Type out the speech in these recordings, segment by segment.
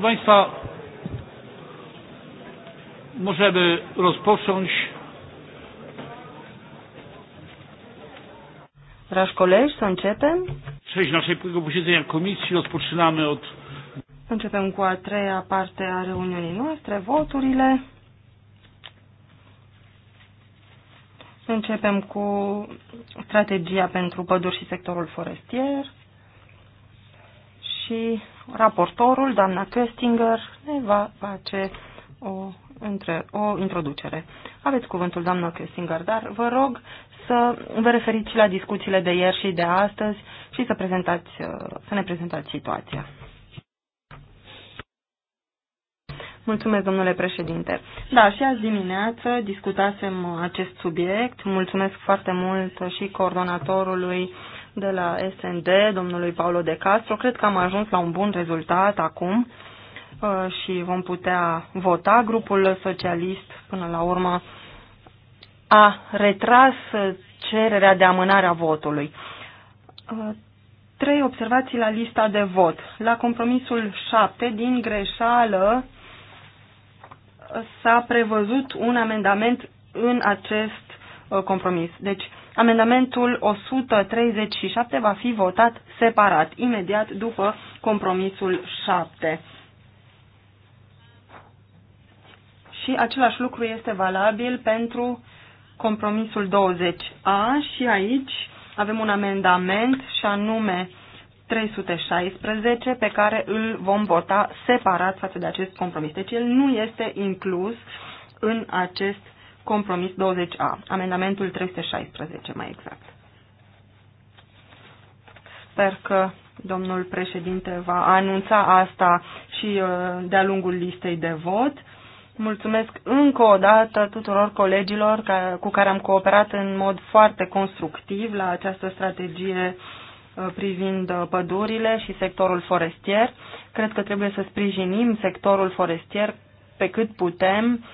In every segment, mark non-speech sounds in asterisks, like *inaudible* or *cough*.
Proszę Państwa, możemy rozpocząć. Dragi koleż, să începem. Cześć naszego posiedzenia komisji. Rozpoczynamy od... Începem cu a treia parte a reuniunii noastre, voturile. Începem cu strategia pentru păduri și sectorul forestier și raportorul, doamna Köstinger, ne va face o, între, o introducere. Aveți cuvântul, doamna Köstinger, dar vă rog să vă referiți și la discuțiile de ieri și de astăzi și să, prezentați, uh, să ne prezentați situația. Mulțumesc, domnule președinte. Da, și azi dimineață discutasem acest subiect. Mulțumesc foarte mult și coordonatorului uh, de la SND, domnului Paolo De Castro. Cred că am ajuns la un bun rezultat acum uh, și vom putea vota. Grupul socialist, până la urmă, a retras cererea de amânare a votului. Uh, trei observații la lista de vot. La compromisul 7, din greșeală, s-a prevăzut un amendament în acest uh, compromis. Deci, Amendamentul 137 va fi votat separat, imediat după compromisul 7. Și același lucru este valabil pentru compromisul 20A și aici avem un amendament și anume 316 pe care îl vom vota separat față de acest compromis. Deci el nu este inclus în acest compromis 20A, amendamentul 316 mai exact. Sper că domnul președinte va anunța asta și uh, de-a lungul listei de vot. Mulțumesc încă o dată tuturor colegilor cu care am cooperat în mod foarte constructiv la această strategie uh, privind uh, pădurile și sectorul forestier. Cred că trebuie să sprijinim sectorul forestier pe cât putem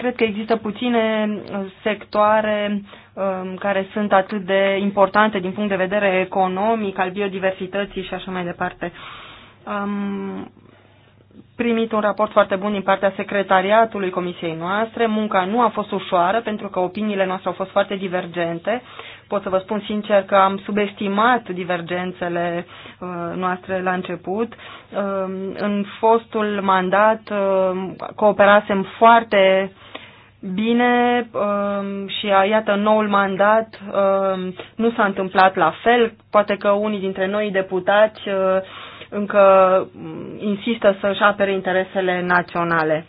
Cred că există puține uh, sectoare um, care sunt atât de importante din punct de vedere economic, al biodiversității și așa mai departe. Am primit un raport foarte bun din partea secretariatului comisiei noastre. Munca nu a fost ușoară pentru că opiniile noastre au fost foarte divergente. Pot să vă spun sincer că am subestimat divergențele uh, noastre la început. Um, în fostul mandat uh, cooperasem foarte bine um, și iată noul mandat um, nu s-a întâmplat la fel. Poate că unii dintre noi deputați uh, încă mm, insistă să-și apere interesele naționale.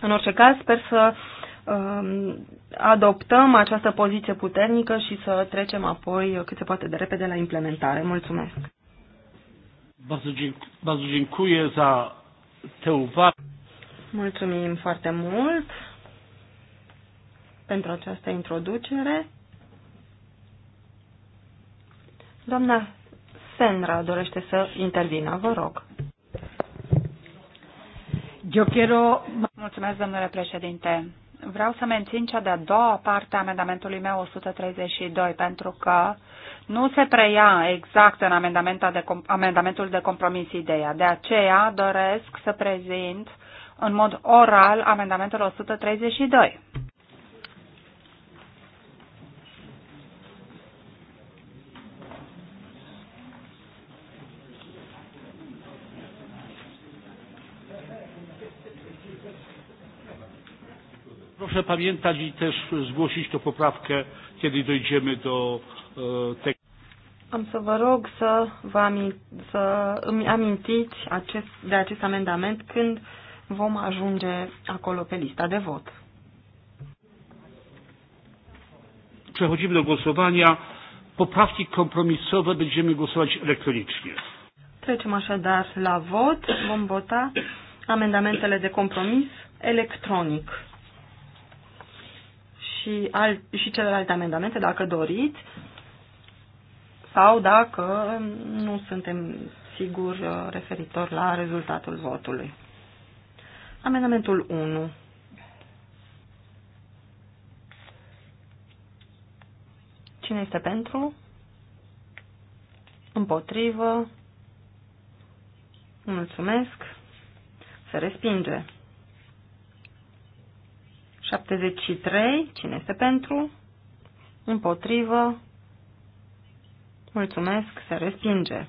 În orice caz, sper să um, adoptăm această poziție puternică și să trecem apoi cât se poate de repede la implementare. Mulțumesc! Bardzo dziękuję za Mulțumim foarte mult pentru această introducere. Doamna Senra dorește să intervină, vă rog. Eu quiero... Mulțumesc, domnule președinte. Vreau să mențin cea de-a doua parte a amendamentului meu 132, pentru că nu se preia exact în amendamentul de compromis ideea. De aceea doresc să prezint uh, în mod oral amendamentul 132. Proszę pamiętać i też zgłosić tę poprawkę, kiedy dojdziemy do tego. Am să vă rog să, vă amintiți acest, de acest amendament când uh, vom ajunge acolo pe lista de vot. Przechodzimy do głosowania. Poprawki kompromisowe będziemy głosować elektronicznie. Trecem așadar la vot. Vom vota amendamentele de compromis electronic și, al, și celelalte amendamente, dacă doriți, sau dacă nu suntem siguri uh, referitor la rezultatul votului. Amendamentul 1. Cine este pentru? Împotrivă. Mulțumesc. Se respinge. 73. Cine este pentru? Împotrivă. Mulțumesc. Se respinge.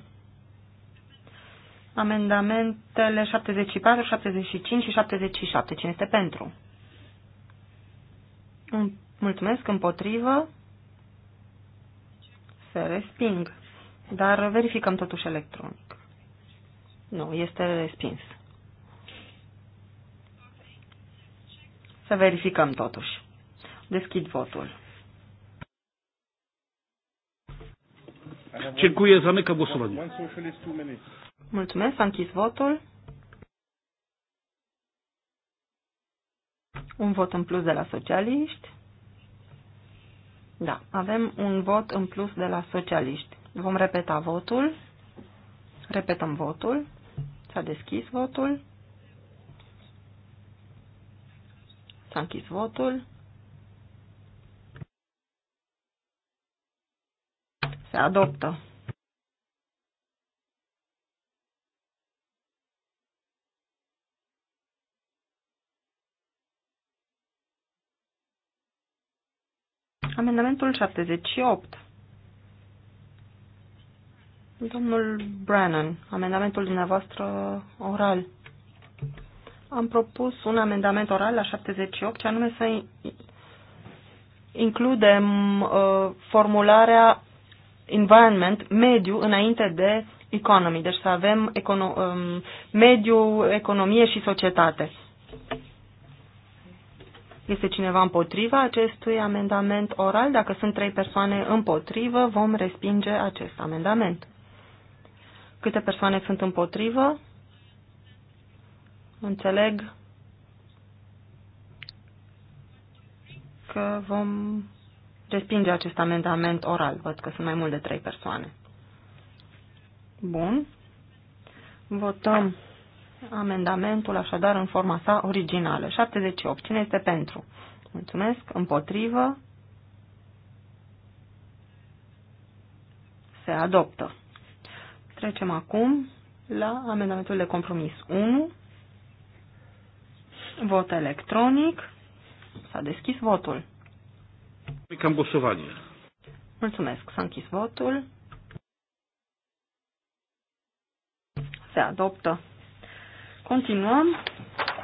Amendamentele 74, 75 și 77. Cine este pentru? Mulțumesc. Împotrivă? Se resping. Dar verificăm totuși electronic. Nu, este respins. Să verificăm totuși. Deschid votul. Dziękuję, zamykam głosowanie. Mulțumesc, s-a închis votul. Un vot în plus de la socialiști. Da, avem un vot în plus de la socialiști. Vom repeta votul. Repetăm votul. S-a deschis votul. S-a închis votul. Se adoptă. Amendamentul 78. Domnul Brannan, amendamentul dumneavoastră oral. Am propus un amendament oral la 78, ce anume să includem uh, formularea environment, mediu, înainte de economy. Deci să avem econo- um, mediu, economie și societate. Este cineva împotriva acestui amendament oral? Dacă sunt trei persoane împotrivă, vom respinge acest amendament. Câte persoane sunt împotrivă? Înțeleg că vom respinge acest amendament oral. Văd că sunt mai mult de trei persoane. Bun. Votăm Amendamentul așadar în forma sa originală. 78. Cine este pentru? Mulțumesc. Împotrivă. Se adoptă. Trecem acum la amendamentul de compromis 1. Vot electronic. S-a deschis votul. Mulțumesc. S-a închis votul. Se adoptă. Continuăm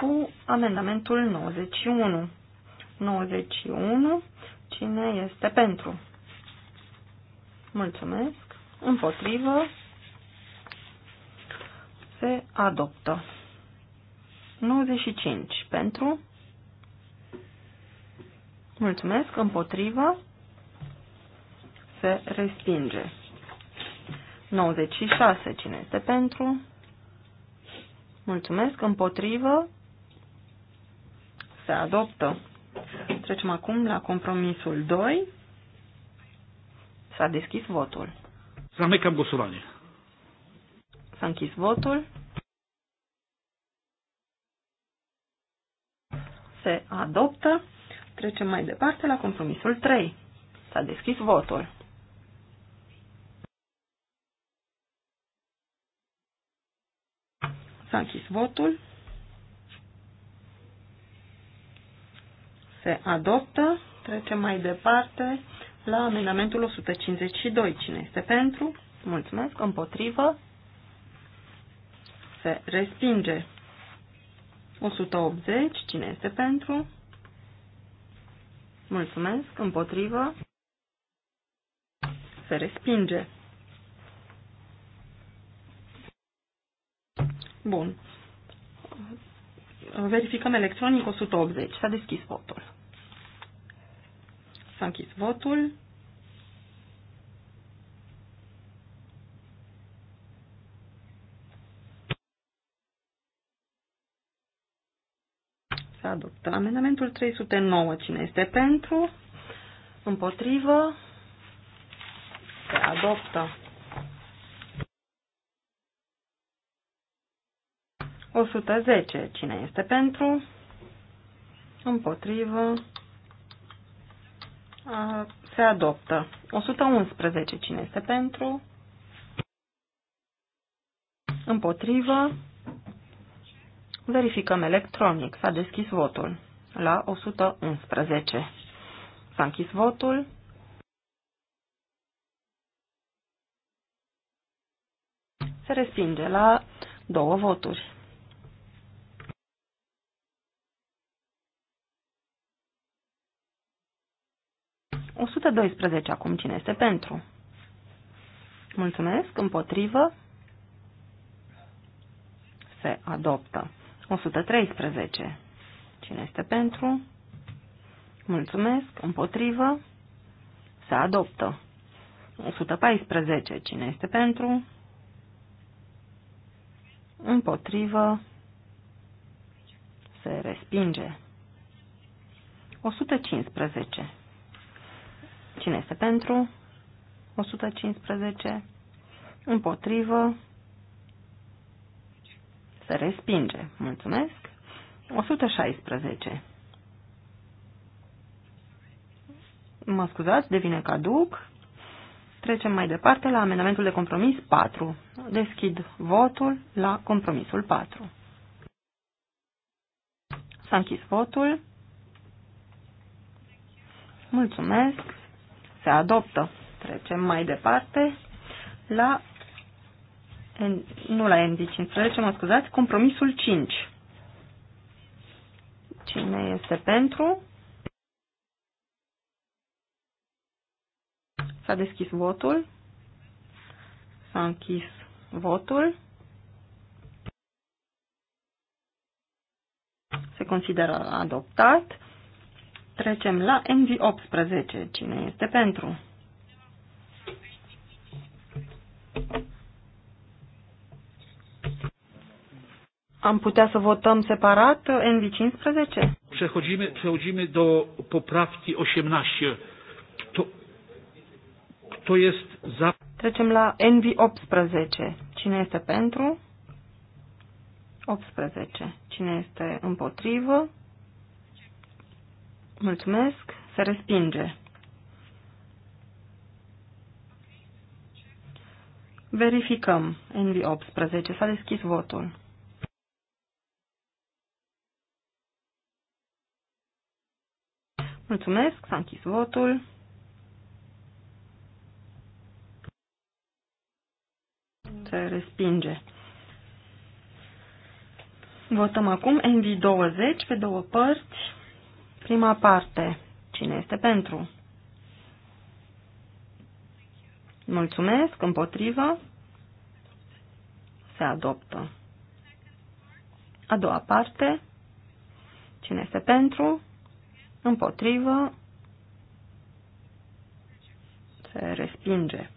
cu amendamentul 91. 91. Cine este pentru? Mulțumesc. Împotrivă. Se adoptă. 95. Pentru. Mulțumesc. Împotrivă. Se respinge. 96. Cine este pentru? Mulțumesc. Împotrivă. Se adoptă. Trecem acum la compromisul 2. S-a deschis votul. Zamecam głosowanie. S-a închis votul. Se adoptă. Trecem mai departe la compromisul 3. S-a deschis votul. S-a închis votul. Se adoptă. Trecem mai departe la amendamentul 152. Cine este pentru? Mulțumesc. Împotrivă. Se respinge. 180. Cine este pentru? Mulțumesc. Împotrivă. Se respinge. Bun. Verificăm electronic 180. S-a deschis votul. S-a închis votul. S-a adoptat Amendamentul 309, cine este pentru? Împotrivă? Se adoptă. 110. Cine este pentru? Împotrivă. Se adoptă. 111. Cine este pentru? Împotrivă. Verificăm electronic. S-a deschis votul. La 111. S-a închis votul. Se respinge la două voturi. 112 acum. Cine este pentru? Mulțumesc. Împotrivă. Se adoptă. 113. Cine este pentru? Mulțumesc. Împotrivă. Se adoptă. 114. Cine este pentru? Împotrivă. Se respinge. 115. Cine este pentru? 115. Împotrivă. Se respinge. Mulțumesc. 116. Mă scuzați, devine caduc. Trecem mai departe la amendamentul de compromis 4. Deschid votul la compromisul 4. S-a închis votul. Mulțumesc se adoptă. Trecem mai departe la, nu la NV15, mă scuzați, compromisul 5. Cine este pentru? S-a deschis votul. S-a închis votul. Se consideră adoptat. Trecem la NV 18 Cine este pentru? Am putea să votăm separat NV15? Przechodzimy, przechodzimy do poprawki 18. Kto, kto jest za? Trecem la NV18. Cine este pentru? 18. Cine este împotrivă? Mulțumesc. Se respinge. Verificăm. NV18. S-a deschis votul. Mulțumesc. S-a închis votul. Se respinge. Votăm acum NV20 pe două părți. Prima parte. Cine este pentru? Mulțumesc. Împotrivă. Se adoptă. A doua parte. Cine este pentru? Împotrivă. Se respinge.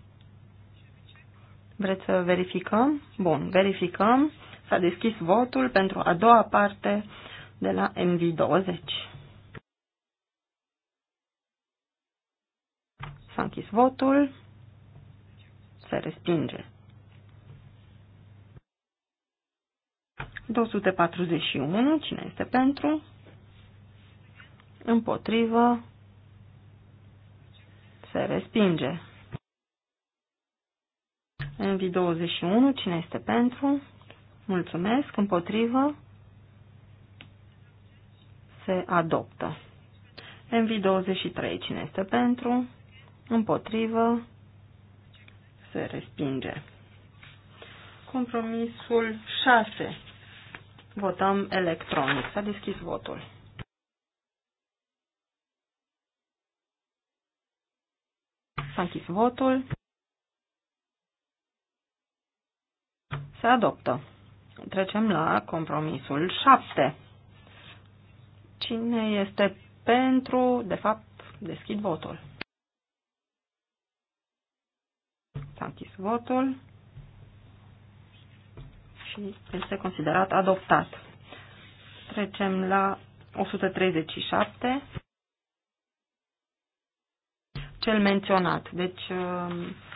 Vreți să verificăm? Bun, verificăm. S-a deschis votul pentru a doua parte de la MV20. S-a închis votul. Se respinge. 241. Cine este pentru? Împotrivă. Se respinge. Envi 21 Cine este pentru? Mulțumesc. Împotrivă. Se adoptă. Envi 23 Cine este pentru? împotrivă, se respinge. Compromisul 6. Votăm electronic. S-a deschis votul. S-a închis votul. Se adoptă. Trecem la compromisul 7. Cine este pentru, de fapt, deschid votul. S-a închis votul și este considerat adoptat. Trecem la 137, cel menționat. Deci, um,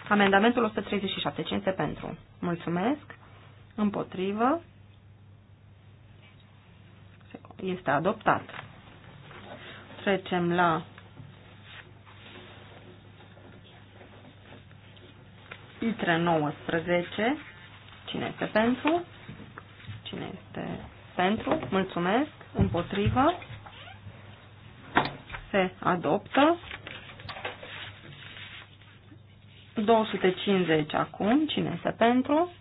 amendamentul 137, 5 pentru. Mulțumesc. Împotrivă. Este adoptat. Trecem la ITRE 19. Cine este pentru? Cine este pentru? Mulțumesc. Împotrivă. Se adoptă. 250 acum. Cine este pentru?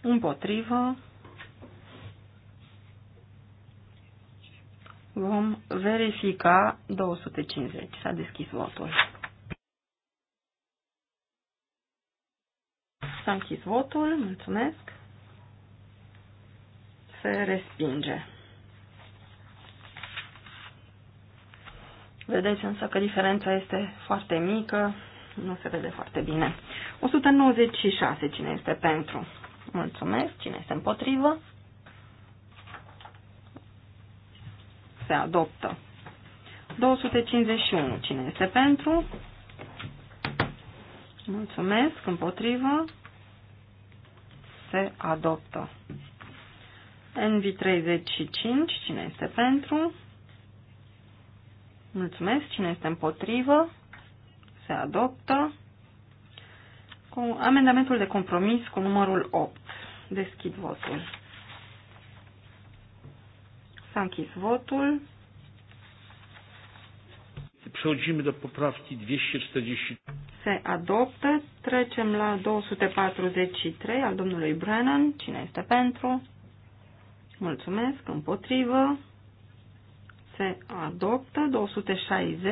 Împotrivă. Vom verifica 250. S-a deschis votul. S-a închis votul. Mulțumesc. Se respinge. Vedeți însă că diferența este foarte mică, nu se vede foarte bine. 196, cine este pentru? Mulțumesc, cine este împotrivă? Se adoptă. 251, cine este pentru? Mulțumesc, împotrivă? se adoptă. NV35, cine este pentru? Mulțumesc, cine este împotrivă? Se adoptă. Cu amendamentul de compromis cu numărul 8. Deschid votul. S-a închis votul. Przechodzimy do poprawki 240. Se adoptă. Trecem la 243 al domnului Brennan. Cine este pentru? Mulțumesc. Împotrivă. Se adoptă. 260.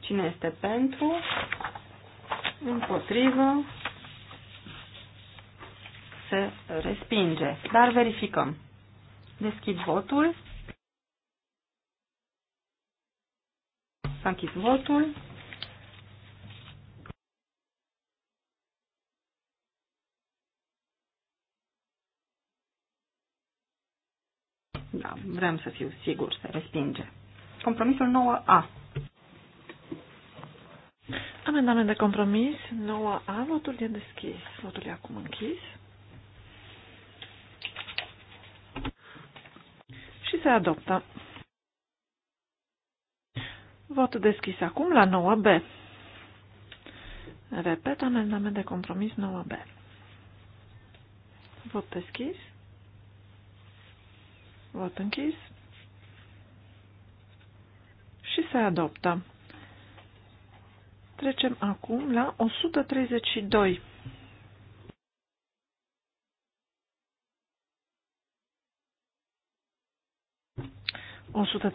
Cine este pentru? Împotrivă. Se respinge. Dar verificăm. Deschid votul. S-a închis votul. Da, vrem să fiu sigur, se respinge. Compromisul 9A. Amendament de compromis 9A, votul e deschis. Votul e acum închis. Și se adoptă. Vot deschis acum la 9B. Repet, amendament de compromis 9B. Vot deschis. Vot închis. Și se adoptă. Trecem acum la 132. O sută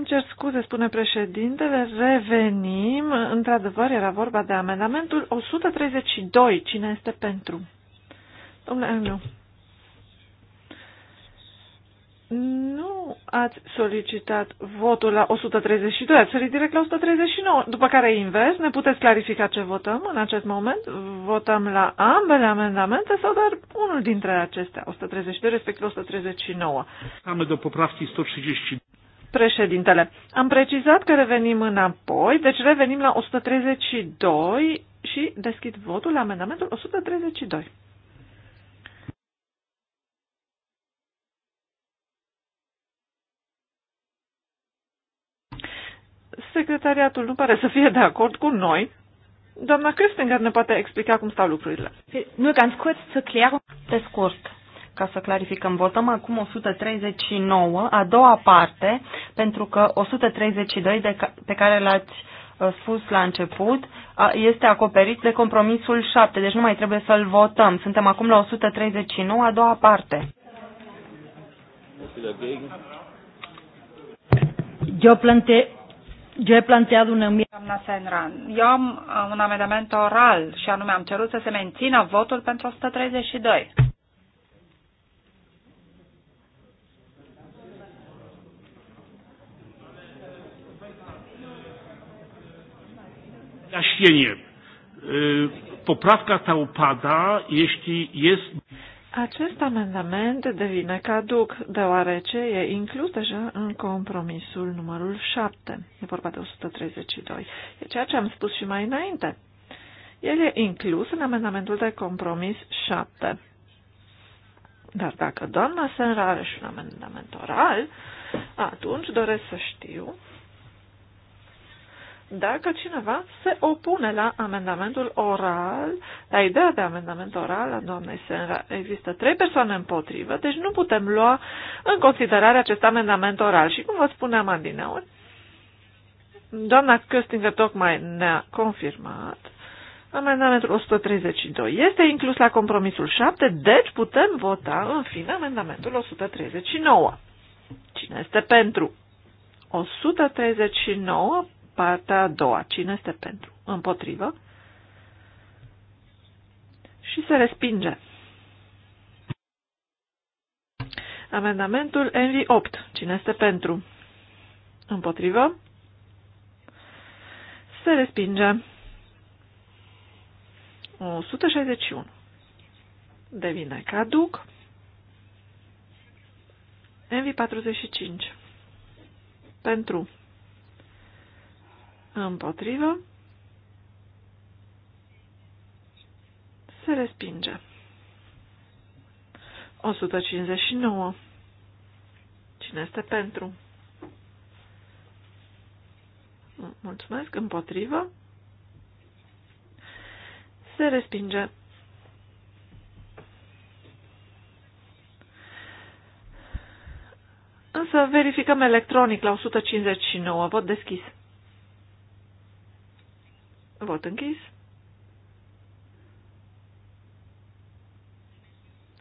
Îmi cer scuze, spune președintele, revenim. Într-adevăr, era vorba de amendamentul 132. Cine este pentru? Domnule Emiu, Nu ați solicitat votul la 132, ați sărit direct la 139, după care invers. Ne puteți clarifica ce votăm în acest moment? Votăm la ambele amendamente sau doar unul dintre acestea, 132 respectiv 139? Am de poprafții 132. Președintele, am precizat că revenim înapoi, deci revenim la 132 și deschid votul la amendamentul 132. Secretariatul nu pare să fie de acord cu noi. Doamna Christinger ne poate explica cum stau lucrurile. Nu, ganz kurz zur Klärung. Pe scurt, ca să clarificăm. Votăm acum 139, a doua parte, pentru că 132 de ca, pe care l-ați uh, spus la început este acoperit de compromisul 7, deci nu mai trebuie să-l votăm. Suntem acum la 139, a doua parte. Eu plante... Eu he planteat un Doamna Senran, eu am uh, un amendament oral și anume am cerut să se mențină votul pentru 132. Jaśnienie. Poprawka ta upada, jeśli jest... Acest amendament devine caduc, deoarece e inclus deja în compromisul numărul 7. E vorba de 132. E ceea ce am spus și mai înainte. El e inclus în amendamentul de compromis 7. Dar dacă doamna Senra are și un amendament oral, atunci doresc să știu dacă cineva se opune la amendamentul oral, la ideea de amendament oral a doamnei Senra. Există trei persoane împotrivă, deci nu putem lua în considerare acest amendament oral. Și cum vă spuneam adineori, doamna Köstinger tocmai ne-a confirmat, amendamentul 132 este inclus la compromisul 7, deci putem vota în fine amendamentul 139. Cine este pentru? 139 partea a doua. Cine este pentru? Împotrivă. Și se respinge. Amendamentul NV8. Cine este pentru? Împotrivă. Se respinge. 161. Devine caduc. NV45. Pentru. Împotrivă. Se respinge. 159. Cine este pentru? Mulțumesc. Împotrivă. Se respinge. Însă verificăm electronic la 159. Vot deschis. Vot închis.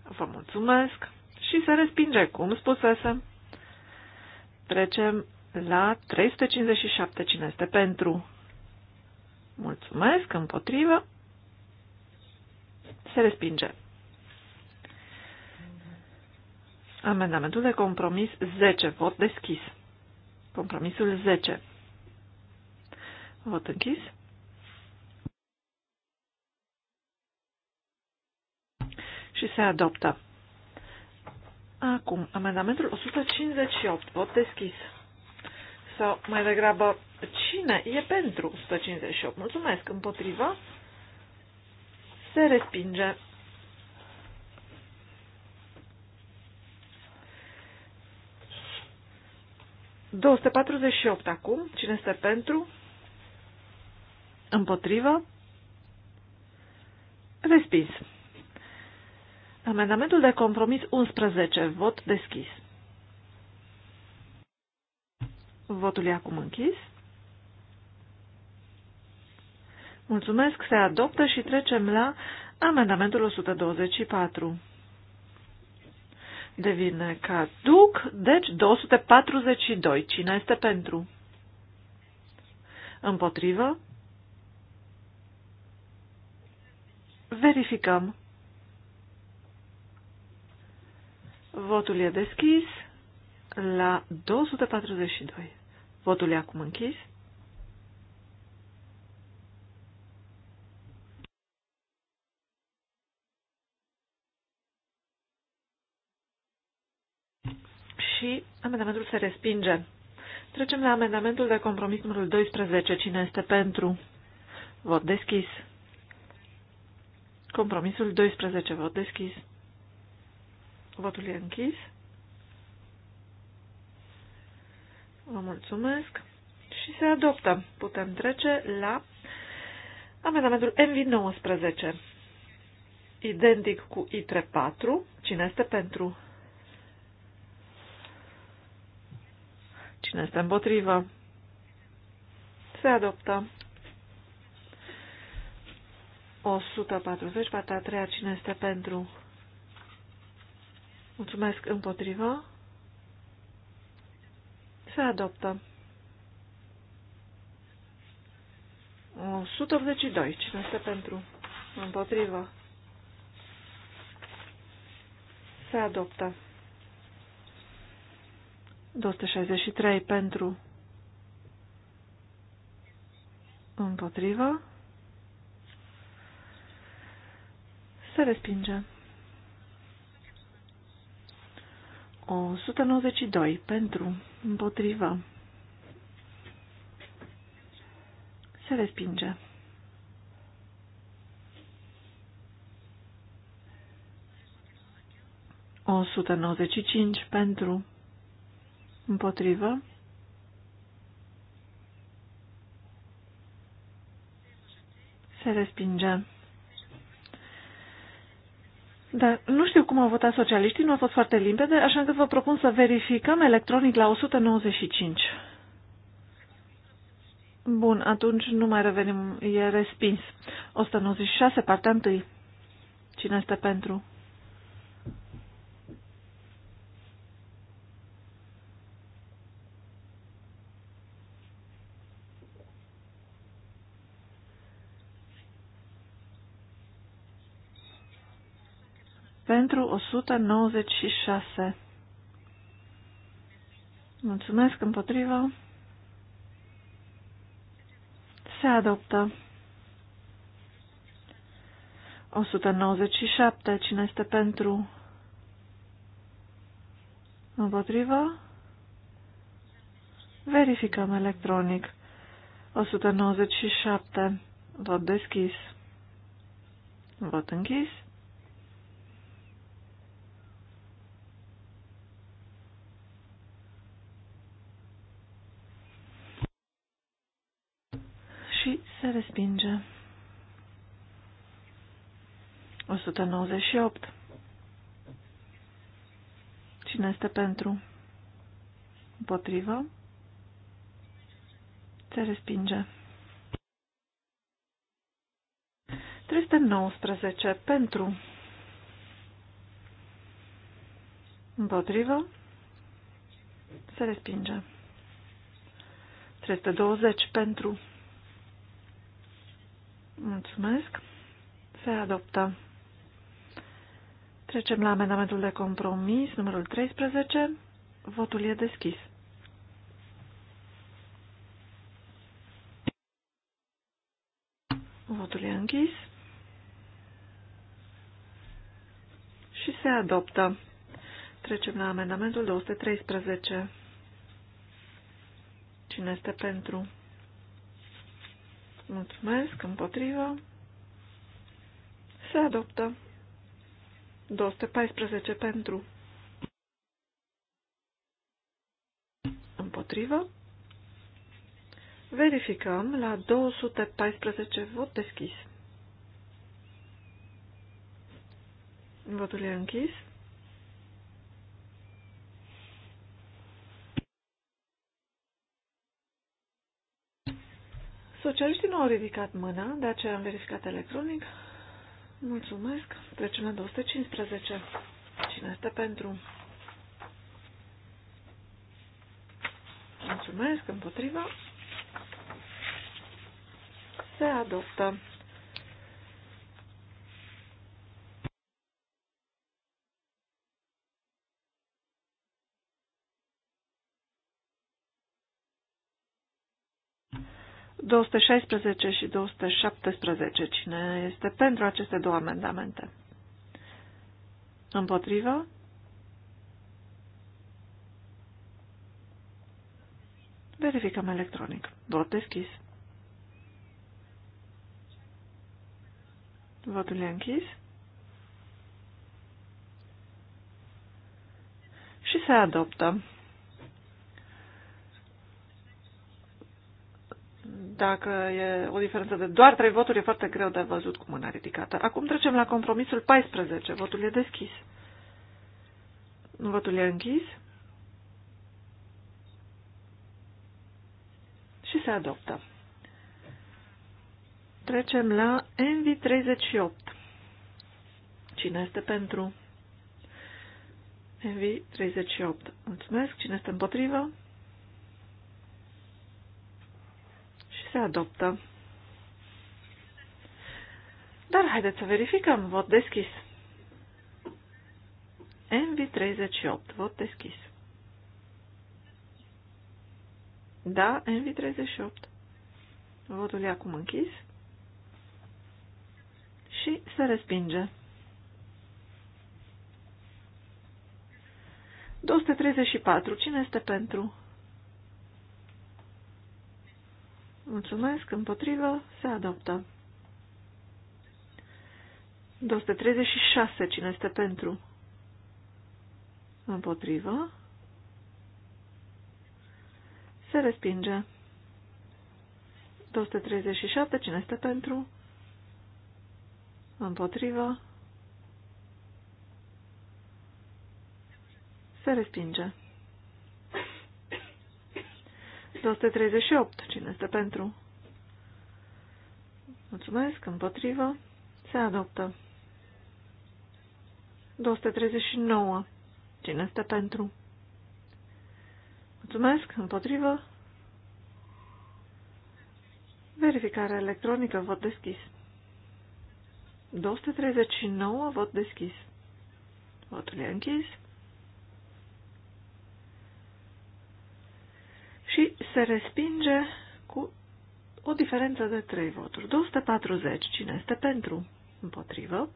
Vă mulțumesc și se respinge, cum spusesem. Trecem la 357. Cine este pentru? Mulțumesc, împotrivă. Se respinge. Amendamentul de compromis 10. Vot deschis. Compromisul 10. Vot închis. și se adoptă. Acum, amendamentul 158, vot deschis. Sau, mai degrabă, cine e pentru 158? Mulțumesc, împotriva. Se respinge. ...248 acum. Cine este pentru? Împotrivă? Respins. Amendamentul de compromis 11. Vot deschis. Votul e acum închis. Mulțumesc, se adoptă și trecem la amendamentul 124. Devine caduc, deci 242. Cine este pentru? Împotrivă? Verificăm. Votul e deschis la 242. Votul e acum închis. Și amendamentul se respinge. Trecem la amendamentul de compromis numărul 12. Cine este pentru? Vot deschis. Compromisul 12. Vot deschis. Votul e închis. Vă mulțumesc. Și se adoptă. Putem trece la amendamentul MV19. Identic cu I34. Cine este pentru? Cine este împotrivă? Se adoptă. 140, partea a treia, cine este pentru? Mulțumesc împotriva. Se adoptă. 182. Cine este pentru? Împotrivă. Se adoptă. 263 pentru împotrivă. Se respinge. 192 pentru, împotrivă, se respinge. O 195 pentru împotrivă se respinge. Dar nu știu cum au votat socialiștii, nu a fost foarte limpede, așa că vă propun să verificăm electronic la 195. Bun, atunci nu mai revenim, e respins. 196, partea 1. Cine este pentru? pentru 196. Mulțumesc împotrivă. Se adoptă. 197. Cine este pentru? Împotrivă? Verificăm electronic. 197. Vot deschis. Vot închis. Se respinge. 198. Cine este pentru? Împotrivă? Se respinge. 319. Pentru. Împotrivă? Se respinge. 320. Pentru. Mulțumesc. Se adoptă. Trecem la amendamentul de compromis, numărul 13. Votul e deschis. Votul e închis. Și se adoptă. Trecem la amendamentul 213. Cine este pentru? Mulțumesc. Împotrivă. Se adoptă. 214 pentru. Împotrivă. Verificăm la 214 vot deschis. Votul e închis. Socialiștii nu au ridicat mâna, de aceea am verificat electronic. Mulțumesc. Trecem la 215. Cine este pentru? Mulțumesc. Împotriva. Se adoptă. 216 și 217. Cine este pentru aceste două amendamente? Împotrivă? Verificăm electronic. Vot deschis. Votul e închis. Și se adoptă. Dacă e o diferență de doar trei voturi, e foarte greu de văzut cu mâna ridicată. Acum trecem la compromisul 14. Votul e deschis. Votul e închis. Și se adoptă. Trecem la NV38. Cine este pentru? NV38. Mulțumesc. Cine este împotrivă? se adoptă. Dar haideți să verificăm. Vot deschis. MV38. Vot deschis. Da, MV38. Votul e acum închis. Și se respinge. 234. Cine este pentru? Mulțumesc. Împotrivă. Se adoptă. 236. Cine este pentru? Împotrivă. Se respinge. 237. Cine este pentru? Împotrivă. Se respinge. 238. Cine este pentru? Mulțumesc. Împotrivă. Se adoptă. 239. Cine este pentru? Mulțumesc. Împotrivă. Verificare electronică. Vot deschis. 239. Vot deschis. Votul e închis. se respinge cu o diferență de 3 voturi. 240. Cine este pentru? Împotrivă.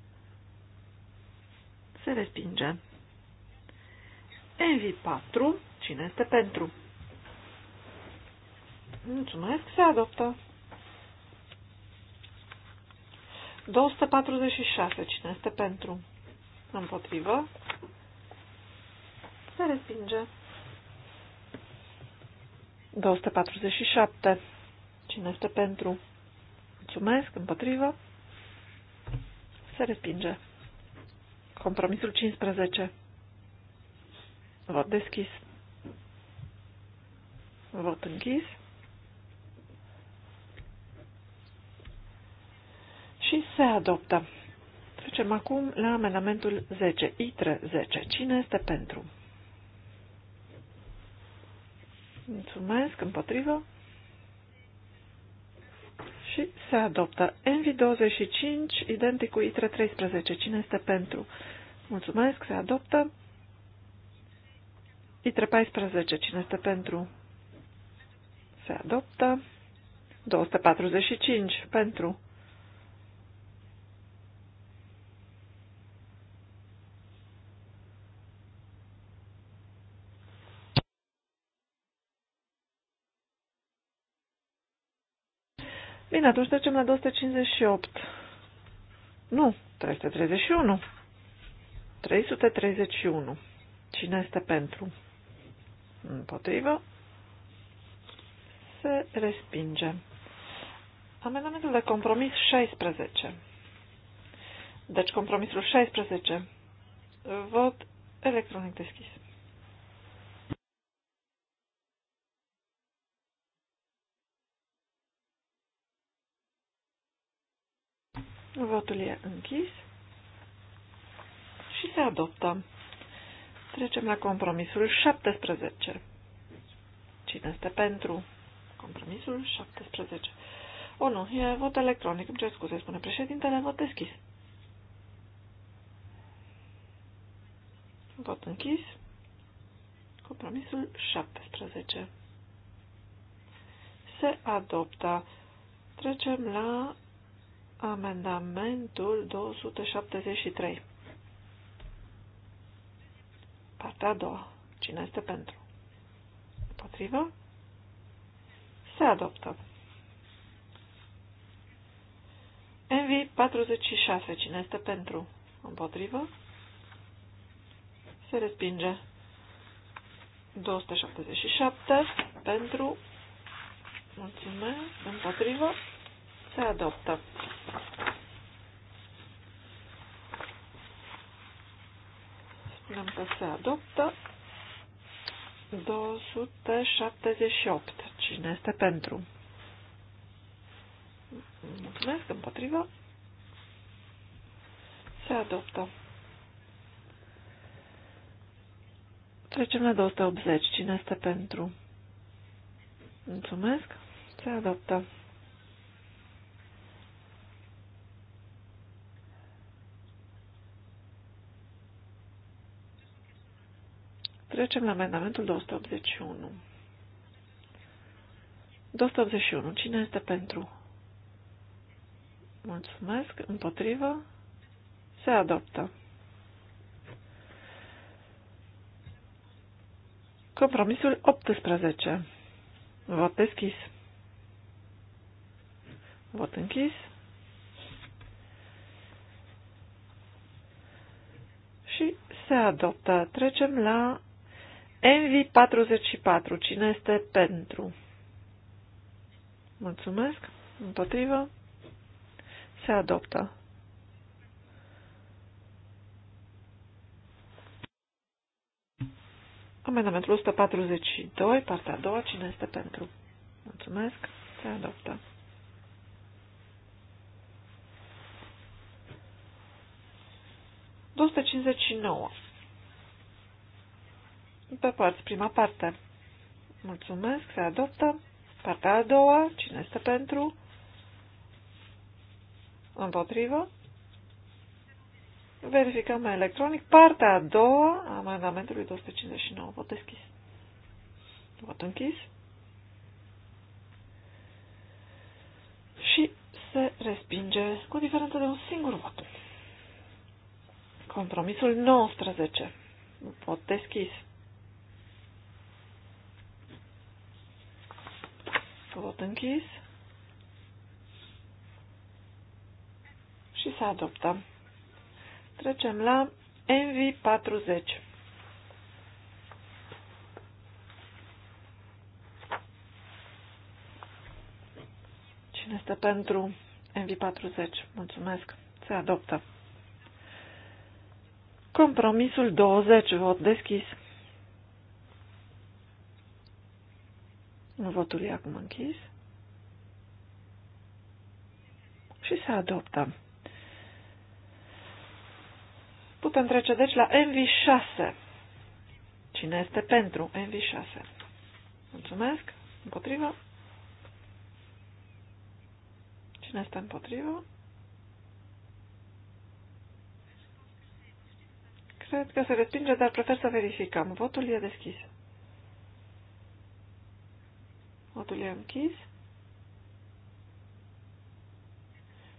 Se respinge. Envi 4. Cine este pentru? Mulțumesc. Se adoptă. 246. Cine este pentru? Împotrivă. Se respinge. 247. Cine este pentru? Mulțumesc, împotrivă. Se respinge. Compromisul 15. Vot deschis. Vot închis. Și se adoptă. Trecem acum la amendamentul 10. ITRE 10. Cine este pentru? Mulțumesc, împotrivă. Și se adoptă. NV25, identic cu i 13. Cine este pentru? Mulțumesc, se adoptă. i 14. Cine este pentru? Se adoptă. 245. Pentru. Bine, atunci trecem la 258. Nu, 331. 331. Cine este pentru? Împotrivă. Se respinge. Amendamentul de compromis 16. Deci compromisul 16. Vot electronic deschis. Votul e închis și se adoptă. Trecem la compromisul 17. Cine este pentru? Compromisul 17. O, nu, e vot electronic. Îmi cer scuze, spune președintele, vot deschis. Vot închis. Compromisul 17. Se adoptă. Trecem la Amendamentul 273. Partea a doua. Cine este pentru? Împotrivă? Se adoptă. Envi 46. Cine este pentru? Împotrivă? Se respinge. 277 pentru mulțumesc, împotrivă, se adoptă. Spunem că se adoptă 278. Cine este pentru? Mulțumesc, împotrivă. Se adoptă. Trecem la 280. Cine este pentru? Mulțumesc. Se adoptă. Trecem la amendamentul 281. 281. Cine este pentru? Mulțumesc. Împotrivă? Se adoptă. Compromisul 18. Vot deschis. Vot închis. Și se adoptă. Trecem la Envi 44. Cine este pentru? Mulțumesc. Împotrivă. Se adoptă. Amendamentul 142, partea a doua, cine este pentru? Mulțumesc, se adoptă. nouă pe părți, prima parte. Mulțumesc, se adoptă. Partea a doua, cine este pentru? Împotrivă. Verificăm electronic. Partea a doua a amendamentului 259. Vot deschis. Vot închis. Și se respinge cu diferență de un singur vot. Compromisul 19. Vot deschis. Vot închis. Și se adoptă. Trecem la NV40. Cine este pentru NV40? Mulțumesc. Se adoptă. Compromisul 20. Vot deschis. Votul e acum închis. Și se adoptă. Putem trece deci la MV6. Cine este pentru MV6? Mulțumesc. Împotrivă. Cine este împotrivă? Cred că se respinge, dar prefer să verificăm. Votul e deschis modul e închis.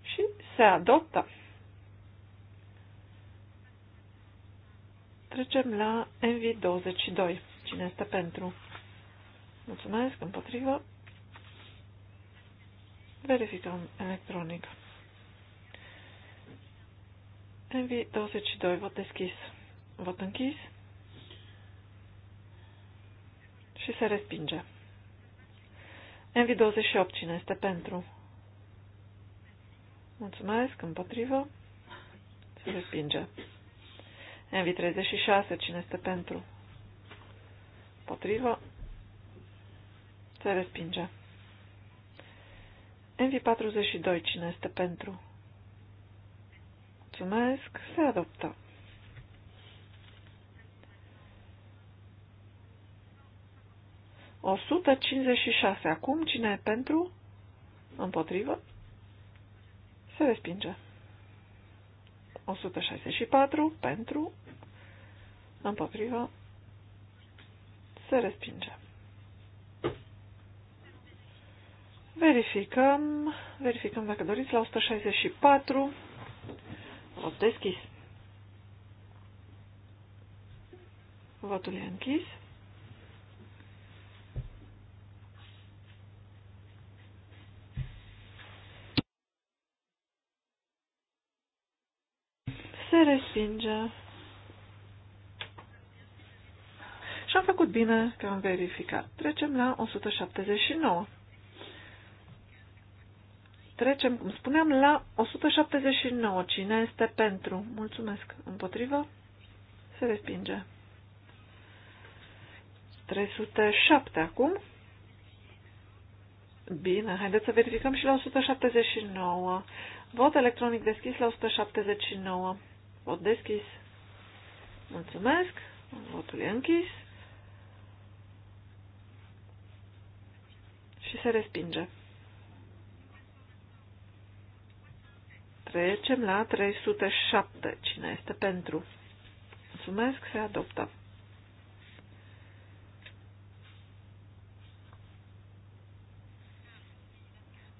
Și se adoptă. Trecem la NV22. Cine este pentru? Mulțumesc, împotrivă. Verificăm electronic. NV22, vot deschis. Vot închis. Și se respinge. MV28, cine este pentru? Mulțumesc, împotrivă. Se respinge. MV36, cine este pentru? Potrivă. Se respinge. MV42, cine este pentru? Mulțumesc, se adoptă. 156. Acum cine e pentru? Împotrivă? Se respinge. 164. Pentru? Împotrivă? Se respinge. Verificăm, verificăm dacă doriți la 164. Vot deschis. Votul e închis. respinge. Și am făcut bine că am verificat. Trecem la 179. Trecem, cum spuneam, la 179. Cine este pentru? Mulțumesc. Împotrivă? Se respinge. 307 acum. Bine, haideți să verificăm și la 179. Vot electronic deschis la 179. Vot deschis. Mulțumesc. Votul e închis. Și se respinge. Trecem la 307. Cine este pentru? Mulțumesc, se adoptă.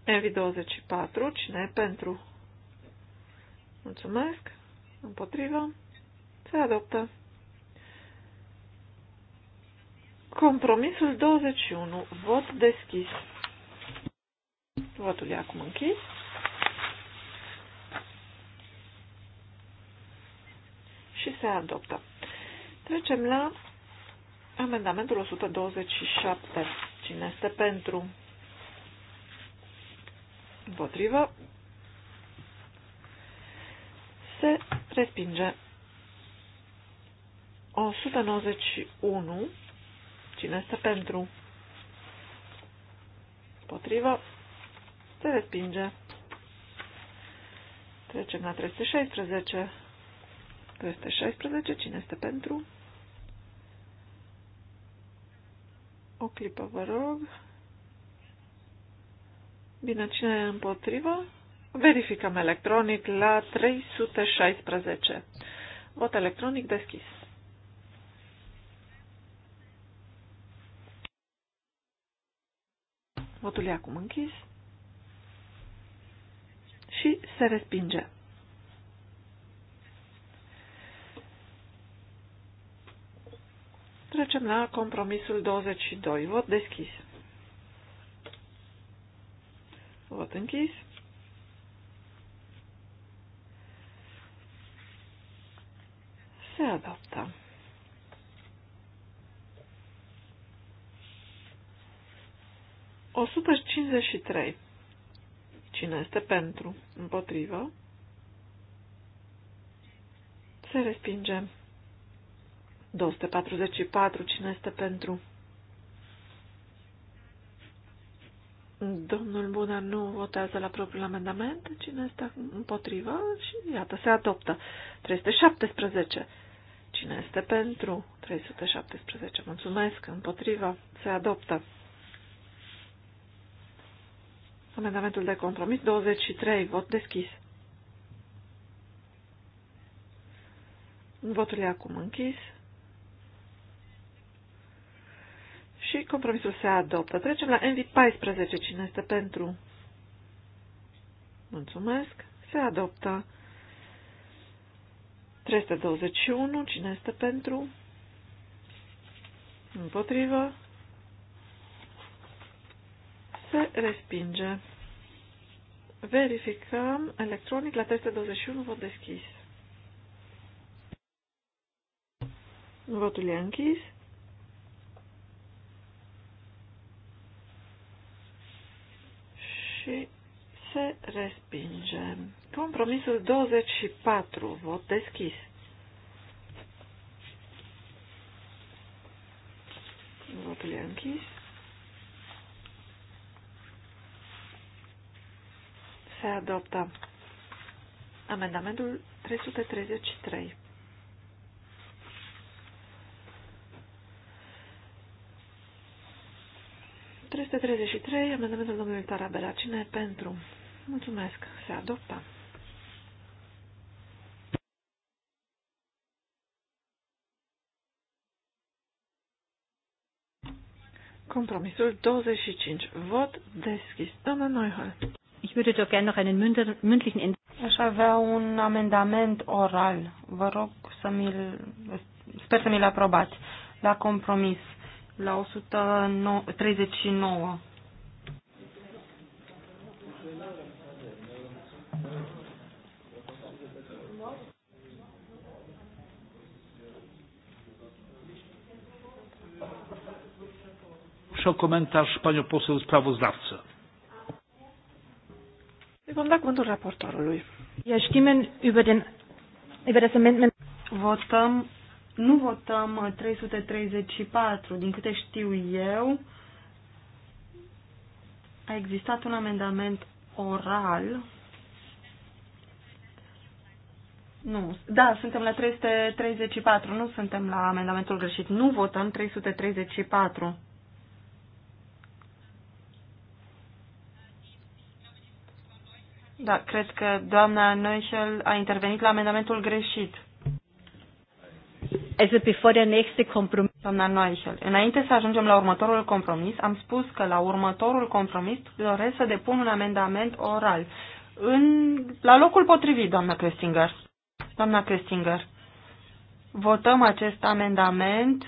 Envi 24, cine e pentru? Mulțumesc. Împotrivă. Se adoptă. Compromisul 21. Vot deschis. Votul e acum închis. Și se adoptă. Trecem la amendamentul 127. Cine este pentru? Împotrivă se respinge. 191. Cine este pentru? Potrivă. Se respinge. Trecem la 316. 316. Cine este pentru? O clipă, vă rog. Bine, cine e împotrivă? Verificăm electronic la 316. Vot electronic deschis. Votul e acum închis și se respinge. Trecem la compromisul 22. Vot deschis. Vot închis. Se adoptă. O 153. Cine este pentru? Împotrivă? Se respinge. 244. Cine este pentru? Domnul Buna nu votează la propriul amendament, cine este împotrivă și iată, se adoptă. 317. Cine este pentru? 317. Mulțumesc. Împotriva. Se adoptă. Amendamentul de compromis 23. Vot deschis. Votul e acum închis. Și compromisul se adoptă. Trecem la Envi 14 Cine este pentru? Mulțumesc. Se adoptă. 321. Cine este pentru? Împotrivă. Se respinge. Verificăm electronic la 321 vot deschis. Votul e închis. Și se respinge. Compromisul 24, vot deschis. Votul e închis. Se adoptă amendamentul 333. Trei, amendamentul domnului Tarabela. Cine pentru? Mulțumesc. Se adoptă. Compromisul 25. Vot deschis. Doamna Neuhal. Ich würde doch gerne noch einen mündlichen Aș avea un amendament oral. Vă rog să mi-l... Sper să mi-l aprobați. La compromis. La 139. Proszę o komentarz panią poseł sprawozdawcę. Votăm, nu votăm 334, din câte știu eu. A existat un amendament oral. Nu. Da, suntem la 334, nu suntem la amendamentul greșit. Nu votăm 334. Da, cred că doamna Neuschel a intervenit la amendamentul greșit. Also bevor der nächste compromis. Doamna Neuschel, înainte să ajungem la următorul compromis, am spus că la următorul compromis doresc să depun un amendament oral. În, la locul potrivit, doamna Crestinger. Doamna Crestinger, votăm acest amendament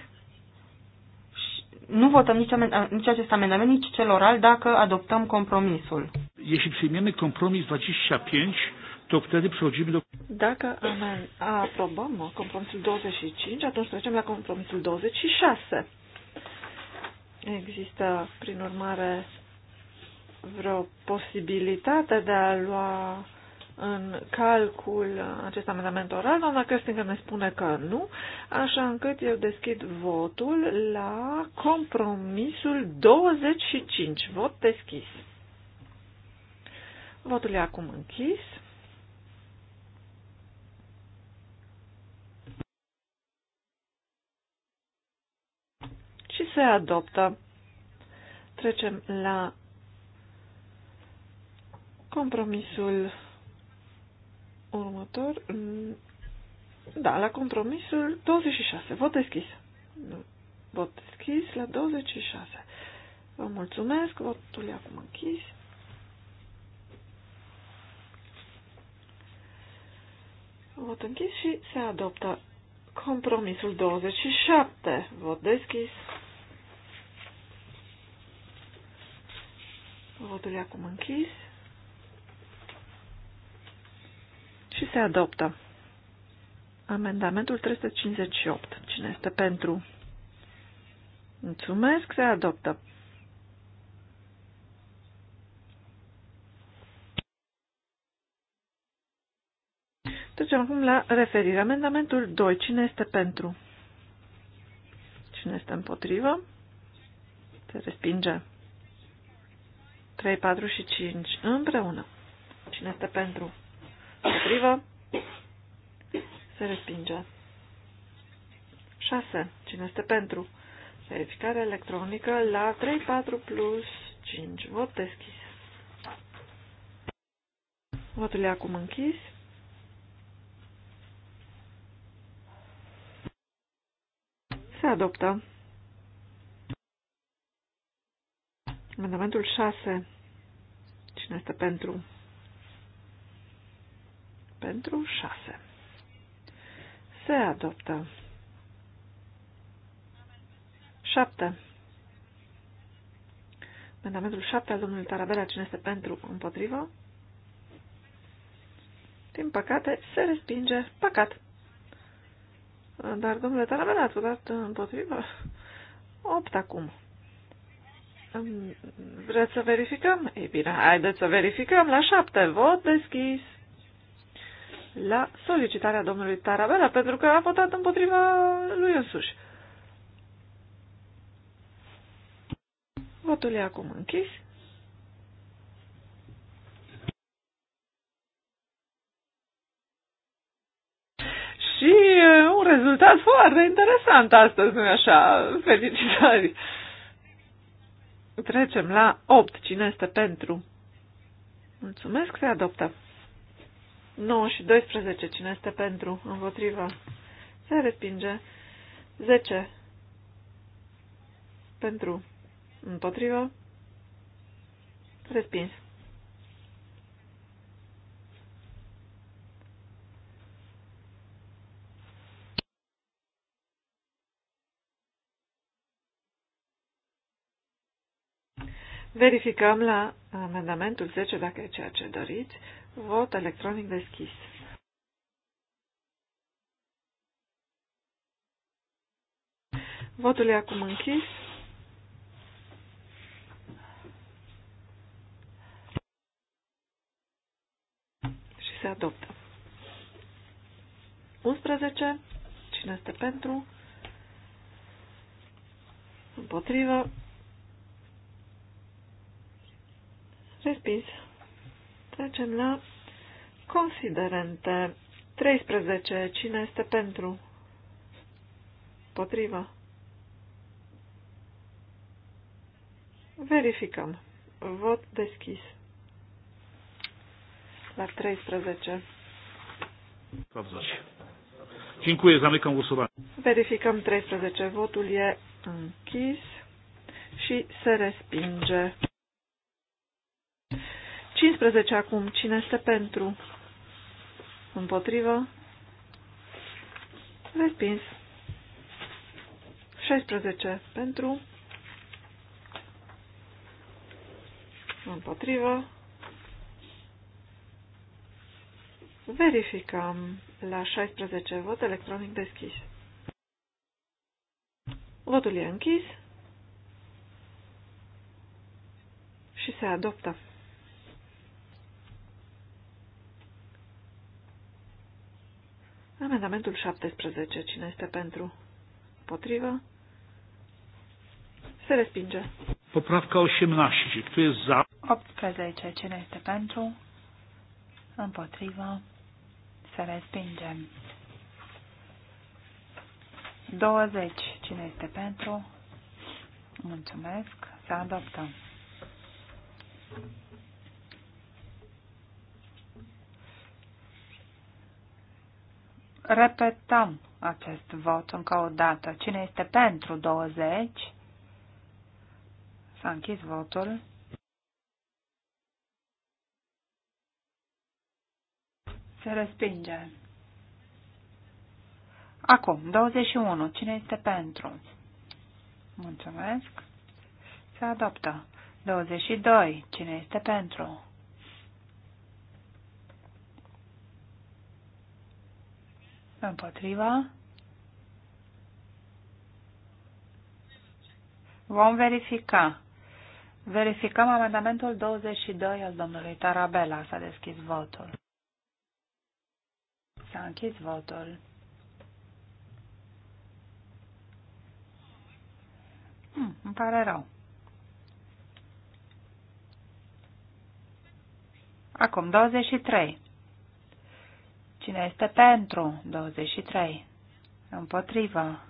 nu votăm nici, amend- nici acest amendament, nici cel oral dacă adoptăm compromisul jeśli przyjmiemy kompromis 25, to wtedy przechodzimy do... Dacă amen, aprobăm compromisul 25, atunci trecem la compromisul 26. Există, prin urmare, vreo posibilitate de a lua în calcul acest amendament oral. Doamna Căstingă ne spune că nu, așa încât eu deschid votul la compromisul 25. Vot deschis. Votul e acum închis. Și se adoptă. Trecem la compromisul următor. Da, la compromisul 26. Vot deschis. Vot deschis la 26. Vă mulțumesc. Votul e acum închis. Vot închis și se adoptă compromisul 27. Vot deschis. Votul e acum închis. Și se adoptă. Amendamentul 358. Cine este pentru? Mulțumesc, se adoptă. Trecem acum la referire. Amendamentul 2. Cine este pentru? Cine este împotrivă? Se respinge. 3, 4 și 5 împreună. Cine este pentru? Împotrivă? Se respinge. 6. Cine este pentru? Verificare electronică la 3, 4 plus 5. Vot deschis. Votul e acum închis. Se adoptă. Amendamentul 6. Cine este pentru? Pentru 6. Se adoptă. 7. Amendamentul 7 al domnului Tarabela, cine este pentru, împotrivă? Din păcate, se respinge. Păcat. Dar, domnule Tarabela, ați dat împotriva 8 acum. Vreți să verificăm? Ei bine, haideți să verificăm. La 7 vot deschis la solicitarea domnului Tarabela, pentru că a votat împotriva lui însuși. Votul e acum închis. și un rezultat foarte interesant astăzi, nu i așa? Felicitări! Trecem la 8. Cine este pentru? Mulțumesc, se adoptă. 9 și 12. Cine este pentru? Împotriva. Se respinge. 10. Pentru. Împotrivă. Respins. Verificăm la amendamentul 10 dacă e ceea ce doriți. Vot electronic deschis. Votul e acum închis. Și se adoptă. 11. Cine este pentru? Împotrivă. Respins. Trecem la considerente. 13. Cine este pentru? Potriva. Verificăm. Vot deschis. La 13. Sprawdzać. Dziękuję, zamykam głosowanie. Verificăm 13. Votul e închis și se respinge. 15 acum. Cine este pentru? Împotrivă? Respins. 16 pentru. Împotrivă. Verificăm la 16 vot electronic deschis. Votul e închis și se adoptă. Comandamentul 17. Cine este pentru? Potrivă? Se respinge. Poprawka 18. Kto jest za? 18. Cine este pentru? Împotrivă? Se respinge. 20. Cine este pentru? Mulțumesc. Se adoptă. repetăm acest vot încă o dată. Cine este pentru 20? S-a închis votul. Se respinge. Acum, 21. Cine este pentru? Mulțumesc. Se adoptă. 22. Cine este pentru? Împotriva. Vom verifica. Verificăm amendamentul 22 al domnului Tarabella. S-a deschis votul. S-a închis votul. Hmm, îmi pare rău. Acum 23. Cine este pentru? 23. Împotrivă.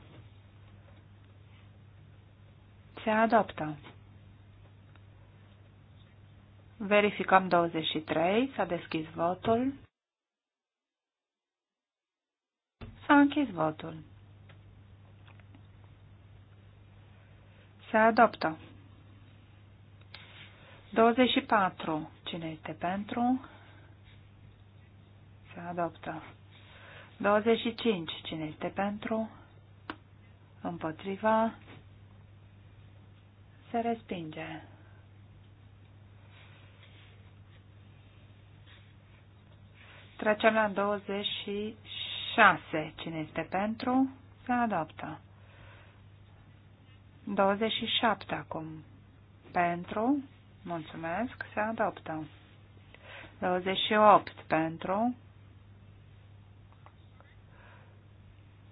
Se adoptă. Verificăm 23. S-a deschis votul. S-a închis votul. Se adoptă. 24. Cine este pentru? Se adoptă. 25. Cine este pentru? Împotriva. Se respinge. Trecem la 26. Cine este pentru? Se adoptă. 27 acum. Pentru. Mulțumesc. Se adoptă. 28 pentru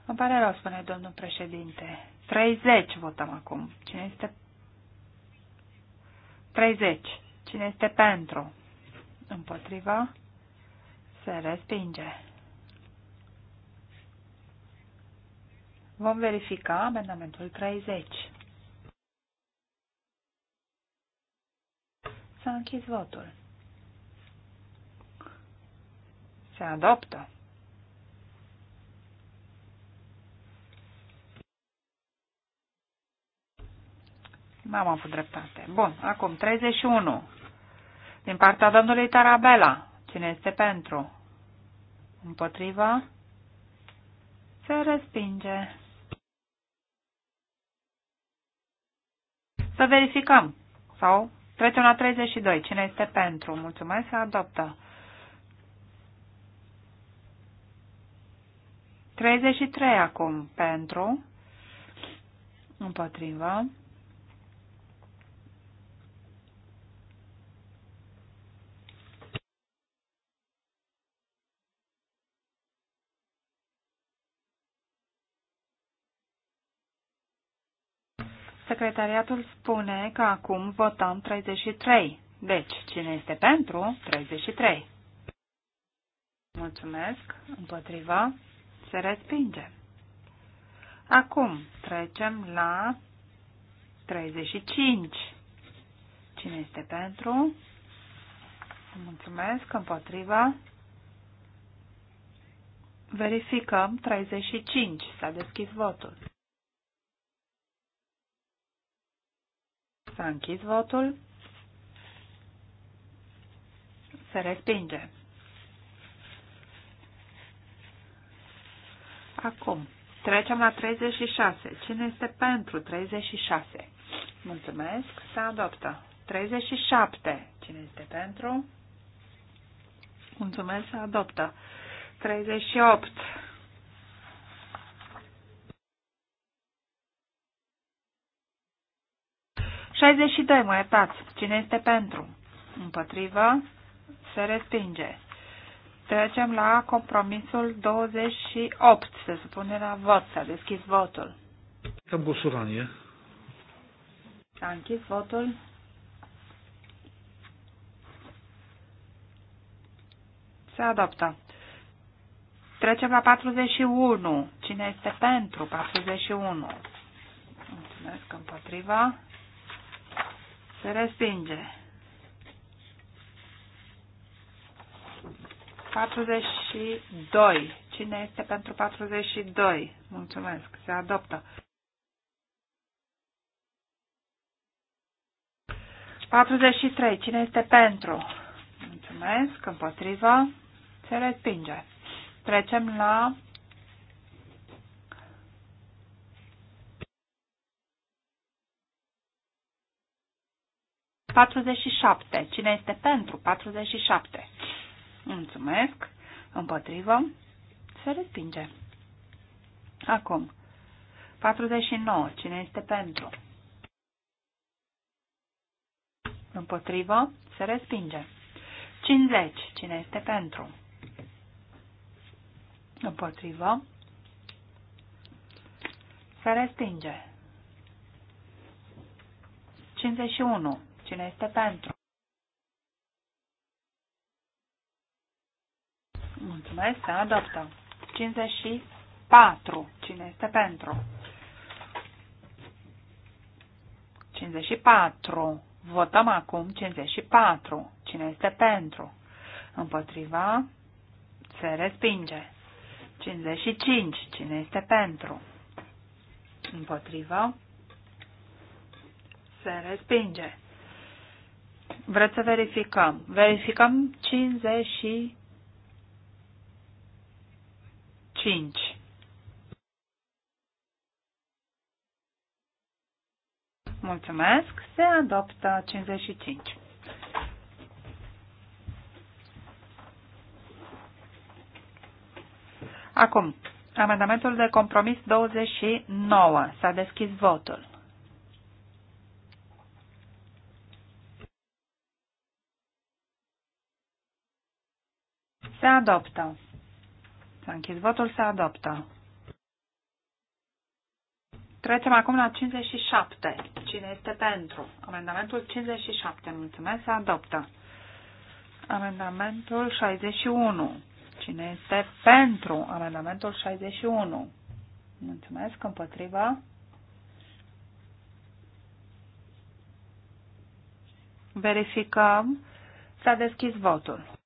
Mă pare rău, spune domnul președinte. 30 votăm acum. Cine este? 30. Cine este pentru? Împotriva? Se respinge. Vom verifica amendamentul 30. S-a închis votul. Se adoptă. N-am da, avut dreptate. Bun, acum 31. Din partea domnului Tarabela. Cine este pentru? Împotriva? Se respinge. Să verificăm. Sau trecem la 32. Cine este pentru? Mulțumesc, se adoptă. 33 acum pentru, împotriva, Secretariatul spune că acum votăm 33. Deci, cine este pentru? 33. Mulțumesc. Împotriva. Se respinge. Acum trecem la 35. Cine este pentru? Mulțumesc. Împotriva. Verificăm 35. S-a deschis votul. S-a închis votul. Se respinge. Acum, trecem la 36. Cine este pentru 36? Mulțumesc. Se adoptă. 37. Cine este pentru? Mulțumesc. Se adoptă. 38 62, mă iertați. Cine este pentru? Împotrivă? Se respinge. Trecem la compromisul 28. Se supune la vot. S-a deschis votul. Am gusuranie. S-a închis votul. Se adoptă. Trecem la 41. Cine este pentru 41? Mulțumesc împotriva. Se respinge. 42. Cine este pentru 42? Mulțumesc. Se adoptă. 43. Cine este pentru? Mulțumesc. Împotrivă. Se respinge. Trecem la 47. Cine este pentru? 47. Mulțumesc. Împotrivă. Se respinge. Acum. 49. Cine este pentru? Împotrivă. Se respinge. 50. Cine este pentru? Împotrivă. Se respinge. 51. Cine este pentru? Mulțumesc, se adoptă. 54. Cine este pentru? 54. Votăm acum 54. Cine este pentru? Împotriva? Se respinge. 55. Cine este pentru? Împotriva? Se respinge. Vreți să verificăm. Verificăm 55. Mulțumesc. Se adoptă 55. Acum, amendamentul de compromis 29. S-a deschis votul. Se adoptă. S-a închis votul, se adoptă. Trecem acum la 57. Cine este pentru? Amendamentul 57. Mulțumesc, se adoptă. Amendamentul 61. Cine este pentru amendamentul 61? Mulțumesc, împotriva. Verificăm. S-a deschis votul.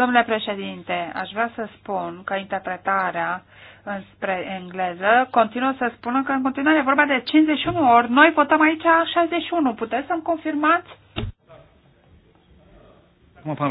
Domnule președinte, aș vrea să spun că interpretarea înspre engleză continuă să spună că în continuare e vorba de 51 ori. Noi votăm aici 61. Puteți să-mi confirmați? Acum, pan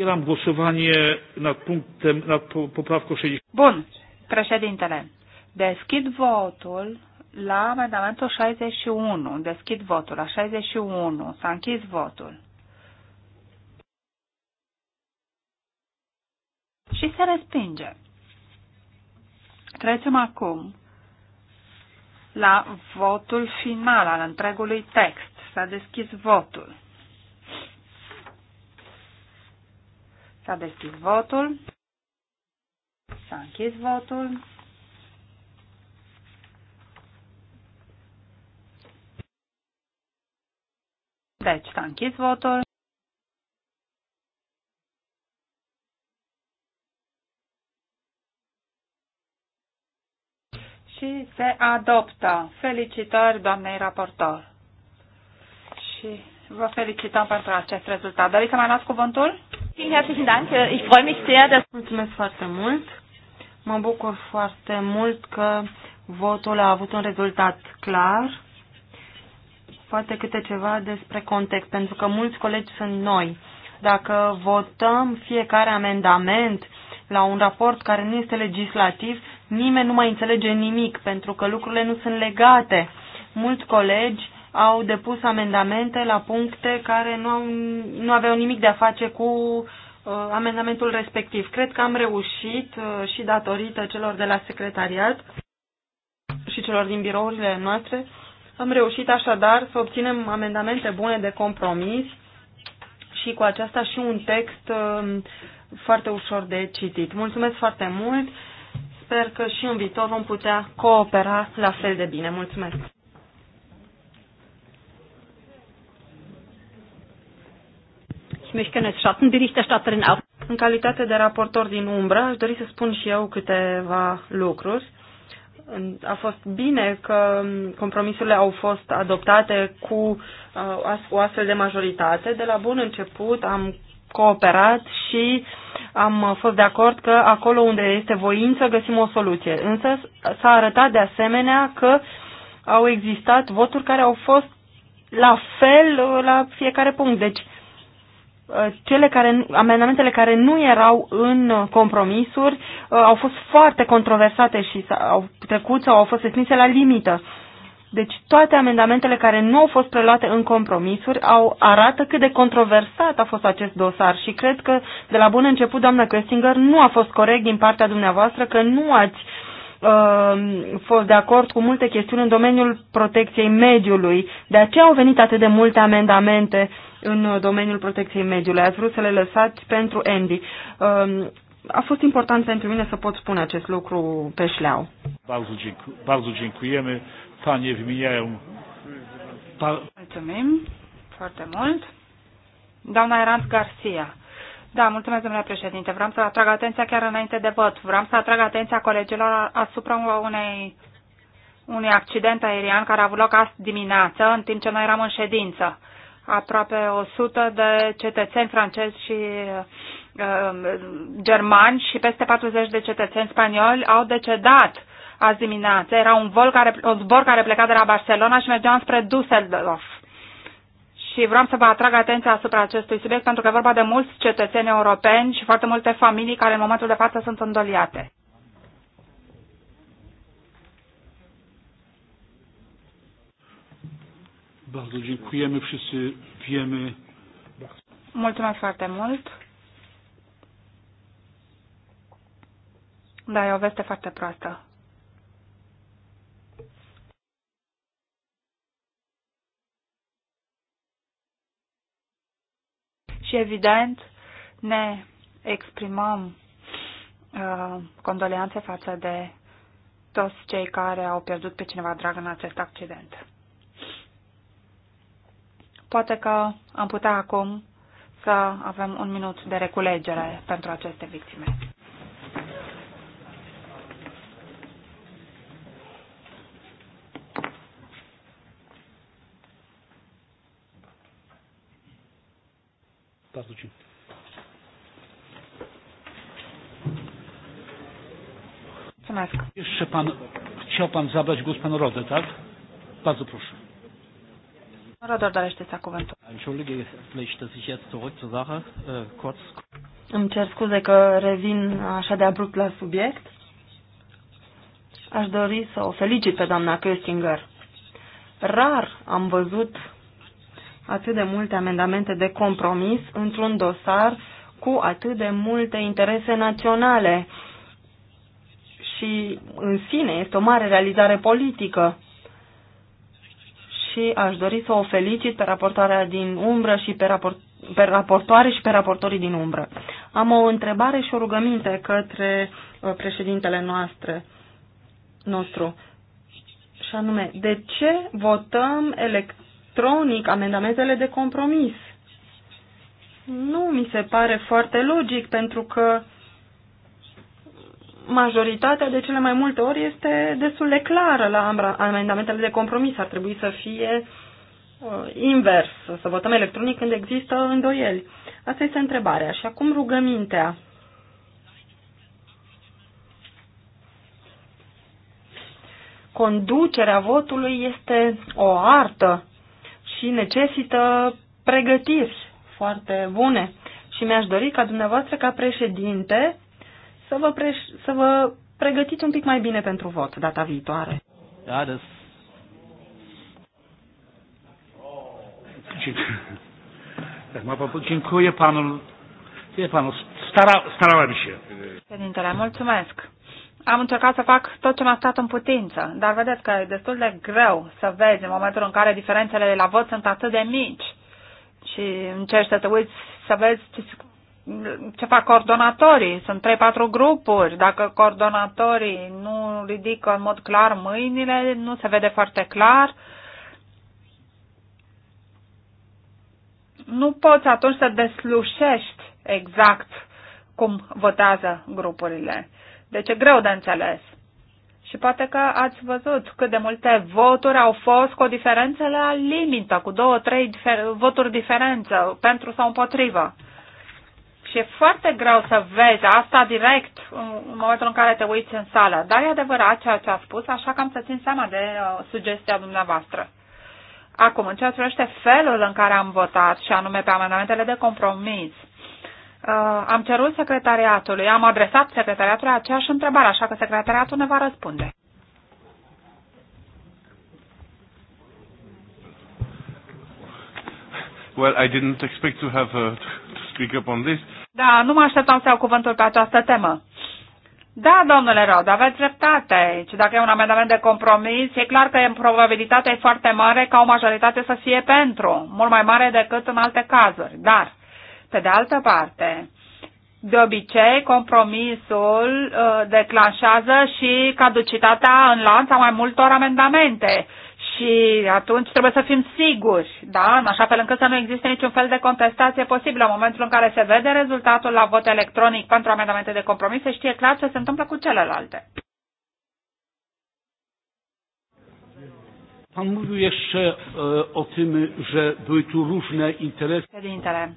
Otwieram głosowanie nad punktem, nad poprawką 60. Bun, președintele, deschid votul la amendamentul 61. Deschid votul la 61. S-a închis votul. Și se respinge. Trecem acum la votul final al întregului text. S-a deschis votul. S-a deschis votul. S-a închis votul. Deci s-a închis votul. Și se adoptă. Felicitări doamnei raportor. Și Vă felicităm pentru acest rezultat. Doriți să mai luați cuvântul? Mulțumesc foarte mult. Mă bucur foarte mult că votul a avut un rezultat clar. Poate câte ceva despre context, pentru că mulți colegi sunt noi. Dacă votăm fiecare amendament la un raport care nu este legislativ, nimeni nu mai înțelege nimic, pentru că lucrurile nu sunt legate. Mulți colegi au depus amendamente la puncte care nu, au, nu aveau nimic de a face cu uh, amendamentul respectiv. Cred că am reușit uh, și datorită celor de la secretariat și celor din birourile noastre, am reușit așadar să obținem amendamente bune de compromis și cu aceasta și un text uh, foarte ușor de citit. Mulțumesc foarte mult! Sper că și în viitor vom putea coopera la fel de bine. Mulțumesc! Ich möchte gerne als Schattenberichterstatterin auch. În calitate de raportor din umbră, aș dori să spun și eu câteva lucruri. A fost bine că compromisurile au fost adoptate cu uh, o astfel de majoritate. De la bun început am cooperat și am fost de acord că acolo unde este voință găsim o soluție. Însă s-a arătat de asemenea că au existat voturi care au fost la fel uh, la fiecare punct. Deci Eh, cele care, amendamentele care nu erau în eh, compromisuri eh, au fost foarte controversate și au trecut sau au fost respinse la limită. Deci toate amendamentele care nu au fost preluate în compromisuri au arată cât de controversat a fost acest dosar și cred că de la bun început, doamna Köstinger, nu a fost corect din partea dumneavoastră că nu ați Um, fost de acord cu multe chestiuni în domeniul protecției mediului. De aceea au venit atât de multe amendamente în domeniul protecției mediului. Ați vrut să le lăsați pentru Andy. Um, a fost important pentru mine să pot spune acest lucru pe șleau. Mulțumim foarte mult. Doamna Erant Garcia. Da, mulțumesc, domnule președinte. Vreau să atrag atenția chiar înainte de vot. Vreau să atrag atenția colegilor asupra unei, unui accident aerian care a avut loc azi dimineață, în timp ce noi eram în ședință. Aproape 100 de cetățeni francezi și uh, germani și peste 40 de cetățeni spanioli au decedat azi dimineață. Era un, vol care, un zbor care pleca de la Barcelona și mergea spre Düsseldorf și vreau să vă atrag atenția asupra acestui subiect pentru că e vorba de mulți cetățeni europeni și foarte multe familii care în momentul de față sunt îndoliate. Mulțumesc foarte mult. Da, e o veste foarte proastă. și evident ne exprimăm uh, condoleanțe față de toți cei care au pierdut pe cineva drag în acest accident. Poate că am putea acum să avem un minut de reculegere pentru aceste victime. asta случится. Mulțumesc. Jeszcze pan, chciał pan zabrać głos panu Rodę, tak? Bardzo proszę. Rodor dorește să cuvântul. Entschuldige, vielleicht, dass ich jetzt zurück zur Sache äh, kurz... Îmi cer scuze că revin așa de abrupt la subiect. Aș dori să o felicit pe doamna Köstinger. Rar am văzut atât de multe amendamente de compromis într-un dosar cu atât de multe interese naționale și în sine este o mare realizare politică. Și aș dori să o felicit pe raportoarea din umbră și pe, raport, pe raportoare și pe raportorii din umbră. Am o întrebare și o rugăminte către uh, președintele noastre, nostru. Și anume, de ce votăm elect electronic amendamentele de compromis. Nu mi se pare foarte logic, pentru că majoritatea de cele mai multe ori este destul de clară la amendamentele de compromis. Ar trebui să fie uh, invers, să votăm electronic când există îndoieli. Asta este întrebarea. Și acum rugămintea. Conducerea votului este o artă și necesită pregătiri foarte bune. Și mi-aș dori ca dumneavoastră, ca președinte, să vă, preș- să vă pregătiți un pic mai bine pentru vot data viitoare. Da, das. Ma dziękuję panu. e panul, stara, starałem się. Președintele, mulțumesc am încercat să fac tot ce mi-a stat în putință, dar vedeți că e destul de greu să vezi în momentul în care diferențele de la vot sunt atât de mici și încerci să te uiți să vezi ce, ce fac coordonatorii. Sunt 3-4 grupuri. Dacă coordonatorii nu ridică în mod clar mâinile, nu se vede foarte clar. Nu poți atunci să deslușești exact cum votează grupurile. Deci e greu de înțeles. Și poate că ați văzut cât de multe voturi au fost cu o diferență la limită, cu două, trei difer- voturi diferență, pentru sau împotrivă. Și e foarte greu să vezi asta direct în momentul în care te uiți în sală. Dar e adevărat ceea ce a spus, așa că am să țin seama de uh, sugestia dumneavoastră. Acum, în ceea ce privește felul în care am votat, și anume pe amendamentele de compromis, uh, uh, am cerut secretariatului, am adresat secretariatului aceeași întrebare, așa că secretariatul ne va răspunde. Well, I didn't expect to have a, uh, to speak up on this. Da, nu mă așteptam să iau cuvântul pe această temă. Da, domnule Rod, aveți dreptate aici. Dacă e un amendament de compromis, e clar că probabilitatea e foarte mare ca o majoritate să fie pentru, mult mai mare decât în alte cazuri. Dar pe de altă parte, de obicei, compromisul uh, declanșează și caducitatea în lanț a mai multor amendamente și atunci trebuie să fim siguri, da? în așa fel încât să nu existe niciun fel de contestație posibilă. În momentul în care se vede rezultatul la vot electronic pentru amendamente de compromis, se știe clar ce se întâmplă cu celelalte. Pan mówił jeszcze e, o tym, że były tu różne interesy. Președintele,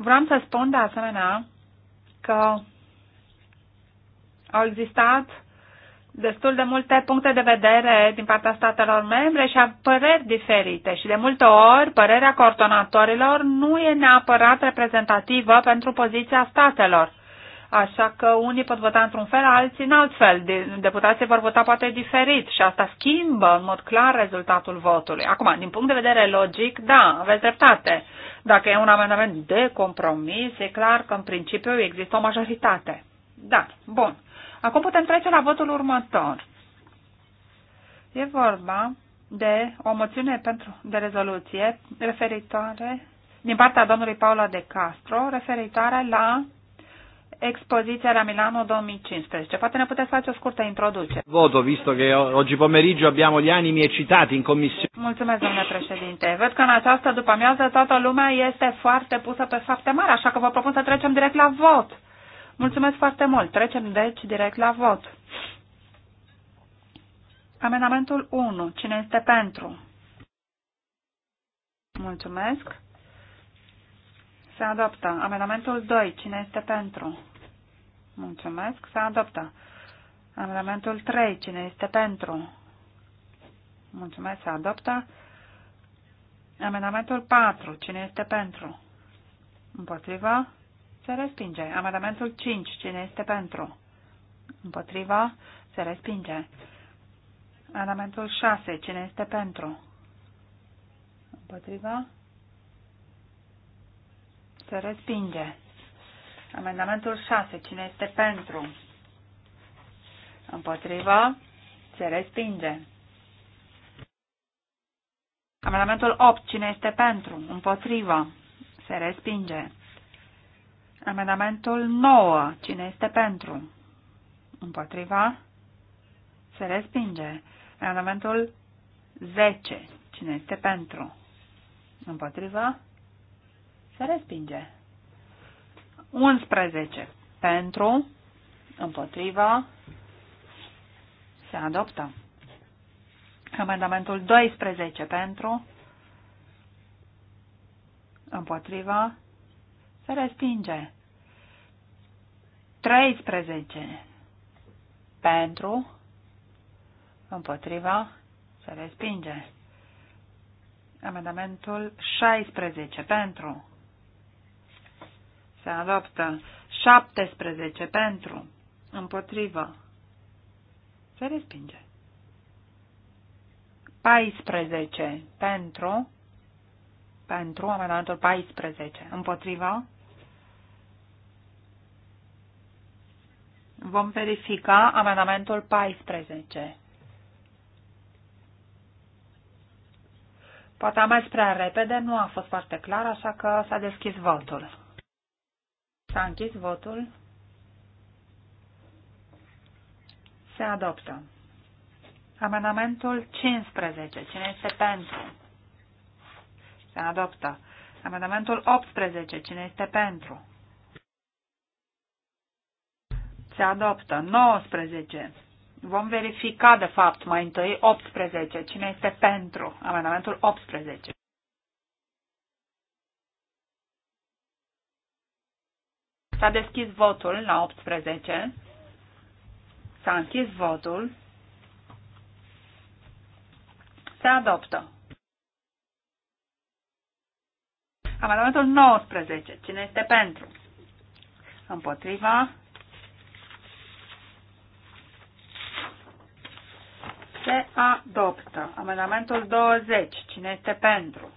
Vreau să spun de asemenea că au existat destul de multe puncte de vedere din partea statelor membre și a păreri diferite și de multe ori părerea coordonatorilor nu e neapărat reprezentativă pentru poziția statelor. Așa că unii pot vota într-un fel, alții în alt fel. Deputații vor vota poate diferit și asta schimbă în mod clar rezultatul votului. Acum, din punct de vedere logic, da, aveți dreptate. Dacă e un amendament de compromis, e clar că în principiu există o majoritate. Da, bun. Acum putem trece la votul următor. E vorba de o moțiune pentru, de rezoluție referitoare din partea domnului Paula de Castro referitoare la expoziția la Milano 2015. Poate ne puteți face o scurtă introducere. Voto, visto che oggi pomeriggio abbiamo gli animi eccitati in commissione. Mulțumesc, domnule președinte. Văd că în această după-amiază toată lumea este foarte pusă pe fapte mari, așa că vă propun să trecem direct la vot. Mulțumesc foarte mult. Trecem deci direct la vot. Amendamentul 1. Cine este pentru? Mulțumesc. Se adoptă. Amendamentul 2. Cine este pentru? Mulțumesc. Se adoptă. Amendamentul 3. Cine este pentru? Mulțumesc. Se adoptă. Amendamentul 4. Cine este pentru? Împotriva? Se respinge. Amendamentul 5. Cine este pentru? Împotriva? Se respinge. Amendamentul 6. Cine este pentru? Împotriva? Se respinge. Amendamentul 6. Cine este pentru? Împotriva? Se respinge. Amendamentul 8. Cine este pentru? Împotriva? Se respinge. Amendamentul 9. Cine este pentru? Împotriva? Se respinge. Amendamentul 10. Cine este pentru? Împotriva? Se respinge. 11. Pentru, împotriva, se adoptă. Amendamentul 12 pentru, împotriva, se respinge. 13 pentru, împotriva, se respinge. Amendamentul 16 pentru, se adoptă. 17 pentru. Împotrivă. Se respinge. 14 pentru. Pentru amendamentul 14. Împotrivă. Vom verifica amendamentul 14. Poate am mai spre repede, nu a fost foarte clar, așa că s-a deschis votul. S-a închis votul. Se adoptă. Amendamentul 15. Cine este pentru? Se adoptă. Amendamentul 18. Cine este pentru? Se adoptă. 19. Vom verifica, de fapt, mai întâi 18. Cine este pentru? Amendamentul 18. S-a deschis votul la 18. S-a închis votul. Se adoptă. Amendamentul 19. Cine este pentru? Împotriva. Se adoptă. Amendamentul 20. Cine este pentru?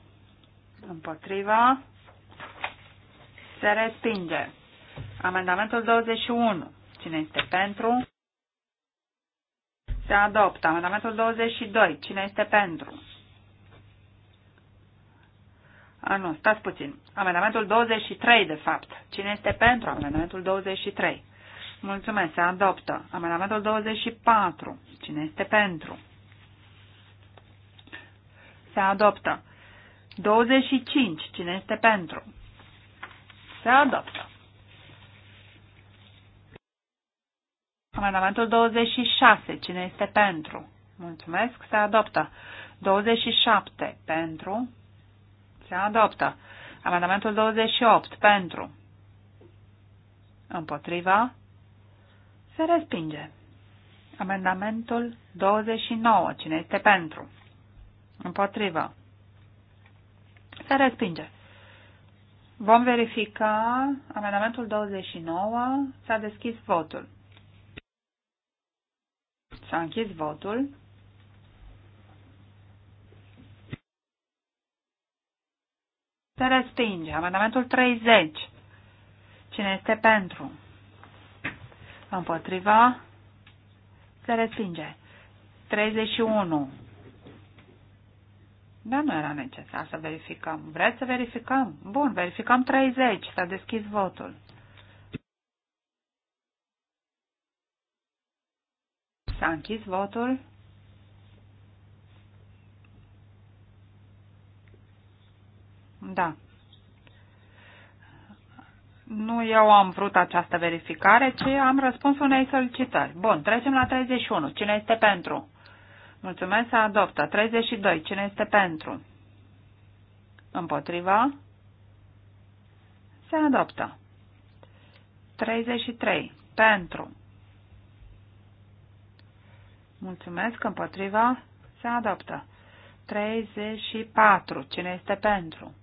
Împotriva. Se respinge. Amendamentul 21. Cine este pentru? Se adoptă. Amendamentul 22. Cine este pentru? A, nu, stați puțin. Amendamentul 23, de fapt. Cine este pentru amendamentul 23? Mulțumesc, se adoptă. Amendamentul 24. Cine este pentru? Se adoptă. 25. Cine este pentru? Se adoptă. Amendamentul 26. Cine este pentru? Mulțumesc. Se adoptă. 27. Pentru. Se adoptă. Amendamentul 28. Pentru. Împotriva. Se respinge. Amendamentul 29. Cine este pentru? Împotriva. Se respinge. Vom verifica amendamentul 29. S-a deschis votul. S-a închis votul. Se respinge. Amendamentul 30. Cine este pentru? Împotriva? Se respinge. 31. Dar nu era necesar să verificăm. Vreți să verificăm? Bun, verificăm 30. S-a deschis votul. S-a închis votul. Da. Nu eu am vrut această verificare, ci am răspuns unei solicitări. Bun, trecem la 31. Cine este pentru? Mulțumesc, se adoptă. 32. Cine este pentru? Împotriva? Se adoptă. 33. Pentru. Mulțumesc. Împotriva. Se adoptă. 34. Cine este pentru?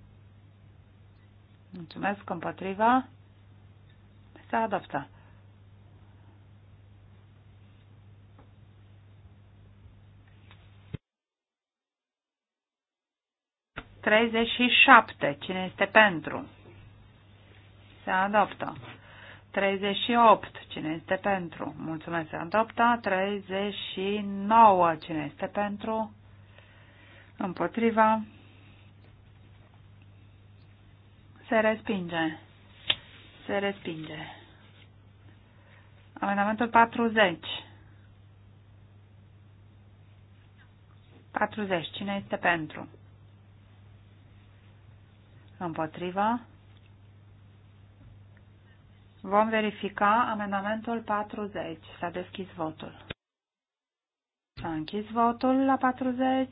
Mulțumesc. Împotriva. Se adoptă. 37. Cine este pentru? Se adoptă. 38. Cine este pentru? Mulțumesc. Se adoptă. 39. Cine este pentru? Împotriva. Se respinge. Se respinge. Amendamentul 40. 40. Cine este pentru? Împotriva. Vom verifica amendamentul 40. S-a deschis votul. S-a închis votul la 40.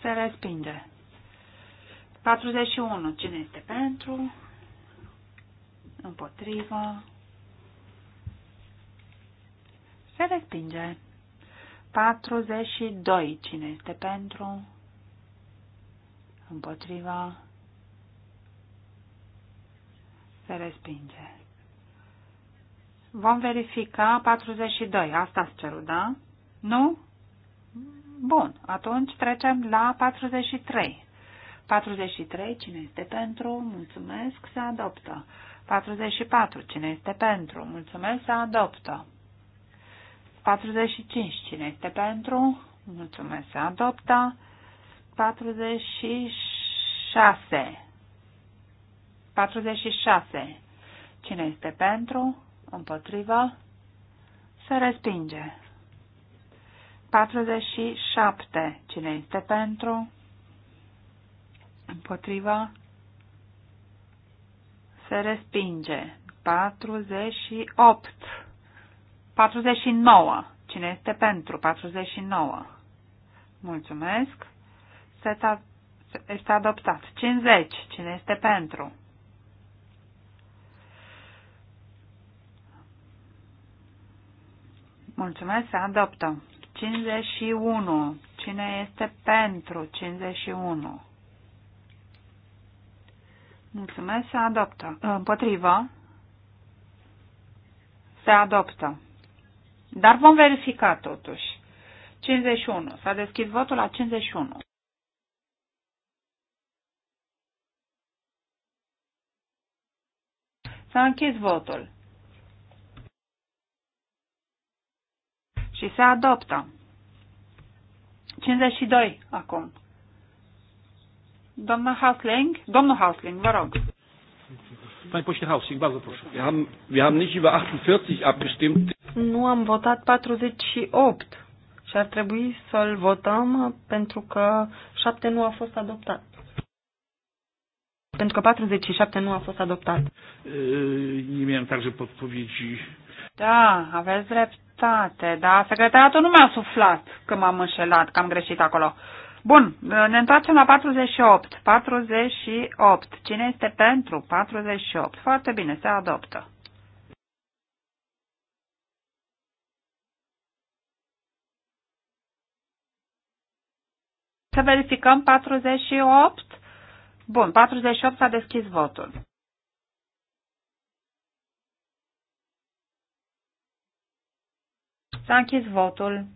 Se respinge. 41. Cine este pentru? Împotriva. Se respinge. 42. Cine este pentru? împotriva, se respinge. Vom verifica 42. Asta ați cerut, da? Nu? Bun. Atunci trecem la 43. 43. Cine este pentru? Mulțumesc. Se adoptă. 44. Cine este pentru? Mulțumesc. Se adoptă. 45. Cine este pentru? Mulțumesc. Se adoptă. 46. 46. Cine este pentru? Împotrivă? Se respinge. 47. Cine este pentru? Împotriva? Se respinge. 48. 49. Cine este pentru? 49. Mulțumesc se este adoptat. 50. Cine este pentru? Mulțumesc, se adoptă. 51. Cine este pentru 51? Mulțumesc, se adoptă. Împotrivă? Se adoptă. Dar vom verifica totuși. 51. S-a deschis votul la 51. S-a închis votul. Și se adoptă. 52 acum. Doamna Hausling, domnul Hausling, vă rog. Mai poște Hausling, vă rog. Wir haben, wir haben nicht über 48 abgestimmt. Nu am votat 48 și ar trebui să-l votăm pentru că 7 nu a fost adoptat pentru că 47 nu a fost adoptat. mi-am miałem także povici. Da, aveți dreptate, da. Secretariatul nu mi-a suflat că m-am înșelat, că am greșit acolo. Bun, ne întoarcem la 48. 48. Cine este pentru 48? Foarte bine, se adoptă. Să verificăm 48. Bun, 48 s-a deschis votul. S-a închis votul.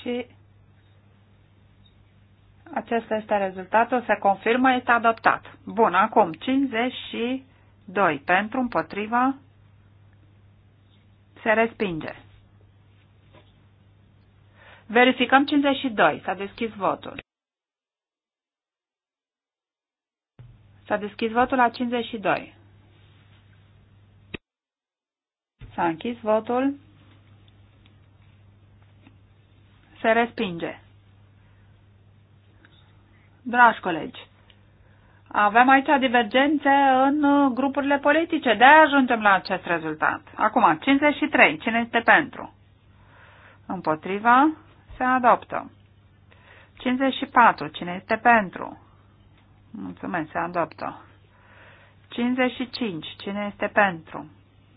Și acesta este rezultatul. Se confirmă, este adoptat. Bun, acum 52 pentru, împotriva, se respinge. Verificăm 52. S-a deschis votul. S-a deschis votul la 52. S-a închis votul. Se respinge. Dragi colegi, avem aici divergențe în uh, grupurile politice. de ajungem la acest rezultat. Acum, 53. Cine este pentru? Împotriva? Se adoptă. 54. Cine este pentru? Mulțumesc. Se adoptă. 55. Cine este pentru?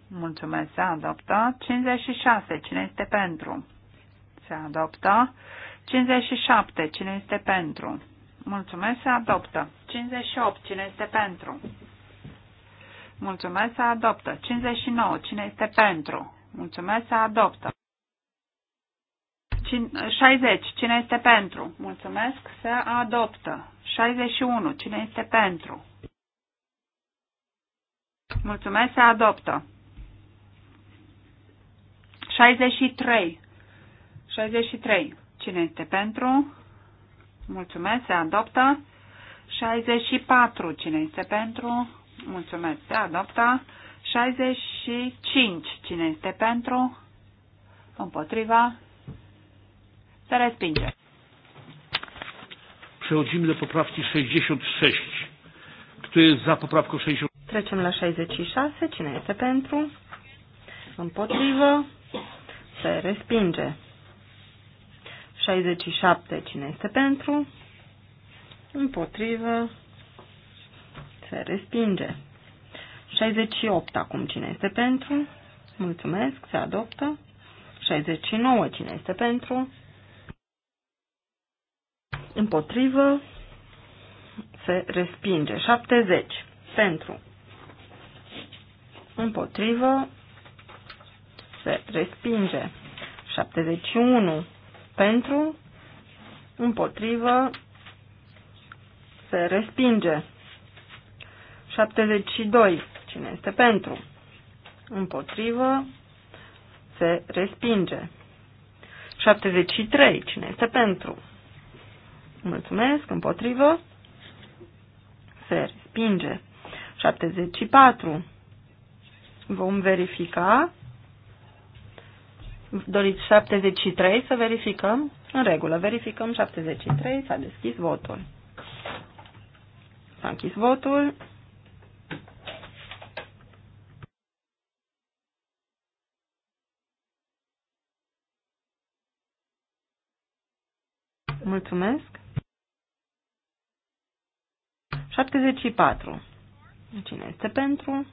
Mulțumesc. Se adoptă. 56. Cine este pentru? Se adoptă. 57. Cine este pentru? Mulțumesc. Se adoptă. 58. Cine este pentru? Mulțumesc. Se adoptă. 59. Cine este pentru? Mulțumesc. Se adoptă. 60. Cine este pentru? Mulțumesc. Se adoptă. 61. Cine este pentru? Mulțumesc. Se adoptă. 63. 63. Cine este pentru? Mulțumesc. Se adoptă. 64. Cine este pentru? Mulțumesc. Se adoptă. 65. Cine este pentru? Împotriva. Se respinge. Przechodzimy do poprawki 66. Kto jest za poprawką 66? Trecem la 66. Cine este pentru? Împotrivă. Se respinge. 67. Cine este pentru? Împotrivă. Se respinge. 68. Acum cine este pentru? Mulțumesc. Se adoptă. 69. Cine este pentru? împotrivă, se respinge. 70 pentru, împotrivă, se respinge. 71 pentru, împotrivă, se respinge. 72. Cine este pentru? Împotrivă, se respinge. 73. Cine este pentru? Mulțumesc. Împotrivă. Se respinge. 74. Vom verifica. Doriți 73 să verificăm? În regulă, verificăm 73, s-a deschis votul. S-a închis votul. Mulțumesc. 74. Cine este pentru?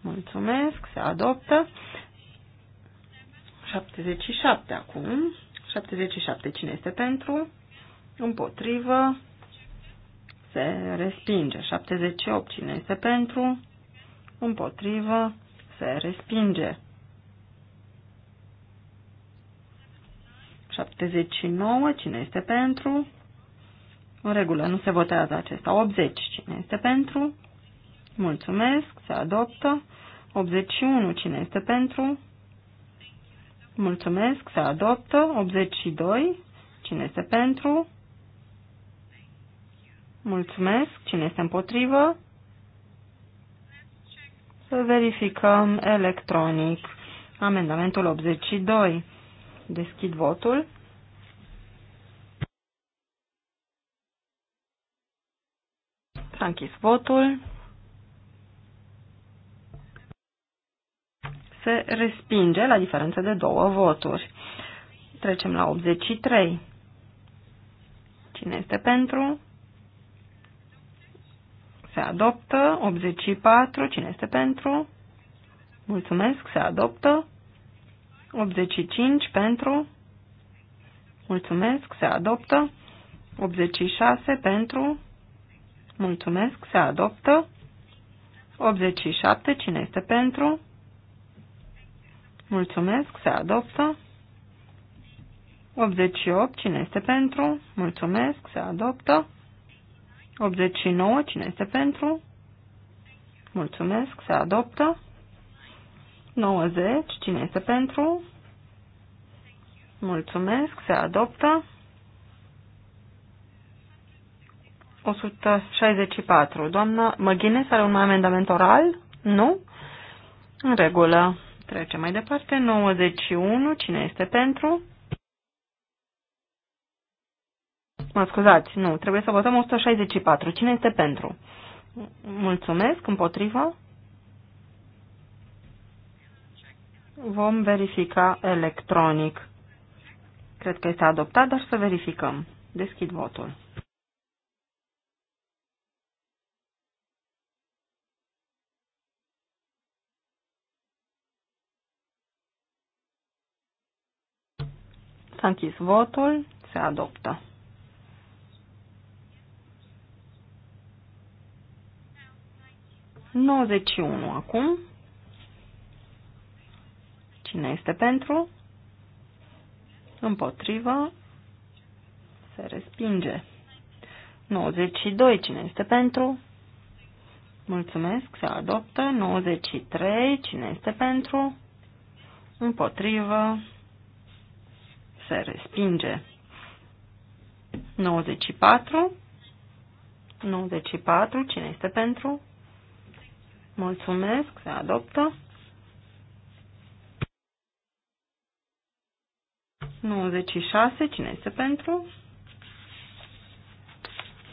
Mulțumesc, se adoptă. 77 acum. 77. Cine este pentru? Împotrivă. Se respinge. 78. Cine este pentru? Împotrivă. Se respinge. 79. Cine este pentru? În regulă, nu se votează acesta. 80. Cine este pentru? Mulțumesc. Se adoptă. 81. Cine este pentru? Mulțumesc. Se adoptă. 82. Cine este pentru? Mulțumesc. Cine este împotrivă? Să verificăm electronic. Amendamentul 82. Deschid votul. S-a închis votul. Se respinge la diferență de două voturi. Trecem la 83. Cine este pentru? Se adoptă. 84. Cine este pentru? Mulțumesc. Se adoptă. 85 pentru. Mulțumesc. Se adoptă. 86 pentru. Mulțumesc, se adoptă. 87, cine este pentru? Mulțumesc, se adoptă. 88, cine este pentru? Mulțumesc, se adoptă. 89, cine este pentru? Mulțumesc, se adoptă. 90, cine este pentru? Mulțumesc, se adoptă. 164. Doamnă Măghines are un amendament oral? Nu? În regulă. Trecem mai departe. 91. Cine este pentru? Mă scuzați, nu. Trebuie să votăm 164. Cine este pentru? Mulțumesc. Împotrivă? Vom verifica electronic. Cred că este adoptat, dar să verificăm. Deschid votul. S-a închis votul. Se adoptă. Nouăzeci unu acum. Cine este pentru? Împotrivă. Se respinge. 92. Cine este pentru? Mulțumesc. Se adoptă. 93. Cine este pentru? Împotrivă se respinge. 94. 94. Cine este pentru? Mulțumesc. Se adoptă. 96. Cine este pentru?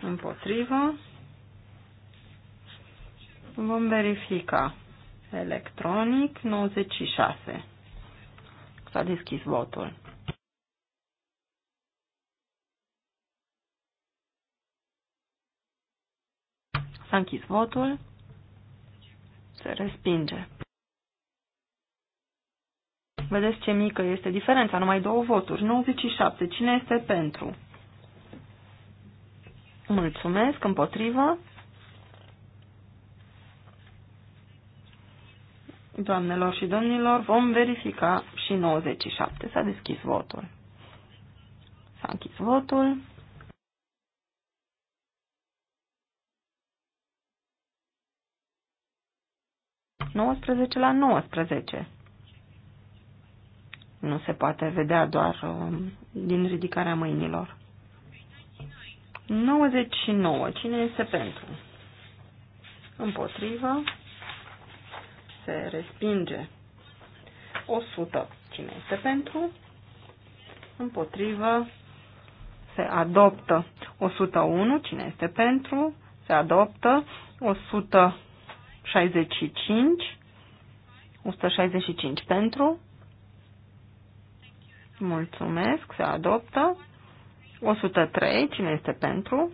Împotrivă. Vom verifica. Electronic 96. S-a deschis votul. S-a închis votul. Se respinge. Vedeți ce mică este diferența, numai două voturi. 97. Cine este pentru? Mulțumesc. Împotrivă? Doamnelor și domnilor, vom verifica și 97. S-a deschis votul. S-a închis votul. 19 la 19. Nu se poate vedea doar um, din ridicarea mâinilor. 99. Cine este pentru? Împotrivă. Se respinge. 100. Cine este pentru? Împotrivă. Se adoptă. 101. Cine este pentru? Se adoptă. 100. 65. 165 pentru. Mulțumesc, se adoptă. 103, cine este pentru?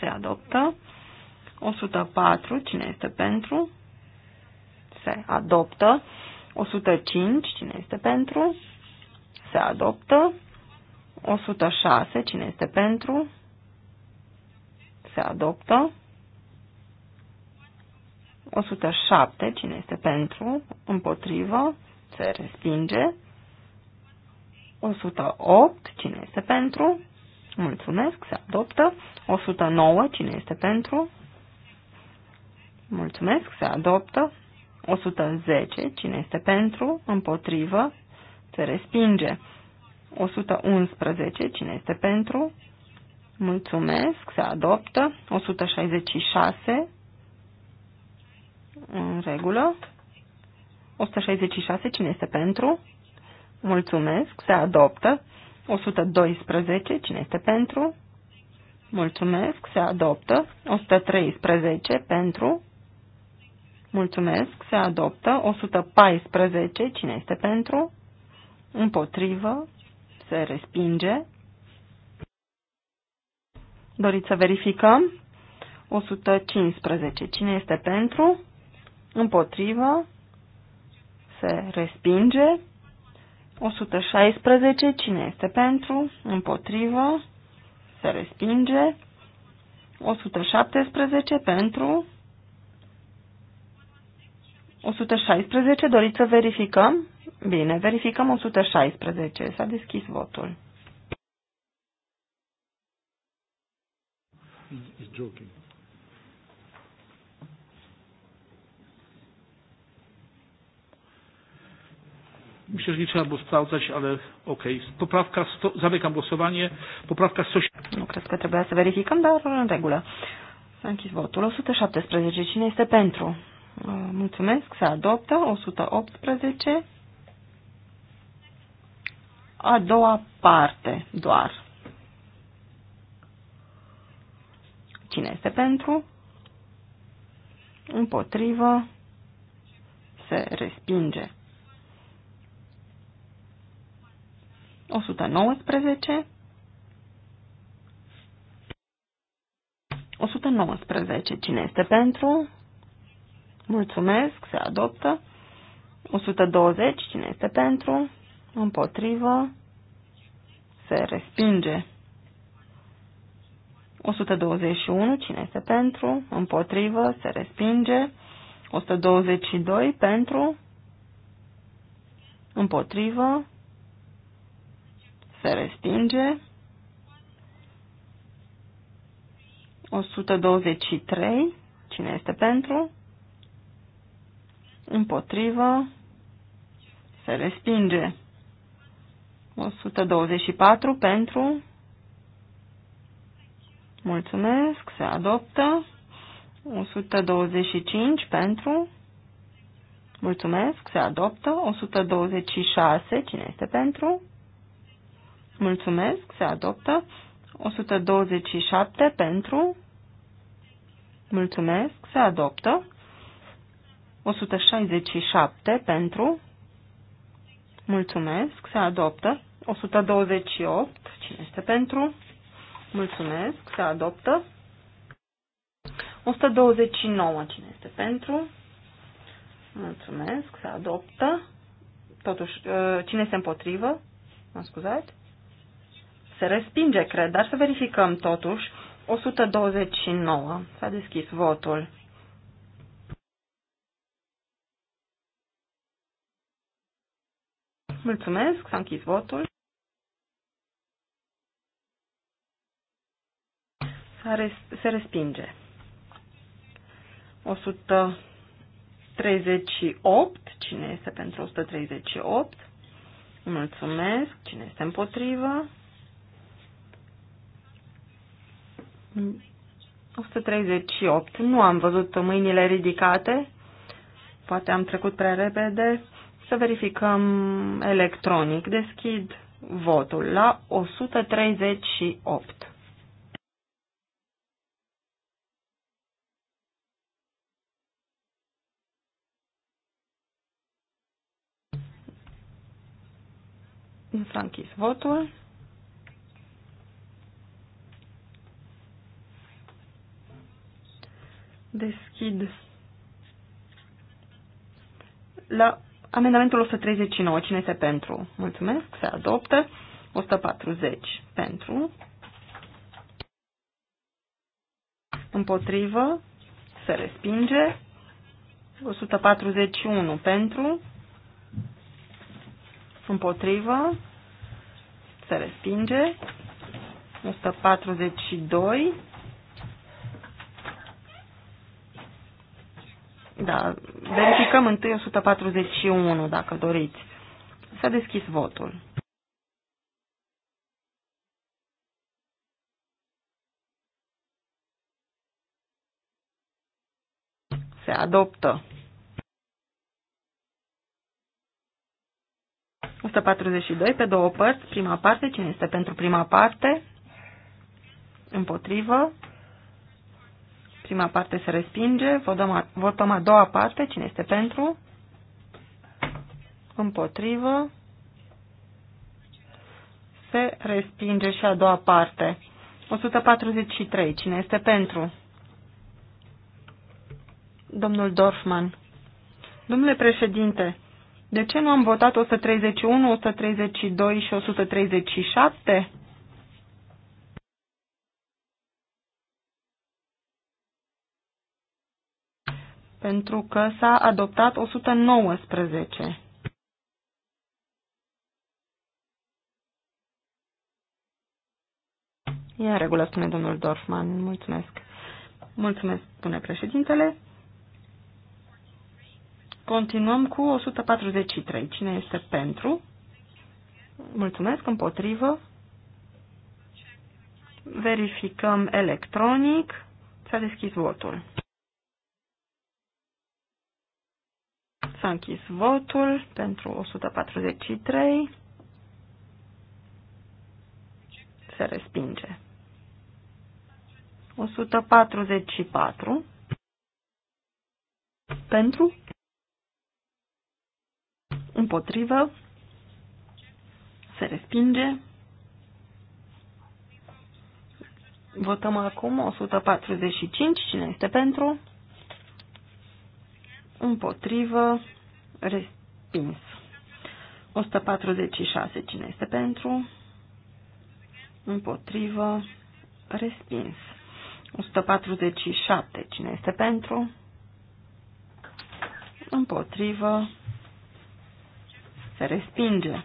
Se adoptă. 104, cine este pentru? Se adoptă. 105, cine este pentru? Se adoptă. 106, cine este pentru? Se adoptă. 107, cine este pentru, împotrivă, se respinge. 108, cine este pentru, mulțumesc, se adoptă. 109, cine este pentru, mulțumesc, se adoptă. 110, cine este pentru, împotrivă, se respinge. 111, cine este pentru, mulțumesc, se adoptă. 166, în regulă. 166. Cine este pentru? Mulțumesc. Se adoptă. 112. Cine este pentru? Mulțumesc. Se adoptă. 113. Pentru? Mulțumesc. Se adoptă. 114. Cine este pentru? Împotrivă. Se respinge. Doriți să verificăm? 115. Cine este pentru? împotrivă, se respinge. 116, cine este pentru, împotrivă, se respinge. 117 pentru. 116, doriți să verificăm? Bine, verificăm 116. S-a deschis votul. It's joking. Myślę, że nie trzeba było sprawdzać, ale okej. Okay. Poprawka sto... zamykam głosowanie. Poprawka 100. Nu cred că trebuia să verificăm, dar în regulă. S-a închis votul. 117. Cine este pentru? Mulțumesc. Se adoptă. 118. A doua parte doar. Cine este pentru? Împotrivă. Se respinge. 119, 119. Cine este pentru? Mulțumesc, se adoptă. 120. Cine este pentru? Împotrivă. Se respinge. 121. Cine este pentru? Împotrivă. Se respinge. 122. Pentru. Împotrivă se respinge. 123. Cine este pentru? Împotrivă. Se respinge. 124 pentru. Mulțumesc. Se adoptă. 125 pentru. Mulțumesc. Se adoptă. 126. Cine este pentru? Mulțumesc, se adoptă. 127 pentru. Mulțumesc, se adoptă. 167 pentru. Mulțumesc, se adoptă. 128, cine este pentru? Mulțumesc, se adoptă. 129, cine este pentru? Mulțumesc, se adoptă. Totuși, uh, cine este împotrivă? Mă scuzați? Se respinge, cred, dar să verificăm totuși. 129. S-a deschis votul. Mulțumesc, s-a închis votul. se respinge. 138. Cine este pentru 138? Mulțumesc. Cine este împotrivă? 138. Nu am văzut mâinile ridicate. Poate am trecut prea repede. Să verificăm electronic. Deschid votul la 138. S-a închis votul. Deschid la amendamentul 139. Cine este pentru? Mulțumesc. Se adoptă. 140 pentru. Împotrivă. Se respinge. 141 pentru. Împotrivă. Se respinge. 142 Da, verificăm întâi 141, dacă doriți. S-a deschis votul. Se adoptă. 142 pe două părți, prima parte, cine este pentru prima parte, împotrivă, Prima parte se respinge. Votăm a, votăm a doua parte. Cine este pentru? Împotrivă. Se respinge și a doua parte. 143. Cine este pentru? Domnul Dorfman. Domnule președinte, de ce nu am votat 131, 132 și 137? pentru că s-a adoptat 119. E în regulă, spune domnul Dorfman. Mulțumesc. Mulțumesc, spune președintele. Continuăm cu 143. Cine este pentru? Mulțumesc, împotrivă. Verificăm electronic. S-a deschis votul. S-a închis votul pentru 143. Se respinge. 144. Pentru. Împotrivă. Se respinge. Votăm acum 145. Cine este pentru? împotrivă, respins. 146. Cine este pentru? Împotrivă, respins. 147. Cine este pentru? Împotrivă, se respinge.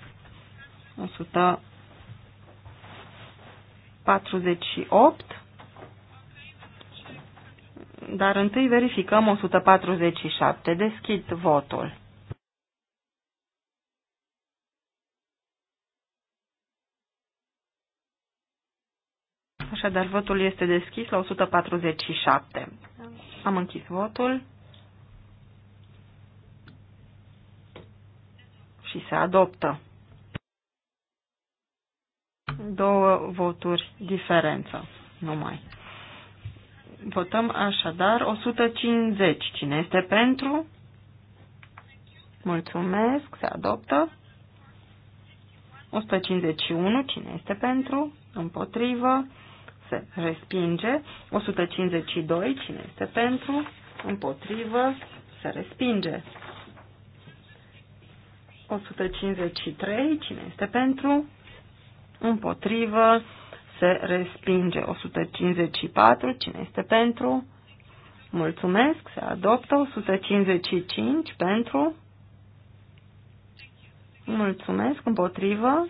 148 dar întâi verificăm 147. Deschid votul. Așadar, votul este deschis la 147. Am închis votul și se adoptă. Două voturi diferență numai. Votăm așadar 150. Cine este pentru? Mulțumesc, se adoptă. 151. Cine este pentru? Împotrivă. Se respinge. 152. Cine este pentru? Împotrivă. Se respinge. 153. Cine este pentru? Împotrivă se respinge. 154, cine este pentru? Mulțumesc, se adoptă. 155 pentru? Mulțumesc, împotrivă.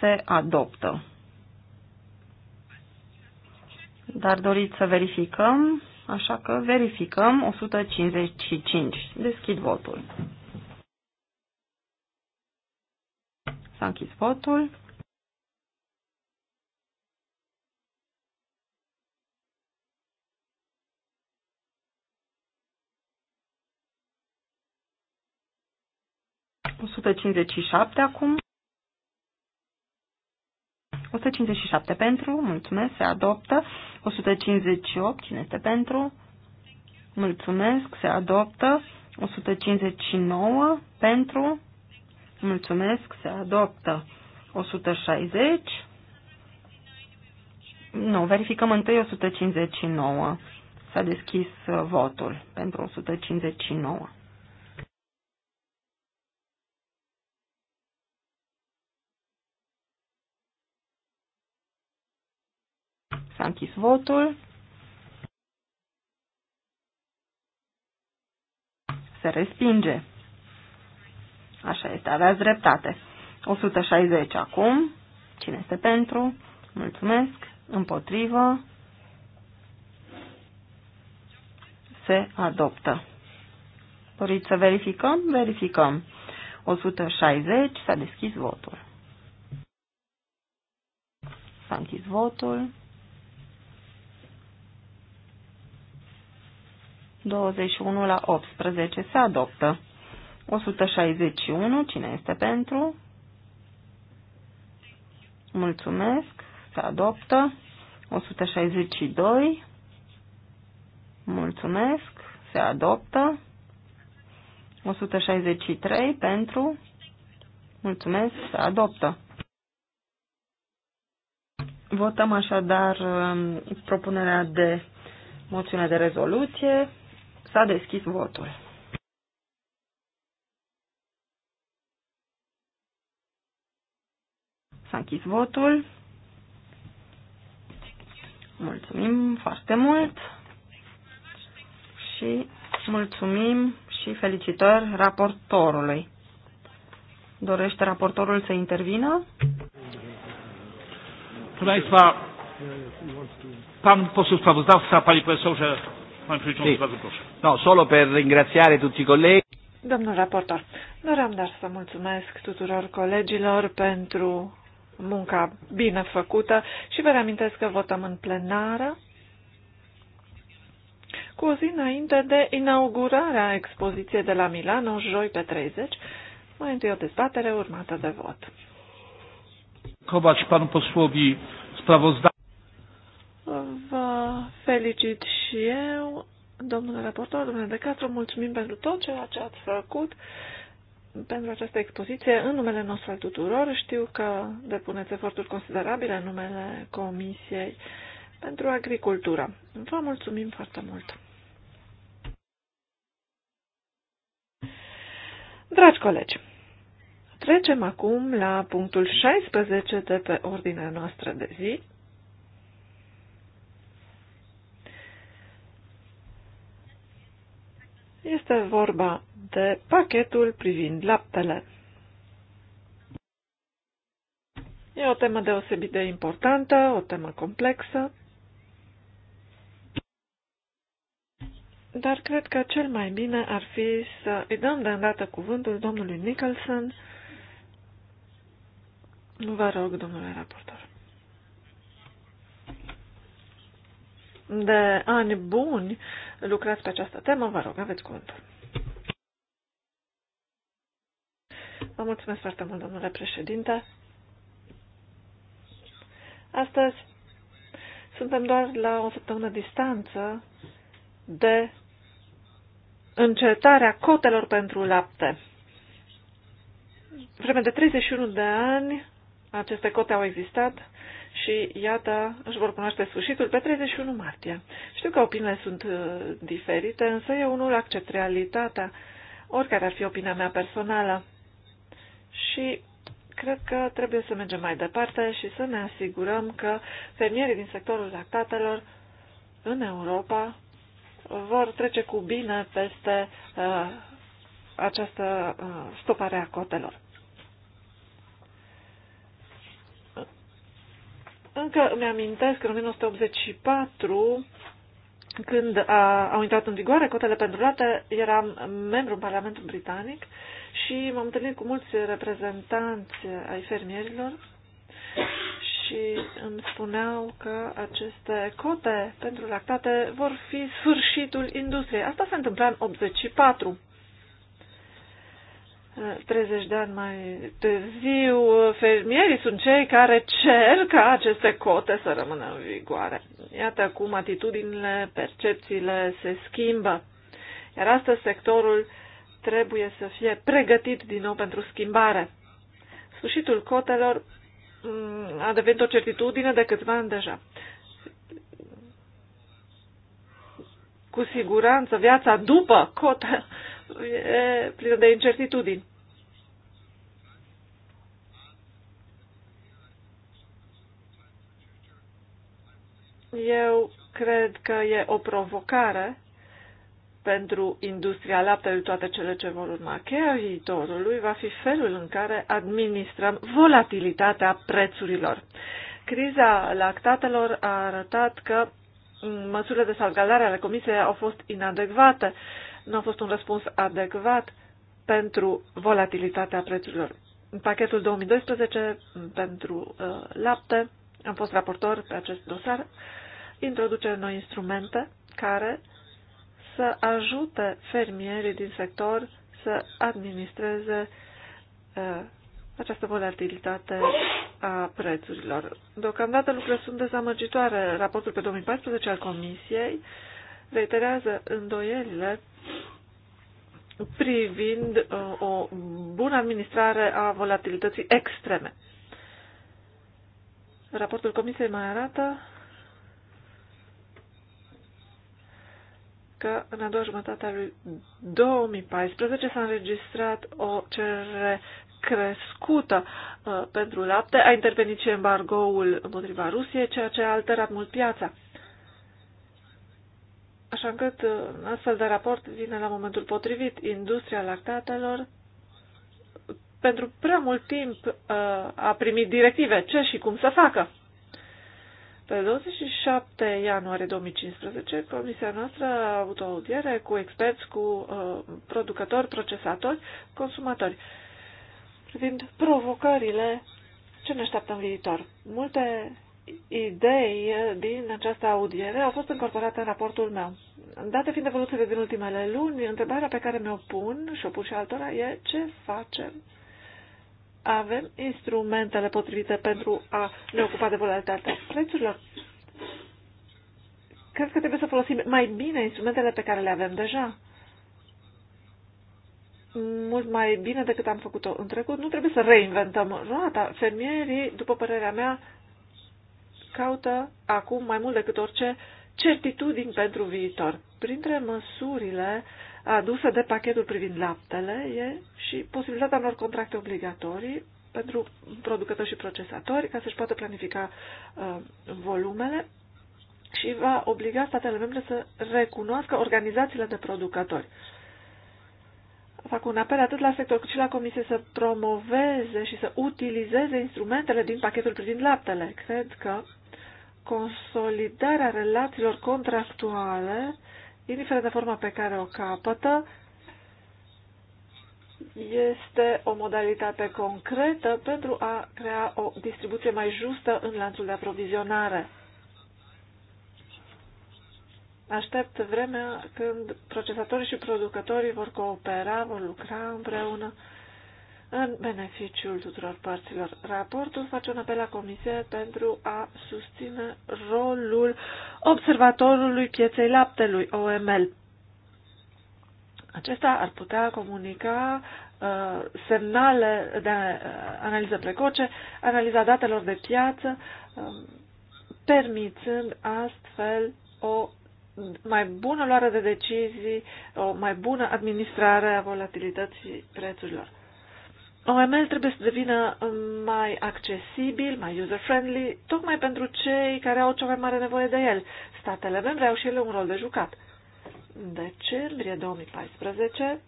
Se adoptă. Dar doriți să verificăm, așa că verificăm 155. Deschid votul. S-a închis votul. Sută cincizeci șapte acum. 157 pentru, mulțumesc, se adoptă. 158, cine este pentru? Mulțumesc, se adoptă. 159 pentru, Mulțumesc, se adoptă 160. Nu, verificăm întâi 159. S-a deschis uh, votul pentru 159. S-a închis votul. Se respinge. Așa este, aveați dreptate. 160 acum. Cine este pentru? Mulțumesc. Împotrivă. Se adoptă. Doriți să verificăm? Verificăm. 160 s-a deschis votul. S-a închis votul. 21 la 18 se adoptă. 161, cine este pentru? Mulțumesc, se adoptă. 162, mulțumesc, se adoptă. 163, pentru, mulțumesc, se adoptă. Votăm așadar um, propunerea de moțiune de rezoluție. S-a deschis votul. S-a închis votul. Mulțumim foarte mult și mulțumim și felicitări raportorului. Dorește raportorul să intervină? Proszę Państwa, Pan poseł sprawozdawca, Panie Profesorze, Panie Przewodniczący, bardzo proszę. No, solo per ringraziare tutti i colleghi. Domnul raportor, doream doar să mulțumesc tuturor colegilor pentru munca bine făcută și vă reamintesc că votăm în plenară cu o zi înainte de inaugurarea expoziției de la Milano, joi pe 30, mai întâi o dezbatere urmată de vot. panu Vă felicit și eu, domnule raportor, domnule de Castro, mulțumim pentru tot ceea ce ați făcut pentru această expoziție în numele nostru al tuturor. Știu că depuneți eforturi considerabile în numele Comisiei pentru Agricultură. Vă mulțumim foarte mult! Dragi colegi, trecem acum la punctul 16 de pe ordinea noastră de zi, Este vorba de pachetul privind laptele. E o temă deosebit de importantă, o temă complexă, dar cred că cel mai bine ar fi să îi dăm de îndată cuvântul domnului Nicholson. Vă rog, domnule raportor. De ani buni lucrați pe această temă, vă rog, aveți cuvântul. Vă mulțumesc foarte mult, domnule președinte. Astăzi suntem doar la o săptămână distanță de încetarea cotelor pentru lapte. Vreme de 31 de ani aceste cote au existat și, iată, își vor cunoaște sfârșitul pe 31 martie. Știu că opiniile sunt uh, diferite, însă eu unul accept realitatea, oricare ar fi opinia mea personală. Și cred că trebuie să mergem mai departe și să ne asigurăm că fermierii din sectorul lactatelor în Europa vor trece cu bine peste uh, această uh, stopare a cotelor. Încă îmi amintesc în 1984, când a, au intrat în vigoare cotele pentru rate, eram membru în Parlamentul Britanic și m-am întâlnit cu mulți reprezentanți ai fermierilor și îmi spuneau că aceste cote pentru lactate vor fi sfârșitul industriei. Asta se întâmpla în 84. 30 de ani mai târziu, fermierii sunt cei care cer ca aceste cote să rămână în vigoare. Iată cum atitudinile, percepțiile se schimbă. Iar astăzi sectorul trebuie să fie pregătit din nou pentru schimbare. Sfârșitul cotelor mm, a devenit o certitudine de câțiva ani deja. Cu siguranță, viața după cote e plină de incertitudini. Eu cred că e o provocare pentru industria laptelui, toate cele ce vor urma. Cheia viitorului va fi felul în care administrăm volatilitatea prețurilor. Criza lactatelor a arătat că măsurile de salvgardare ale Comisiei au fost inadecvate nu a fost un răspuns adecvat pentru volatilitatea prețurilor. În pachetul 2012 pentru uh, lapte, am fost raportor pe acest dosar, introduce noi instrumente care să ajute fermierii din sector să administreze uh, această volatilitate a prețurilor. Deocamdată lucrurile sunt dezamăgitoare. Raportul pe 2014 al Comisiei uh, reiterează îndoielile privind uh, o bună administrare a volatilității extreme. Raportul Comisiei mai arată că în a doua jumătate a lui 2014 s-a înregistrat o cerere crescută uh, pentru lapte. A intervenit și embargoul împotriva Rusiei, ceea ce a alterat mult piața. Așa încât un uh, astfel de raport vine la momentul potrivit. Industria lactatelor pentru prea mult timp uh, a primit directive ce și cum să facă. Pe 27 ianuarie 2015, comisia noastră a avut o audiere cu experți, cu uh, producători, procesatori, consumatori, privind provocările ce ne așteaptă în viitor. Multe idei din această audiere au fost încorporate în raportul meu. Date fiind evoluțiile din ultimele luni, întrebarea pe care mi-o pun și o pun și altora e ce facem? Avem instrumentele potrivite pentru a ne ocupa de volatilitatea prețurilor? Cred că trebuie să folosim mai bine instrumentele pe care le avem deja mult mai bine decât am făcut-o în trecut. Nu trebuie să reinventăm roata. Fermierii, după părerea mea, caută acum mai mult decât orice certitudini pentru viitor. Printre măsurile aduse de pachetul privind laptele e și posibilitatea unor contracte obligatorii pentru producători și procesatori ca să-și poată planifica uh, volumele și va obliga statele membre să recunoască organizațiile de producători. Fac un apel atât la sector cât și la Comisie să promoveze și să utilizeze instrumentele din pachetul privind laptele. Cred că consolidarea relațiilor contractuale, indiferent de forma pe care o capătă, este o modalitate concretă pentru a crea o distribuție mai justă în lanțul de aprovizionare. Aștept vremea când procesatorii și producătorii vor coopera, vor lucra împreună în beneficiul tuturor părților. Raportul face un apel la Comisie pentru a susține rolul observatorului pieței laptelui, OML. Acesta ar putea comunica uh, semnale de uh, analiză precoce, analiza datelor de piață, um, permițând astfel o mai bună luare de decizii, o mai bună administrare a volatilității prețurilor. OML trebuie să devină um, mai accesibil, mai user-friendly, tocmai pentru cei care au cea mai mare nevoie de el. Statele membre au și ele un rol de jucat. În decembrie 2014,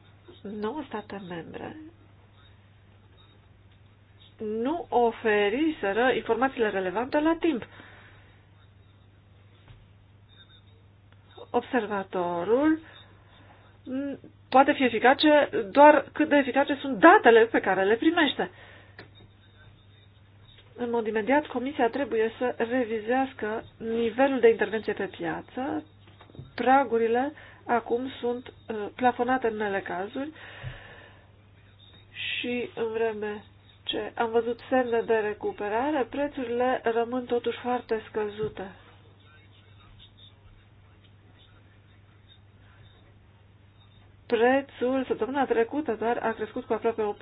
9 state membre nu oferiseră informațiile relevante la timp. Observatorul poate fi eficace doar cât de eficace sunt datele pe care le primește. În mod imediat, Comisia trebuie să revizească nivelul de intervenție pe piață. Pragurile acum sunt uh, plafonate în unele cazuri și în vreme ce am văzut semne de recuperare, prețurile rămân totuși foarte scăzute. Prețul săptămâna trecută doar a crescut cu aproape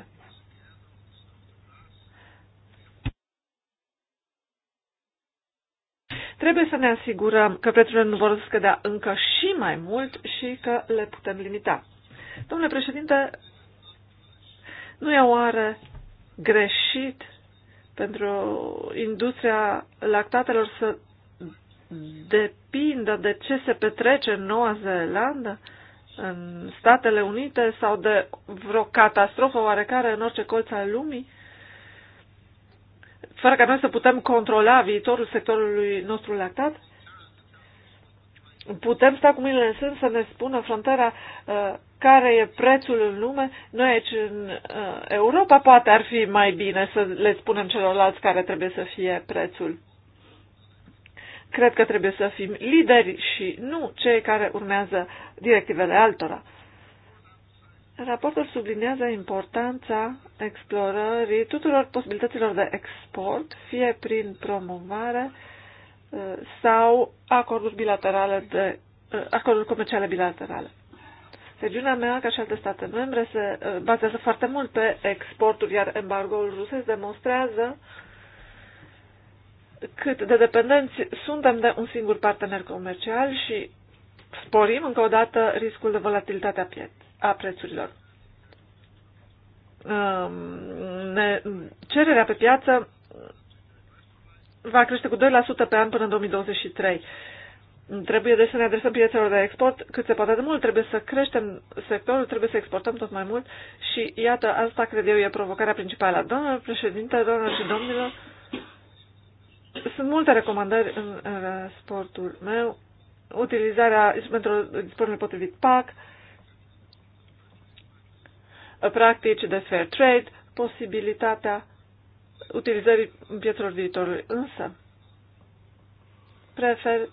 8%. Trebuie să ne asigurăm că prețurile nu vor scădea încă și mai mult și că le putem limita. Domnule președinte, nu e oare greșit pentru industria lactatelor să depindă de ce se petrece în Noua Zeelandă? în Statele Unite sau de vreo catastrofă oarecare în orice colț al lumii, fără ca noi să putem controla viitorul sectorului nostru lactat? Putem sta cu mâinile în sân să ne spună frontiera uh, care e prețul în lume. Noi aici în uh, Europa poate ar fi mai bine să le spunem celorlalți care trebuie să fie prețul. Cred că trebuie să fim lideri și nu cei care urmează directivele altora. Raportul sublinează importanța explorării tuturor posibilităților de export, fie prin promovare uh, sau acorduri bilaterale de uh, acorduri comerciale bilaterale. Regiunea mea, ca și alte state membre, se uh, bazează foarte mult pe exporturi, iar embargoul rusesc demonstrează uh, cât de dependenți suntem de un singur partener comercial și sporim încă o dată riscul de volatilitate a prețurilor. Um, ne, cererea pe piață va crește cu 2% pe an până în 2023. Trebuie deci să ne adresăm piețelor de export cât se poate de mult, trebuie să creștem sectorul, trebuie să exportăm tot mai mult și iată, asta cred eu e provocarea principală. Doamnă președinte, doamnă și domnilor, sunt multe recomandări în, în sportul meu. Utilizarea pentru sportul potrivit PAC, practici de fair trade, posibilitatea utilizării pietrelor viitorului. Însă, prefer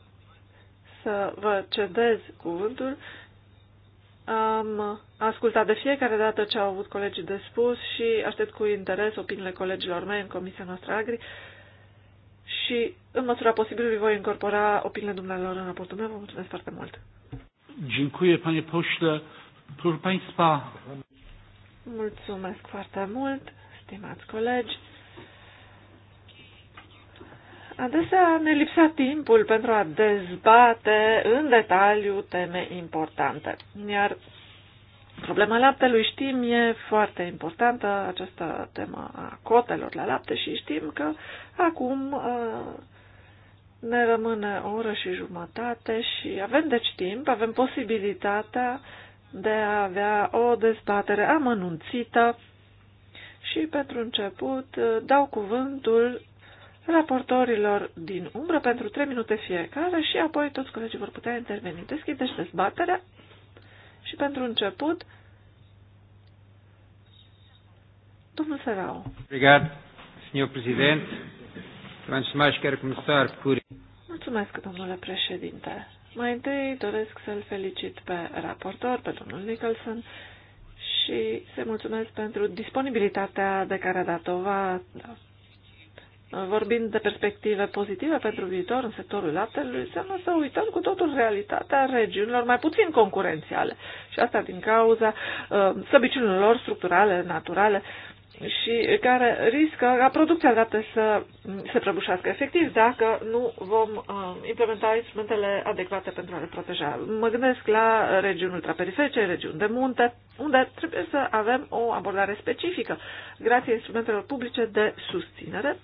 să vă cedez cuvântul. Am ascultat de fiecare dată ce au avut colegii de spus și aștept cu interes opiniile colegilor mei în Comisia noastră Agri și, în măsura posibilului, voi incorpora opiniile dumnealor în raportul meu. Vă mulțumesc foarte mult. Dziękuję, panie pośle. Proszę państwa. Mulțumesc foarte mult, stimați colegi. Adesea ne lipsa timpul pentru a dezbate în detaliu teme importante, iar Problema laptelui știm e foarte importantă, această temă a cotelor la lapte și știm că acum uh, ne rămâne o oră și jumătate și avem deci timp, avem posibilitatea de a avea o dezbatere amănunțită și pentru început uh, dau cuvântul raportorilor din umbră pentru 3 minute fiecare și apoi toți colegii vor putea interveni. Deschideți dezbaterea și pentru început, domnul Serau. Obrigat, senhor prezident. Mulțumesc, domnule președinte. Mai întâi doresc să-l felicit pe raportor, pe domnul Nicholson, și să mulțumesc pentru disponibilitatea de care a dat o vorbind de perspective pozitive pentru viitor în sectorul laptelui, înseamnă să uităm cu totul realitatea regiunilor mai puțin concurențiale. Și asta din cauza uh, săbiciunilor lor structurale, naturale, și care riscă ca producția dată să se prăbușească efectiv dacă nu vom uh, implementa instrumentele adecvate pentru a le proteja. Mă gândesc la regiuni ultraperiferice, regiuni de munte, unde trebuie să avem o abordare specifică grație instrumentelor publice de susținere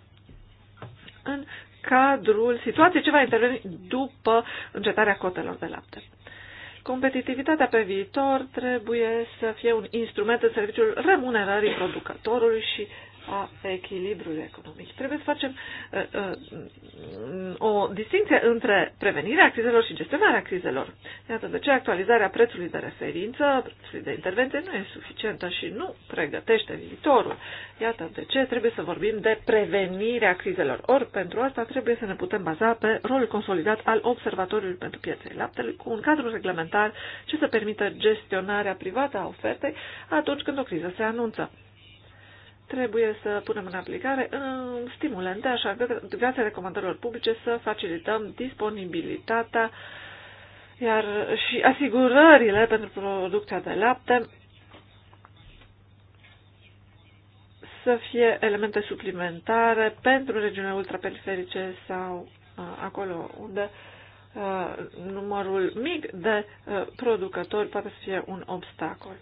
în cadrul situației ce va interveni după încetarea cotelor de lapte. Competitivitatea pe viitor trebuie să fie un instrument în serviciul remunerării producătorului și a echilibrului economic. Trebuie să facem uh, uh, o distinție între prevenirea crizelor și gestionarea crizelor. Iată de ce actualizarea prețului de referință, prețului de intervenție nu e suficientă și nu pregătește viitorul. Iată de ce trebuie să vorbim de prevenirea crizelor. Ori pentru asta trebuie să ne putem baza pe rolul consolidat al Observatoriului pentru Pieței Laptelui cu un cadru reglementar ce să permită gestionarea privată a ofertei atunci când o criză se anunță. Trebuie să punem în aplicare în uh, stimulente, așa că grație recomandărilor publice să facilităm disponibilitatea iar și asigurările pentru producția de lapte să fie elemente suplimentare pentru regiunile ultraperiferice sau uh, acolo unde uh, numărul mic de uh, producători poate să fie un obstacol.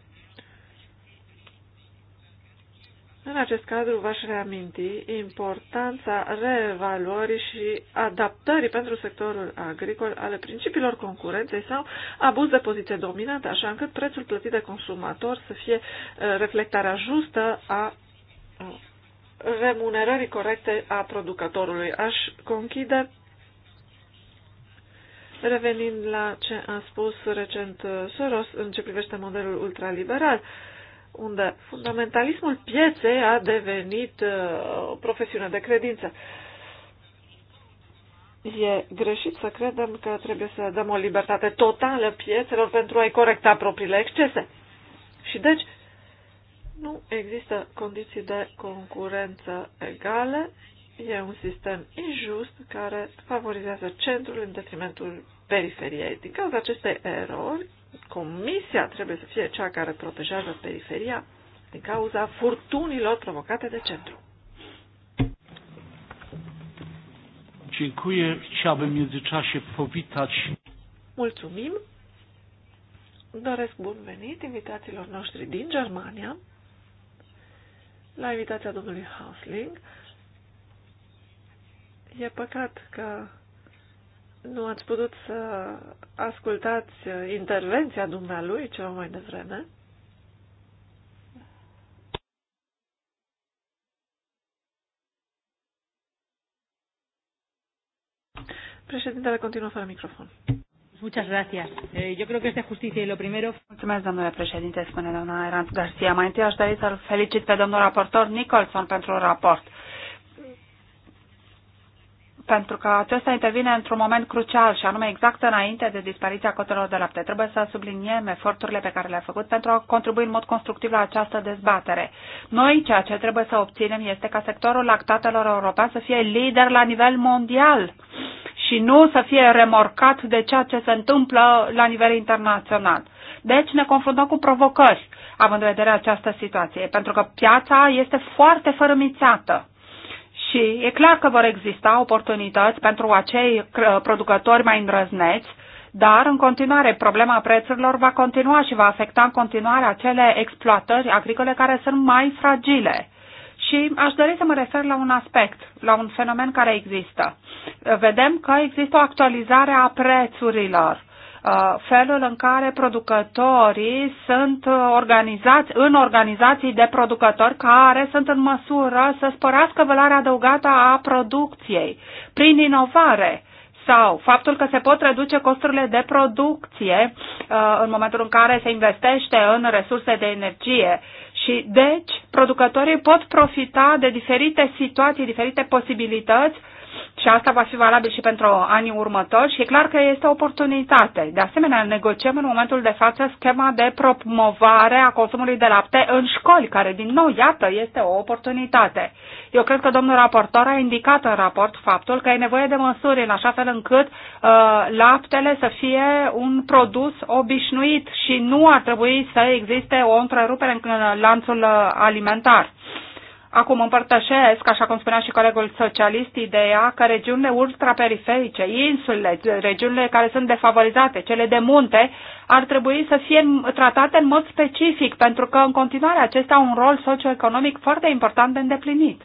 În acest cadru v-aș reaminti importanța reevaluării și adaptării pentru sectorul agricol ale principiilor concurenței sau abuz de poziție dominantă, așa încât prețul plătit de consumator să fie uh, reflectarea justă a uh, remunerării corecte a producătorului. Aș conchide revenind la ce a spus recent uh, Soros în ce privește modelul ultraliberal unde fundamentalismul pieței a devenit uh, o profesiune de credință. E greșit să credem că trebuie să dăm o libertate totală piețelor pentru a-i corecta propriile excese. Și deci, nu există condiții de concurență egale, e un sistem injust care favorizează centrul în detrimentul periferiei. Din cauza acestei erori, Comisia trebuie să fie cea care protejează periferia din cauza furtunilor provocate de centru. Dziękuję. Chciałbym w międzyczasie powitać. Mulțumim. Doresc bun venit invitațiilor noștri din Germania. La invitația domnului Hausling. E păcat că nu ați putut să ascultați intervenția dumnealui ceva mai devreme? Președintele continuă fără microfon. Muchas gracias. Eh, yo creo que es de justicia y lo primero... Mulțumesc, domnule președinte, spune doamna Eranț Garcia. Mai întâi aș dori să-l felicit pe domnul raportor Nicholson pentru raport. raport pentru că acesta intervine într-un moment crucial și anume exact înainte de dispariția cotelor de lapte. Trebuie să subliniem eforturile pe care le-a făcut pentru a contribui în mod constructiv la această dezbatere. Noi ceea ce trebuie să obținem este ca sectorul lactatelor european să fie lider la nivel mondial și nu să fie remorcat de ceea ce se întâmplă la nivel internațional. Deci ne confruntăm cu provocări, având în vedere această situație, pentru că piața este foarte fărâmițată și e clar că vor exista oportunități pentru acei producători mai îndrăzneți, dar în continuare problema prețurilor va continua și va afecta în continuare acele exploatări agricole care sunt mai fragile. Și aș dori să mă refer la un aspect, la un fenomen care există. Vedem că există o actualizare a prețurilor Uh, felul în care producătorii sunt organizați în organizații de producători care sunt în măsură să sporească valoarea adăugată a producției prin inovare sau faptul că se pot reduce costurile de producție uh, în momentul în care se investește în resurse de energie. Și deci producătorii pot profita de diferite situații, diferite posibilități și asta va fi valabil și pentru anii următori și e clar că este o oportunitate. De asemenea, negociem în momentul de față schema de promovare a consumului de lapte în școli, care din nou, iată, este o oportunitate. Eu cred că domnul raportor a indicat în raport faptul că e nevoie de măsuri în așa fel încât uh, laptele să fie un produs obișnuit și nu ar trebui să existe o întrerupere în lanțul uh, alimentar. Uh, Acum împărtășesc, așa cum spunea și colegul socialist, ideea că regiunile ultraperiferice, insulele, regiunile care sunt defavorizate, cele de munte, ar trebui să fie tratate în mod specific, pentru că în continuare acestea au un rol socioeconomic foarte important de îndeplinit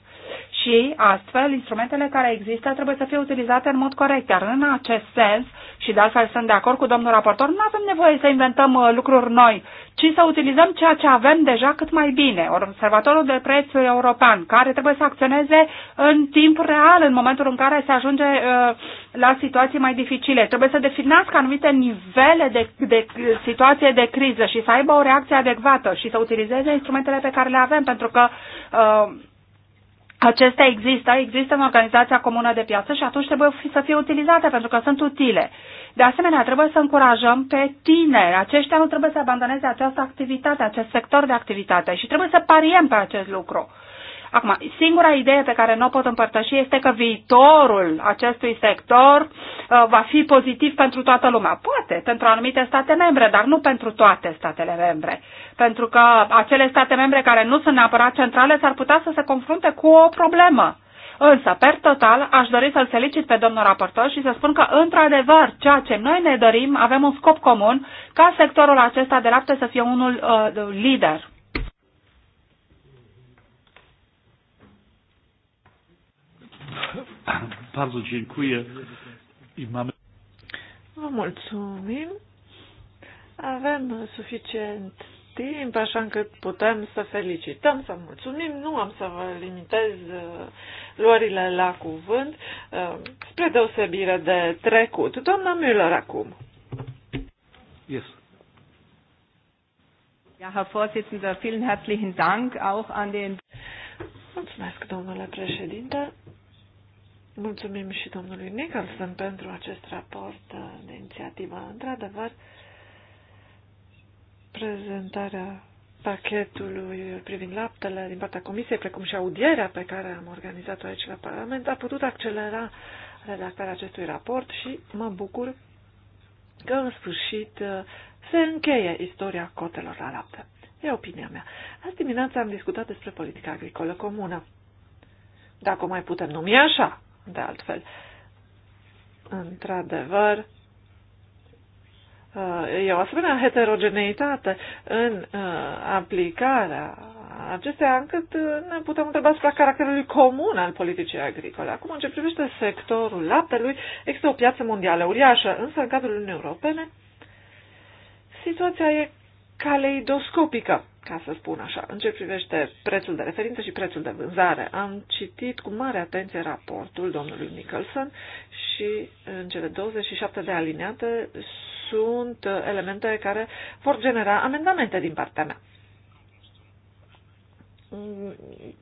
și astfel instrumentele care există trebuie să fie utilizate în mod corect. Iar în acest sens, și de altfel sunt de acord cu domnul raportor, nu avem nevoie să inventăm uh, lucruri noi, ci să utilizăm ceea ce avem deja cât mai bine. Observatorul de preț european, care trebuie să acționeze în timp real, în momentul în care se ajunge uh, la situații mai dificile. Trebuie să definească anumite nivele de, de situație de criză și să aibă o reacție adecvată și să utilizeze instrumentele pe care le avem, pentru că uh, acestea există, există în Organizația Comună de Piață și atunci trebuie să fie utilizate pentru că sunt utile. De asemenea, trebuie să încurajăm pe tineri. Aceștia nu trebuie să abandoneze această activitate, acest sector de activitate și trebuie să pariem pe acest lucru. Acum, singura idee pe care nu o pot împărtăși este că viitorul acestui sector uh, va fi pozitiv pentru toată lumea. Poate, pentru anumite state membre, dar nu pentru toate statele membre. Pentru că acele state membre care nu sunt neapărat centrale s-ar putea să se confrunte cu o problemă. Însă, per total, aș dori să-l felicit pe domnul raportor și să spun că, într-adevăr, ceea ce noi ne dorim, avem un scop comun ca sectorul acesta de lapte să fie unul uh, lider. *coughs* Bardzo dziękuję i mamy... Vă mulțumim. Avem suficient timp, așa încât putem să felicităm, să mulțumim. Nu am să vă limitez uh, luările la cuvânt, uh, spre deosebire de trecut. Doamna Müller acum. Yes. Ja, Herr Vorsitzender, vielen herzlichen Dank auch an den Mulțumesc, domnule președinte. Mulțumim și domnului Nicholson pentru acest raport uh, de inițiativă. Într-adevăr, prezentarea pachetului privind laptele din partea Comisiei, precum și audierea pe care am organizat-o aici la Parlament, a putut accelera redactarea acestui raport și mă bucur că în sfârșit uh, se încheie istoria cotelor la lapte. E opinia mea. Azi dimineața am discutat despre politica agricolă comună. Dacă o mai putem numi așa, de altfel. Într-adevăr, uh, e o asemenea heterogeneitate în uh, aplicarea acestea încât uh, ne putem întreba asupra caracterului comun al politicii agricole. Acum, în ce privește sectorul laptelui, există o piață mondială uriașă, însă în cadrul Uniunii Europene situația e caleidoscopică ca să spun așa. În ce privește prețul de referință și prețul de vânzare, am citit cu mare atenție raportul domnului Nicholson și în cele 27 de alineate sunt elemente care vor genera amendamente din partea mea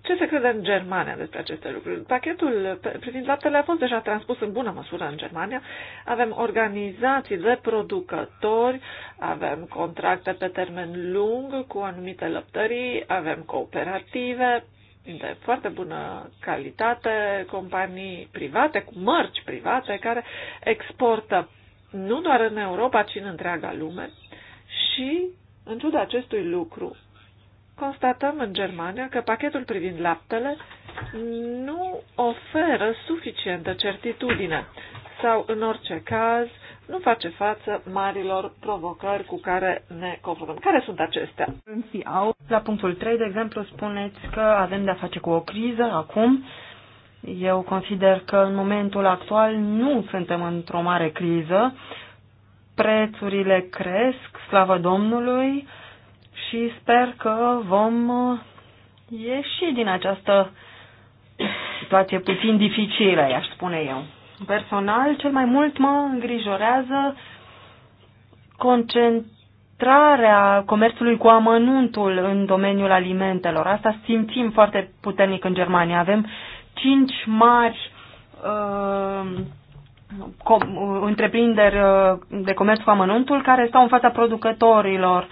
ce se crede în Germania despre aceste lucruri? Pachetul privind laptele a fost deja transpus în bună măsură în Germania. Avem organizații de producători, avem contracte pe termen lung cu anumite lăptării, avem cooperative de foarte bună calitate, companii private, cu mărci private care exportă nu doar în Europa, ci în întreaga lume. Și, în ciuda acestui lucru, constatăm în Germania că pachetul privind laptele nu oferă suficientă certitudine sau, în orice caz, nu face față marilor provocări cu care ne confruntăm. Care sunt acestea? La punctul 3, de exemplu, spuneți că avem de-a face cu o criză acum. Eu consider că în momentul actual nu suntem într-o mare criză. Prețurile cresc, slavă Domnului, și sper că vom uh, ieși din această situație puțin dificilă, aș spune eu. Personal, cel mai mult mă îngrijorează concentrarea comerțului cu amănuntul în domeniul alimentelor. Asta simțim foarte puternic în Germania. Avem cinci mari uh, com, uh, întreprinderi uh, de comerț cu amănuntul care stau în fața producătorilor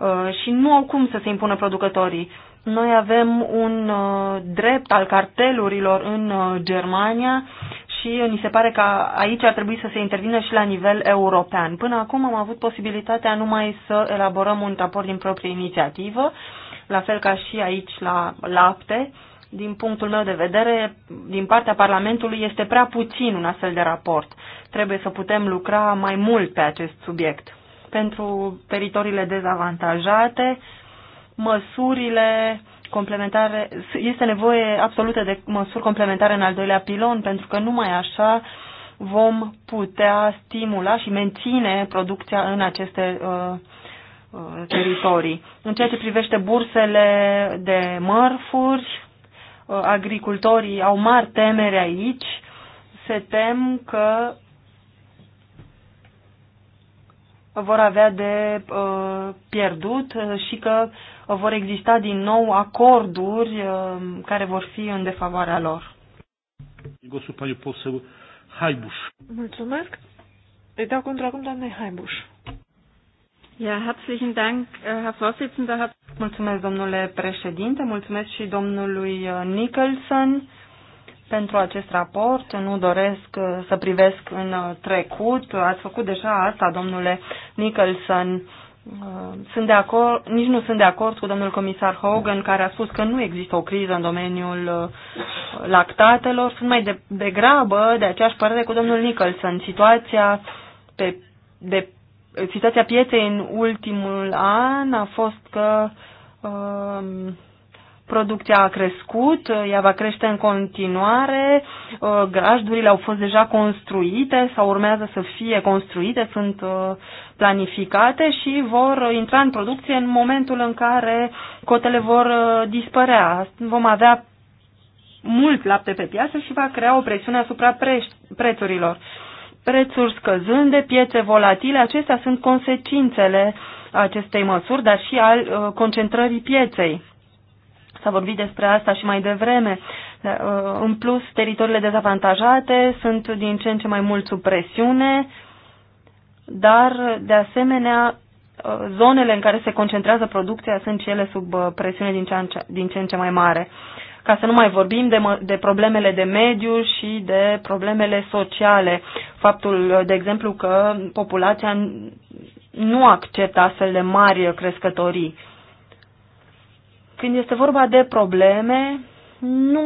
Uh, și nu au cum să se impună producătorii. Noi avem un uh, drept al cartelurilor în uh, Germania și ni se pare că aici ar trebui să se intervină și la nivel european. Până acum am avut posibilitatea numai să elaborăm un raport din proprie inițiativă, la fel ca și aici la lapte. Din punctul meu de vedere, din partea Parlamentului este prea puțin un astfel de raport. Trebuie să putem lucra mai mult pe acest subiect pentru teritoriile dezavantajate, măsurile complementare, este nevoie absolută de măsuri complementare în al doilea pilon, pentru că numai așa vom putea stimula și menține producția în aceste uh, uh teritorii. În ceea ce privește bursele de mărfuri, uh, agricultorii au mari temeri aici, se tem că vor avea de uh, pierdut și că vor exista din nou acorduri uh, care vor fi în defavoarea lor. Mulțumesc. Îi dau contra acum doamnei Haibuș. Ja, herzlichen Dank, äh, Herr Vorsitzender. Mulțumesc, domnule președinte, mulțumesc și domnului uh, Nicholson pentru acest raport. Nu doresc uh, să privesc în uh, trecut. Ați făcut deja asta, domnule Nicholson. Uh, sunt de acord, nici nu sunt de acord cu domnul comisar Hogan, care a spus că nu există o criză în domeniul lactatelor. Sunt mai de, degrabă de aceeași părere cu domnul Nicholson. Situația, pe, de, situația pieței în ultimul an a fost că uh, producția a crescut, ea va crește în continuare, uh, grajdurile au fost deja construite sau urmează să fie construite, sunt uh, planificate și vor intra în producție în momentul în care cotele vor uh, dispărea. Vom avea mult lapte pe piață și va crea o presiune asupra prețurilor. Prețuri scăzânde, piețe volatile, acestea sunt consecințele acestei măsuri, dar și al concentrării pieței S-a vorbit despre asta și mai devreme. Uh, în plus, teritoriile dezavantajate sunt din ce în ce mai mult sub presiune, dar, de asemenea, uh, zonele în care se concentrează producția sunt cele sub uh, presiune din ce în ce, din ce, în ce mai mare. Ca să nu mai vorbim de, de problemele de mediu și de problemele sociale. Faptul, de exemplu, că populația nu acceptă astfel de mari crescătorii când este vorba de probleme, nu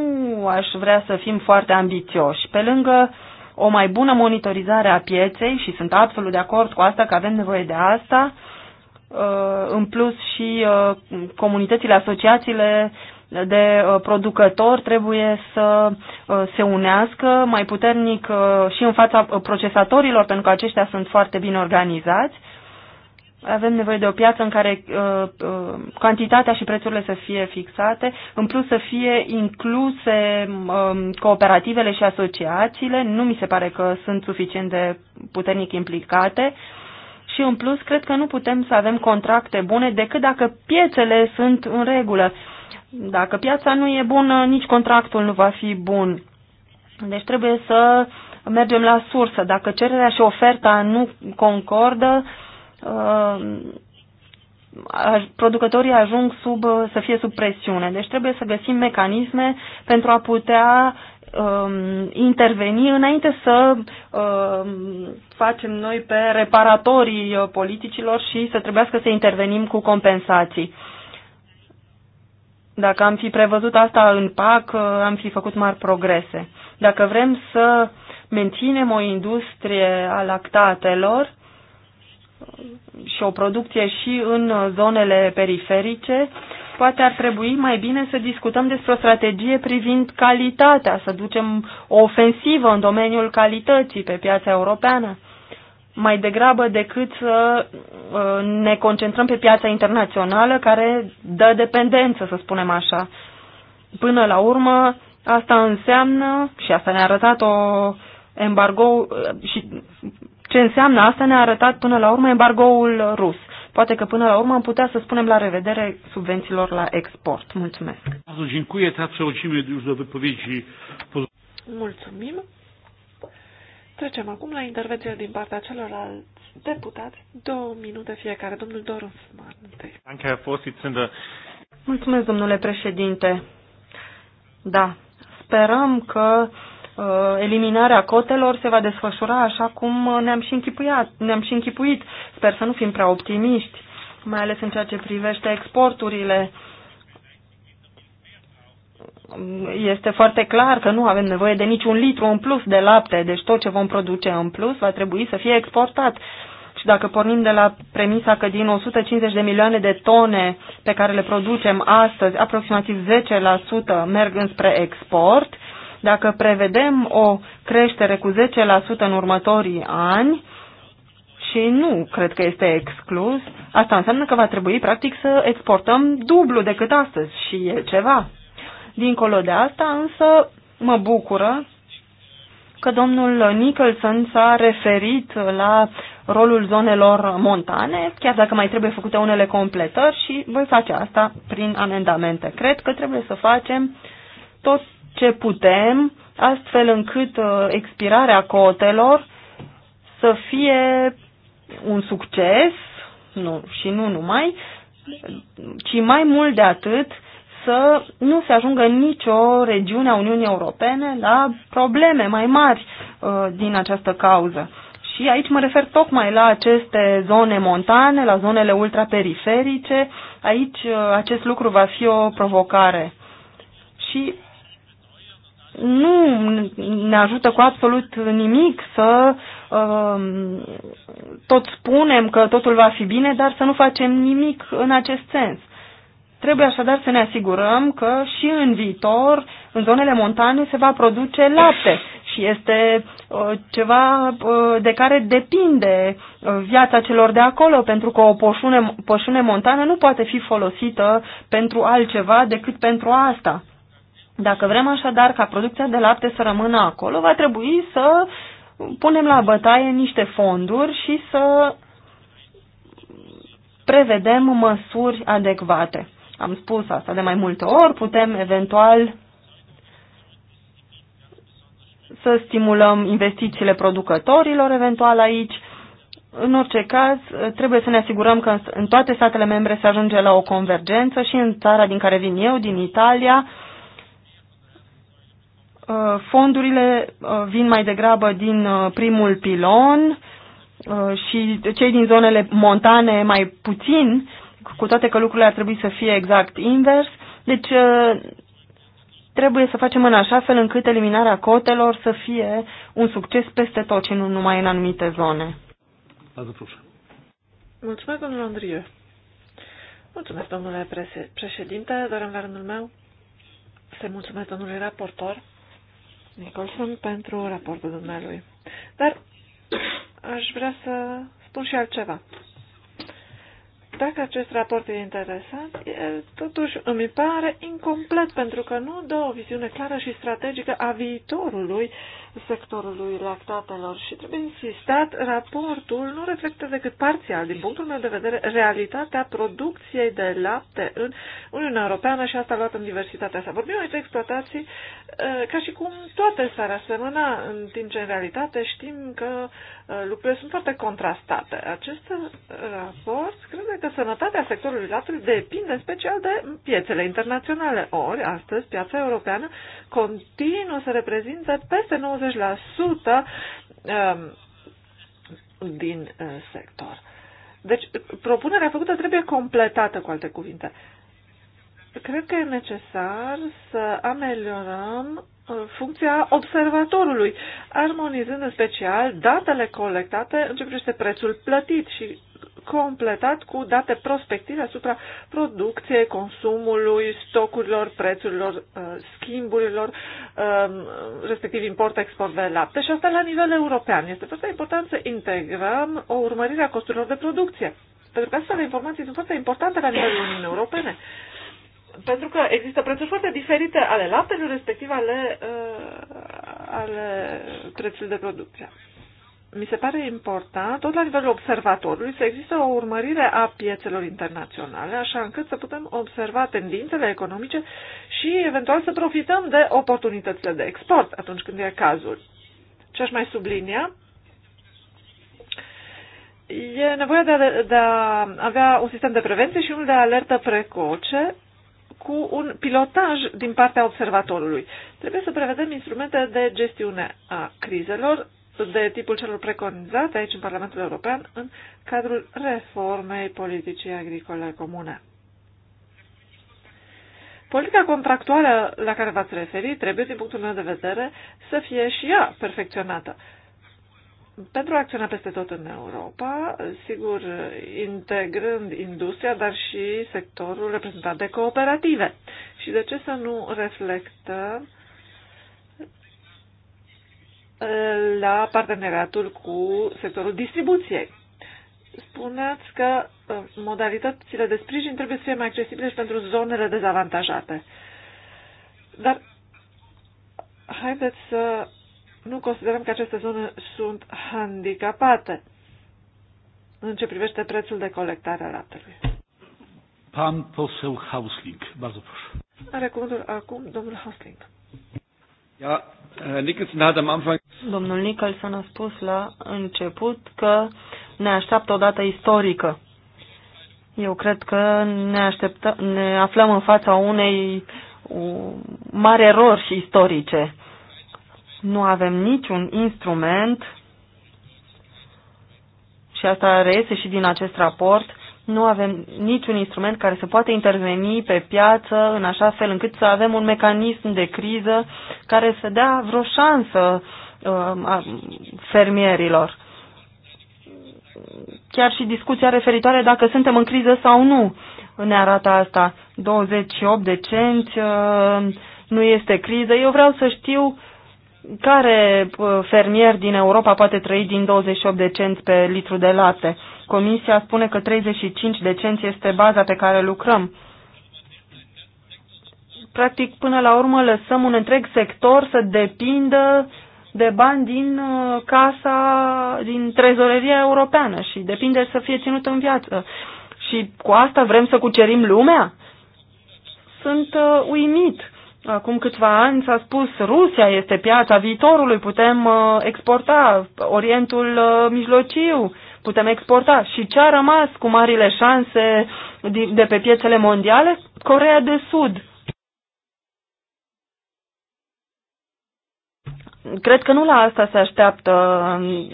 aș vrea să fim foarte ambițioși. Pe lângă o mai bună monitorizare a pieței, și sunt absolut de acord cu asta că avem nevoie de asta, uh, în plus și uh, comunitățile, asociațiile de uh, producători trebuie să se unească mai puternic și în fața procesatorilor, pentru că aceștia sunt foarte bine organizați avem nevoie de o piață în care uh, uh, cantitatea și prețurile să fie fixate, în plus să fie incluse uh, cooperativele și asociațiile, nu mi se pare că sunt suficient de puternic implicate și în plus cred că nu putem să avem contracte bune decât dacă piețele sunt în regulă. Dacă piața nu e bună, nici contractul nu va fi bun. Deci trebuie să mergem la sursă. Dacă cererea și oferta nu concordă, uh, Uh, producătorii ajung sub, uh, să fie sub presiune. Deci trebuie să găsim mecanisme pentru a putea um, interveni înainte să um, facem noi pe reparatorii uh, politicilor și să trebuiască să intervenim cu compensații. Dacă am fi prevăzut asta în PAC, am fi făcut mari progrese. Dacă vrem să menținem o industrie a lactatelor, și o producție și în zonele periferice, poate ar trebui mai bine să discutăm despre o strategie privind calitatea, să ducem o ofensivă în domeniul calității pe piața europeană, mai degrabă decât să uh, ne concentrăm pe piața internațională care dă dependență, să spunem așa. Până la urmă, asta înseamnă, și asta ne-a arătat o embargo uh, și ce înseamnă asta ne-a arătat până la urmă embargoul rus. Poate că până la urmă am putea să spunem la revedere subvențiilor la export. Mulțumesc. Mulțumim. Trecem acum la intervenția din partea celorlalți deputați. Două minute fiecare. Domnul Smarte. Mulțumesc, domnule președinte. Da, sperăm că uh, Uh, eliminarea cotelor se va desfășura așa cum ne-am și, închipuiat, ne-am și închipuit. Sper să nu fim prea optimiști, mai ales în ceea ce privește exporturile. Este foarte clar că nu avem nevoie de niciun litru în plus de lapte, deci tot ce vom produce în plus va trebui să fie exportat. Și dacă pornim de la premisa că din 150 de milioane de tone pe care le producem astăzi, aproximativ 10% merg înspre export, dacă prevedem o creștere cu 10% în următorii ani, și nu cred că este exclus, asta înseamnă că va trebui practic să exportăm dublu decât astăzi și e ceva. Dincolo de asta, însă, mă bucură că domnul Nicholson s-a referit la rolul zonelor montane, chiar dacă mai trebuie făcute unele completări și voi face asta prin amendamente. Cred că trebuie să facem tot ce putem, astfel încât uh, expirarea cotelor să fie un succes nu, și nu numai, ci mai mult de atât să nu se ajungă nicio regiune a Uniunii Europene la probleme mai mari uh, din această cauză. Și aici mă refer tocmai la aceste zone montane, la zonele ultraperiferice. Aici uh, acest lucru va fi o provocare. Și nu ne ajută cu absolut nimic să uh, tot spunem că totul va fi bine, dar să nu facem nimic în acest sens. Trebuie așadar să ne asigurăm că și în viitor, în zonele montane, se va produce lapte și este uh, ceva uh, de care depinde uh, viața celor de acolo, pentru că o pășune, pășune montană nu poate fi folosită pentru altceva decât pentru asta. Dacă vrem așadar ca producția de lapte să rămână acolo, va trebui să punem la bătaie niște fonduri și să prevedem măsuri adecvate. Am spus asta de mai multe ori, putem eventual să stimulăm investițiile producătorilor eventual aici. În orice caz, trebuie să ne asigurăm că în toate statele membre se ajunge la o convergență și în țara din care vin eu, din Italia, Uh, fondurile uh, vin mai degrabă din uh, primul pilon și cei din zonele montane mai puțin, cu toate că lucrurile ar trebui să fie exact invers. Deci trebuie să facem în așa fel încât eliminarea cotelor să fie un succes peste tot și nu numai în anumite zone. Mulțumesc, domnul Andriu. Mulțumesc, domnule președinte, dar în rândul meu se mulțumesc domnului raportor Nicholson pentru raportul dumnealui. Dar aș vrea să spun și altceva. Dacă acest raport e interesant, el totuși îmi pare incomplet, pentru că nu dă o viziune clară și strategică a viitorului uh, sectorului lactatelor și trebuie insistat, raportul nu reflectă decât parțial, din punctul meu de vedere, realitatea producției de lapte în Uniunea Europeană și asta luată în diversitatea sa. Vorbim aici de exploatații eh, ca și cum toate s-ar asemăna, în timp ce în realitate știm că eh, lucrurile sunt foarte contrastate. Acest eh, raport crede că sănătatea sectorului laptelui depinde special de piețele internaționale. Ori, astăzi, piața europeană continuă să reprezinte peste 90% um, din uh, sector. Deci, propunerea făcută trebuie completată, cu alte cuvinte. Cred că e necesar să ameliorăm uh, funcția observatorului, armonizând în special datele colectate în ce privește prețul plătit și completat cu date prospective asupra producției, consumului, stocurilor, prețurilor, uh, schimburilor, um, respectiv import-export de lapte și asta la nivel european. Este foarte important să integrăm o urmărire a costurilor de producție, pentru că astfel de informații sunt foarte importante la nivelul Uniunii Europene pentru că există prețuri foarte diferite ale laptelui, respectiv ale, uh, ale prețului de producție mi se pare important, tot la nivelul observatorului, să există o urmărire a piețelor internaționale, așa încât să putem observa tendințele economice și eventual să profităm de oportunitățile de export atunci când e cazul. Ce aș mai sublinia? E nevoie de a, de a avea un sistem de prevenție și unul de alertă precoce cu un pilotaj din partea observatorului. Trebuie să prevedem instrumente de gestiune a crizelor sunt de tipul celor preconizate aici în Parlamentul European în cadrul reformei politicii agricole comune. Politica contractuală la care v-ați referit trebuie, din punctul meu de vedere, să fie și ea perfecționată. Pentru a acționa peste tot în Europa, sigur, integrând industria, dar și sectorul reprezentat de cooperative. Și de ce să nu reflectăm la parteneriatul cu sectorul distribuției. spuneți că uh, modalitățile de sprijin trebuie să fie mai accesibile și pentru zonele dezavantajate. Dar haideți să nu considerăm că aceste zone sunt handicapate în ce privește prețul de colectare a laptelui. Pan poseł Hausling, bardzo proszę. Are cuvântul acum domnul Hausling. Ja, Nicholson hat am Anfang... Domnul Nicholson a spus la început că ne așteaptă o dată istorică. Eu cred că ne, așteptă, ne aflăm în fața unei mari erori istorice. Nu avem niciun instrument, și asta reiese și din acest raport, nu avem niciun instrument care să poată interveni pe piață în așa fel încât să avem un mecanism de criză care să dea vreo șansă um, fermierilor. Chiar și discuția referitoare dacă suntem în criză sau nu ne arată asta. 28 de cenți um, nu este criză. Eu vreau să știu care fermier din Europa poate trăi din 28 de cenți pe litru de lapte? Comisia spune că 35 de cenți este baza pe care lucrăm. Practic, până la urmă, lăsăm un întreg sector să depindă de bani din uh, casa, din trezoreria europeană și depinde să fie ținut în viață. Și cu asta vrem să cucerim lumea? Sunt uh, uimit Acum câțiva ani s-a spus Rusia este piața viitorului, putem uh, exporta Orientul uh, Mijlociu, putem exporta. Și ce a rămas cu marile șanse de pe piețele mondiale? Corea de Sud. Cred că nu la asta se așteaptă um,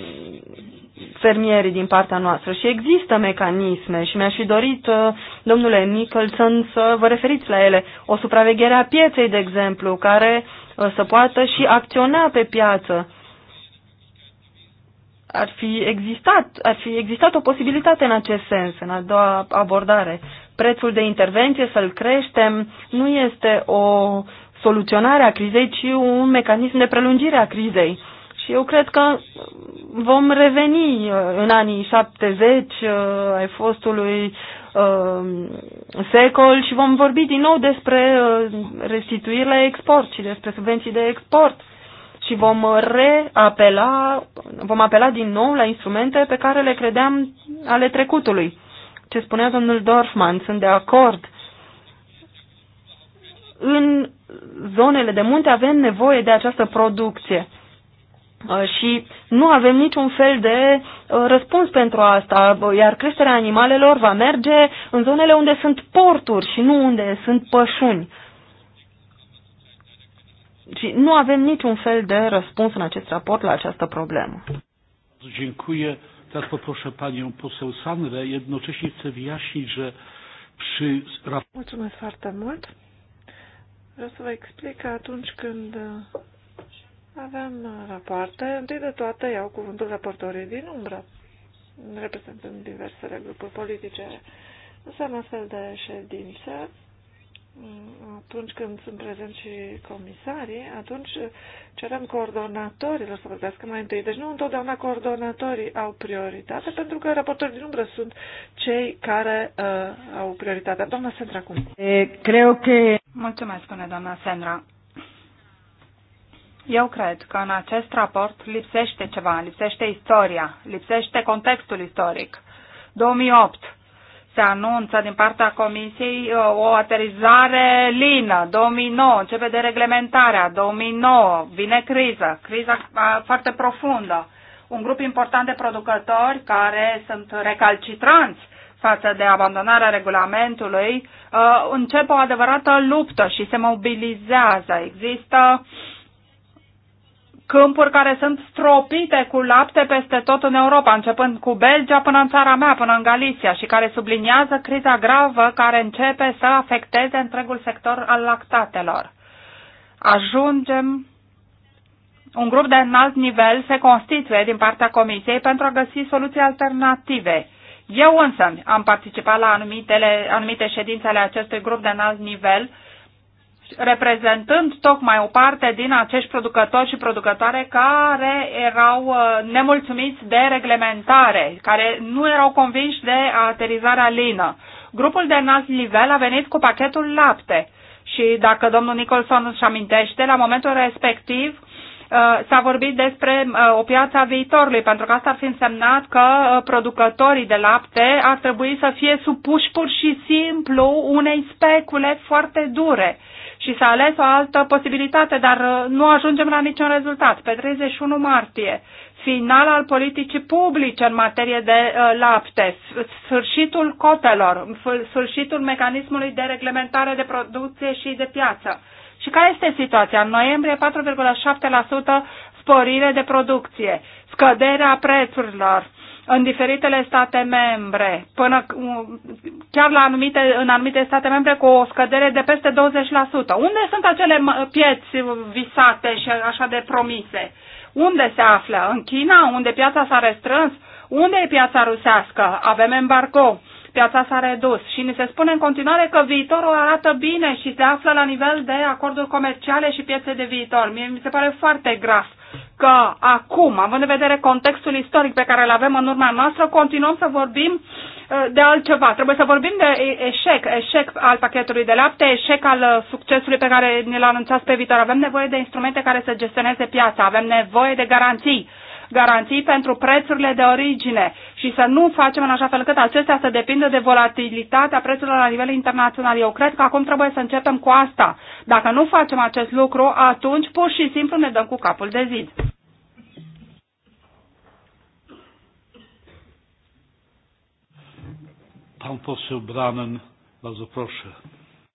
fermierii din partea noastră și există mecanisme și mi-aș fi dorit, uh, domnule Nicholson, să vă referiți la ele. O supraveghere a pieței, de exemplu, care uh, să poată și acționa pe piață. Ar fi, existat, ar fi existat o posibilitate în acest sens, în a doua abordare. Prețul de intervenție să-l creștem nu este o soluționare a crizei, ci un mecanism de prelungire a crizei și eu cred că vom reveni uh, în anii 70 uh, ai fostului uh, secol și vom vorbi din nou despre restituiri la export și despre subvenții de export și vom reapela, vom apela din nou la instrumente pe care le credeam ale trecutului. Ce spunea domnul Dorfman, sunt de acord. În zonele de munte avem nevoie de această producție. Uh, și nu avem niciun fel de uh, răspuns pentru asta, uh, iar creșterea animalelor va merge în zonele unde sunt porturi și nu unde sunt pășuni. Și nu avem niciun fel de răspuns în acest raport la această problemă. Dziękuję. Teraz poproszę panią poseł Sanre. Jednocześnie chcę wyjaśnić, że przy... Mulțumesc foarte mult. Vreau să vă explic că atunci când avem uh, rapoarte. Întâi de toate iau cuvântul raportorii din umbră, reprezentând diversele grupuri politice. Înseamnă astfel de ședințe, mm, atunci când sunt prezenți și comisarii, atunci cerem coordonatorilor să vorbească mai întâi. Deci nu întotdeauna coordonatorii au prioritate, pentru că raportorii din umbră sunt cei care uh, au prioritate, Doamna Sandra, acum. Eh, cred că... Mulțumesc, spune doamna Sandra. Eu cred că în acest raport lipsește ceva, lipsește istoria, lipsește contextul istoric. 2008 se anunță din partea Comisiei uh, o aterizare lină. 2009 începe de reglementarea. 2009 vine criza, criza uh, foarte profundă. Un grup important de producători care sunt recalcitranți față de abandonarea regulamentului, uh, începe o adevărată luptă și se mobilizează. Există uh, câmpuri care sunt stropite cu lapte peste tot în Europa, începând cu Belgia până în țara mea, până în Galicia, și care subliniază criza gravă care începe să afecteze întregul sector al lactatelor. Ajungem un grup de înalt nivel se constituie din partea Comisiei pentru a găsi soluții alternative. Eu însă am participat la anumitele, anumite ședințe ale acestui grup de înalt nivel reprezentând tocmai o parte din acești producători și producătoare care erau uh, nemulțumiți de reglementare, care nu erau convinși de aterizarea lină. Grupul de înalt nivel a venit cu pachetul lapte și dacă domnul Nicholson își amintește, la momentul respectiv uh, s-a vorbit despre uh, o piață a viitorului, pentru că asta ar fi însemnat că producătorii de lapte ar trebui să fie supuși pur și simplu unei specule foarte dure și s-a ales o altă posibilitate, dar uh, nu ajungem la niciun rezultat. Pe 31 martie, final al politicii publice în materie de uh, lapte, sfârșitul cotelor, sfârșitul mecanismului de reglementare de producție și de piață. Și care este situația? În noiembrie 4,7% sporire de producție, scăderea prețurilor, în diferitele state membre, până chiar la anumite, în anumite state membre cu o scădere de peste 20%. Unde sunt acele pieți visate și așa de promise? Unde se află? În China, unde piața s-a restrâns? Unde e piața rusească? Avem embargo piața s-a redus și ni se spune în continuare că viitorul arată bine și se află la nivel de acorduri comerciale și piețe de viitor. Mie mi se pare foarte gras că acum, având în vedere contextul istoric pe care îl avem în urma noastră, continuăm să vorbim uh, de altceva. Trebuie să vorbim de eșec, eșec al pachetului de lapte, eșec al uh, succesului pe care ne-l anunțați pe viitor. Avem nevoie de instrumente care să gestioneze piața, avem nevoie de garanții garanții pentru prețurile de origine și să nu facem în așa fel încât acestea să depindă de volatilitatea prețurilor la nivel internațional. Eu cred că acum trebuie să începem cu asta. Dacă nu facem acest lucru, atunci pur și simplu ne dăm cu capul de zid. Pan poseł Branen, bardzo proszę.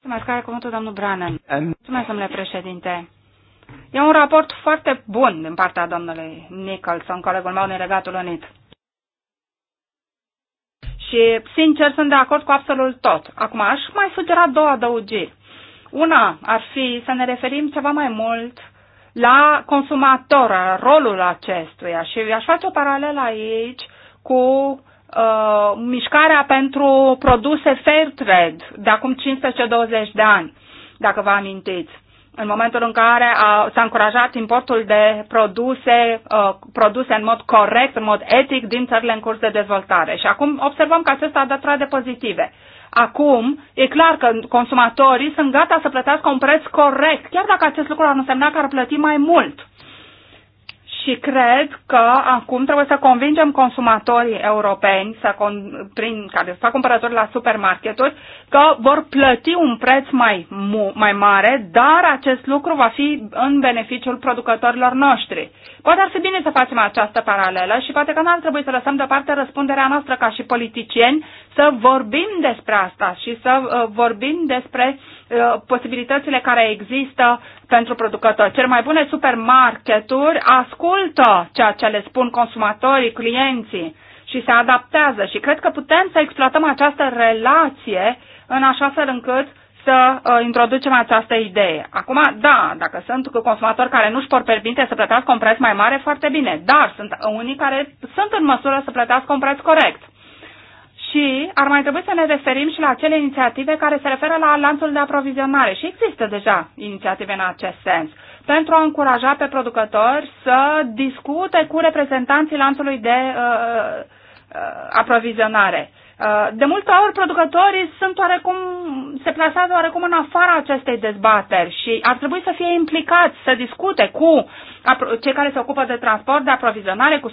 Mulțumesc, are cuvântul domnul Branen. Mulțumesc, domnule președinte. E un raport foarte bun din partea domnului Nicholson, colegul meu din Regatul Unit. Și, sincer, sunt de acord cu absolut tot. Acum, aș mai sugera două adăugiri. Una ar fi să ne referim ceva mai mult la consumator, rolul acestuia și aș face o paralelă aici cu uh, mișcarea pentru produse fair trade de acum 15-20 de ani, dacă vă amintiți în momentul în care s-a încurajat importul de produse uh, produse în mod corect, în mod etic, din țările în curs de dezvoltare. Și acum observăm că acesta a dat roade pozitive. Acum, e clar că consumatorii sunt gata să plătească un preț corect, chiar dacă acest lucru ar însemna că ar plăti mai mult și cred că acum trebuie să convingem consumatorii europeni să con- prin care fac cumpărături la supermarketuri că vor plăti un preț mai, mai mare, dar acest lucru va fi în beneficiul producătorilor noștri. Poate ar fi bine să facem această paralelă și poate că n-ar trebui să lăsăm deoparte răspunderea noastră ca și politicieni să vorbim despre asta și să uh, vorbim despre uh, posibilitățile care există pentru producători. Cel mai bune supermarketuri ascultă ceea ce le spun consumatorii, clienții și se adaptează și cred că putem să exploatăm această relație în așa fel încât uh, să uh, introducem această idee. Acum, da, dacă sunt consumatori care nu și pot permite să plătească un preț mai mare, foarte bine, dar sunt unii care sunt în măsură să plătească un preț corect. Și ar mai trebui să ne referim și la acele inițiative care se referă la lanțul de aprovizionare. Și există deja inițiative în acest sens pentru a încuraja pe producători să discute cu reprezentanții lanțului de uh, uh, uh aprovizionare Uh, de multe ori, producătorii sunt oarecum, se plasează oarecum în afara acestei dezbateri și ar trebui să fie implicați, să discute cu cei care se ocupă de transport, de aprovizionare, cu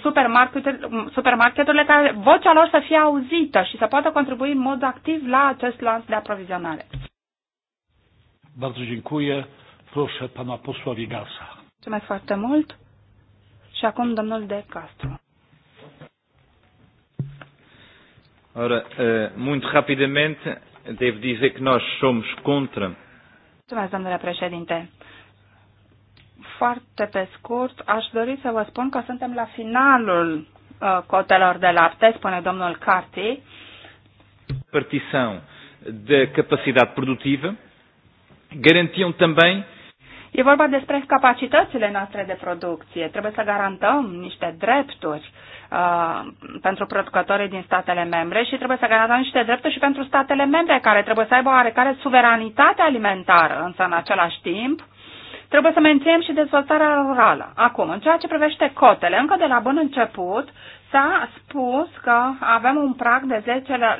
supermarketurile, care vocea lor să fie auzită și să poată contribui în mod activ la acest lanț de aprovizionare. Mulțumesc foarte mult. Și acum domnul De Castro. Ora, uh, muito rapidamente, devo dizer que nós somos contra. mais, domnule președinte. Foarte pe scurt, aș dori să vă spun că suntem la finalul uh, cotelor de lapte, spune domnul Carti. Partição de capacidade produtivă garantiam também E vorba despre capacitățile noastre de producție. Trebuie să garantăm niște drepturi uh, Uh, pentru producătorii din statele membre și trebuie să garantăm niște drepturi și pentru statele membre care trebuie să aibă oarecare suveranitate alimentară, însă în același timp trebuie să menținem și dezvoltarea rurală. Acum, în ceea ce privește cotele, încă de la bun început s-a spus că avem un prag de 10%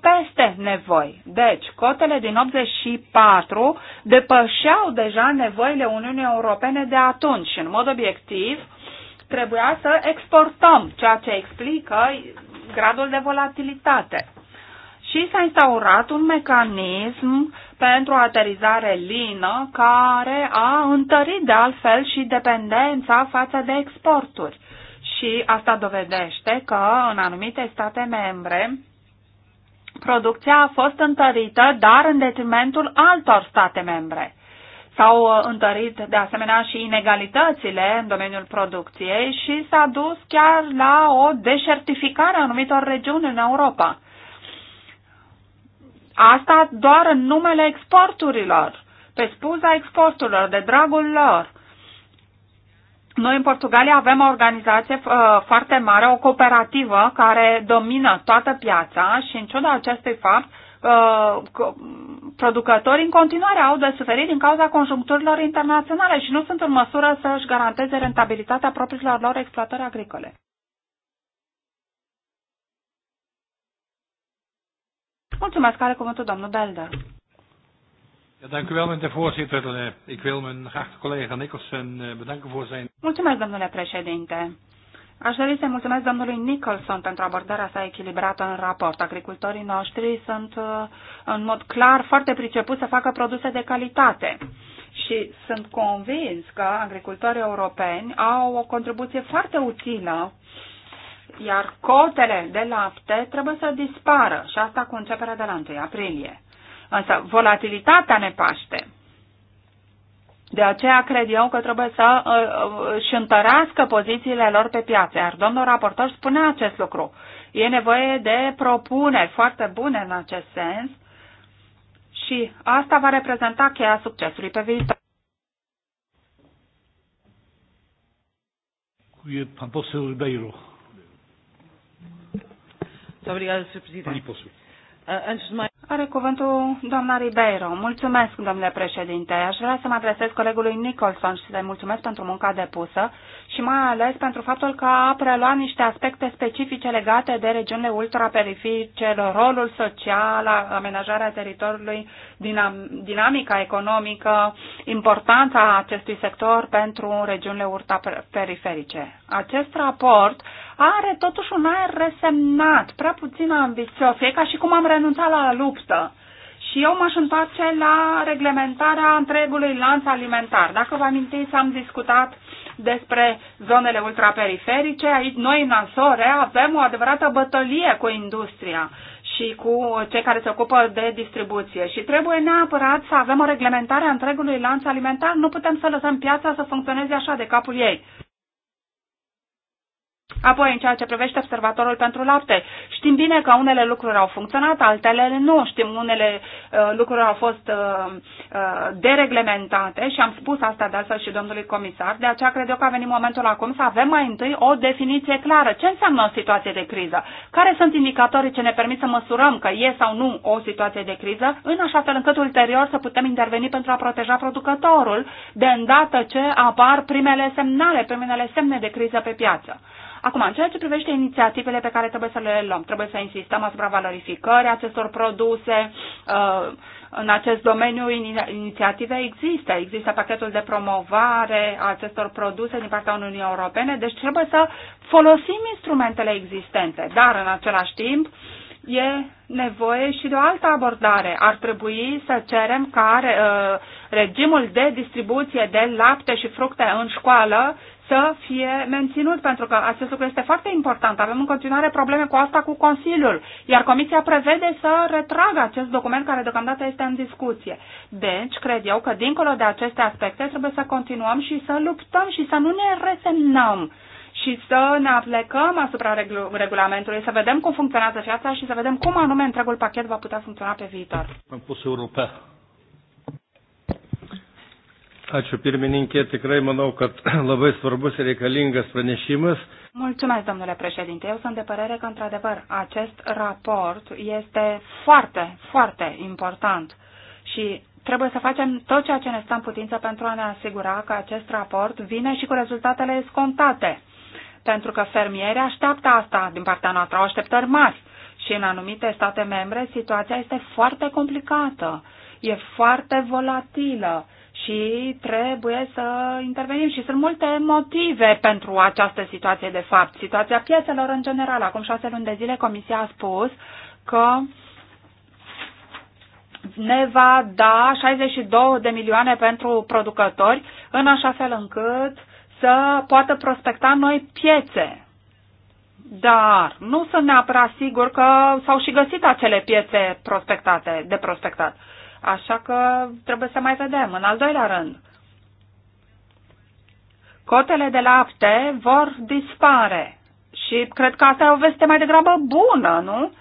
peste nevoi. Deci, cotele din 84 depășeau deja nevoile Uniunii Europene de atunci și, în mod obiectiv, uh, trebuia să exportăm, ceea ce explică gradul de volatilitate. Și s-a instaurat un mecanism pentru aterizare lină care a întărit de altfel și dependența față de exporturi. Și asta dovedește că în anumite state membre producția a fost întărită, dar în detrimentul altor state membre. S-au uh, întărit de asemenea și inegalitățile în domeniul producției și s-a dus chiar la o deșertificare a anumitor regiuni în Europa. Asta doar în numele exporturilor, pe spuza exporturilor, de dragul lor. Noi în Portugalia avem o organizație uh, foarte mare, o cooperativă care domină toată piața și în ciuda acestui fapt, uh, producătorii în continuare au de suferit din cauza conjuncturilor internaționale și nu sunt în măsură să își garanteze rentabilitatea propriilor lor exploatări agricole. Mulțumesc, are cuvântul domnul Belder. Eh, eh, Mulțumesc, domnule președinte. Aș dori să mulțumesc domnului Nicholson pentru abordarea sa echilibrată în raport. Agricultorii noștri sunt uh, în mod clar foarte pricepuți să facă produse de calitate și sunt convins că agricultorii europeni au o contribuție foarte utilă iar cotele de lapte trebuie să dispară și asta cu începerea de la 1 aprilie. Însă volatilitatea ne paște de aceea cred eu că trebuie să uh, uh, își întărească pozițiile lor pe piață. Iar domnul raportor spune acest lucru. E nevoie de propuneri foarte bune în acest sens și asta va reprezenta cheia succesului pe viitor. Pan poseł Ribeiro. Muito obrigada, Sr. Presidente. Antes de eh, eh, mais, are cuvântul doamna Ribeiro. Mulțumesc, domnule președinte. Aș vrea să mă adresez colegului Nicholson și să-i mulțumesc pentru munca depusă și mai ales pentru faptul că a preluat niște aspecte specifice legate de regiunile ultraperifice, rolul social, amenajarea teritoriului, dinam dinamica economică, importanța acestui sector pentru regiunile ultraperiferice. Acest raport are totuși un aer resemnat, prea puțin ambițios. E ca și cum am renunțat la luptă. Și eu m-aș întoarce la reglementarea întregului lanț alimentar. Dacă vă amintiți, am discutat despre zonele ultraperiferice. Aici, noi în Ansore avem o adevărată bătălie cu industria și cu cei care se ocupă de distribuție. Și trebuie neapărat să avem o reglementare a întregului lanț alimentar. Nu putem să lăsăm piața să funcționeze așa de capul ei. Apoi, în ceea ce privește observatorul pentru lapte, știm bine că unele lucruri au funcționat, altele nu. Știm, unele uh, lucruri au fost uh, uh, dereglementate și am spus asta de altfel și domnului comisar. De aceea cred eu că a venit momentul acum să avem mai întâi o definiție clară. Ce înseamnă o situație de criză? Care sunt indicatorii ce ne permit să măsurăm că e sau nu o situație de criză, în așa fel încât ulterior să putem interveni pentru a proteja producătorul de îndată ce apar primele semnale, primele semne de criză pe piață. Acum, în ceea ce privește inițiativele pe care trebuie să le luăm, trebuie să insistăm asupra valorificării acestor produse. Uh, în acest domeniu inițiative există. Există pachetul de promovare a acestor produse din partea Uniunii Europene, deci trebuie să folosim instrumentele existente, dar în același timp e nevoie și de o altă abordare. Ar trebui să cerem ca uh, regimul de distribuție de lapte și fructe în școală să fie menținut, pentru că acest lucru este foarte important. Avem în continuare probleme cu asta cu Consiliul, iar Comisia prevede să retragă acest document care deocamdată este în discuție. Deci, cred eu că dincolo de aceste aspecte trebuie să continuăm și să luptăm și să nu ne resemnăm și să ne aplecăm asupra regulamentului, să vedem cum funcționează piața și să vedem cum anume întregul pachet va putea funcționa pe viitor. Am pus Ačiū pirmininkė, tikrai manau, kad *clears throat* labai svarbus ir reikalingas pranešimas. Mulțumesc, domnule președinte. Eu sunt de părere că, într-adevăr, acest raport este foarte, foarte important și trebuie să facem tot ceea ce ne stă în putință pentru a ne asigura că acest raport vine și cu rezultatele scontate. Pentru că fermierii așteaptă asta din partea noastră, au așteptări mari. Și în anumite state membre situația este foarte complicată, e foarte volatilă și trebuie să intervenim. Și sunt multe motive pentru această situație, de fapt. Situația piețelor în general. Acum șase luni de zile Comisia a spus că ne va da 62 de milioane pentru producători, în așa fel încât să poată prospecta noi piețe. Dar nu sunt neapărat sigur că s-au și găsit acele piețe prospectate, de prospectat. Așa că trebuie să mai vedem. În al doilea rând, cotele de lapte vor dispare și cred că asta e o veste mai degrabă bună, nu?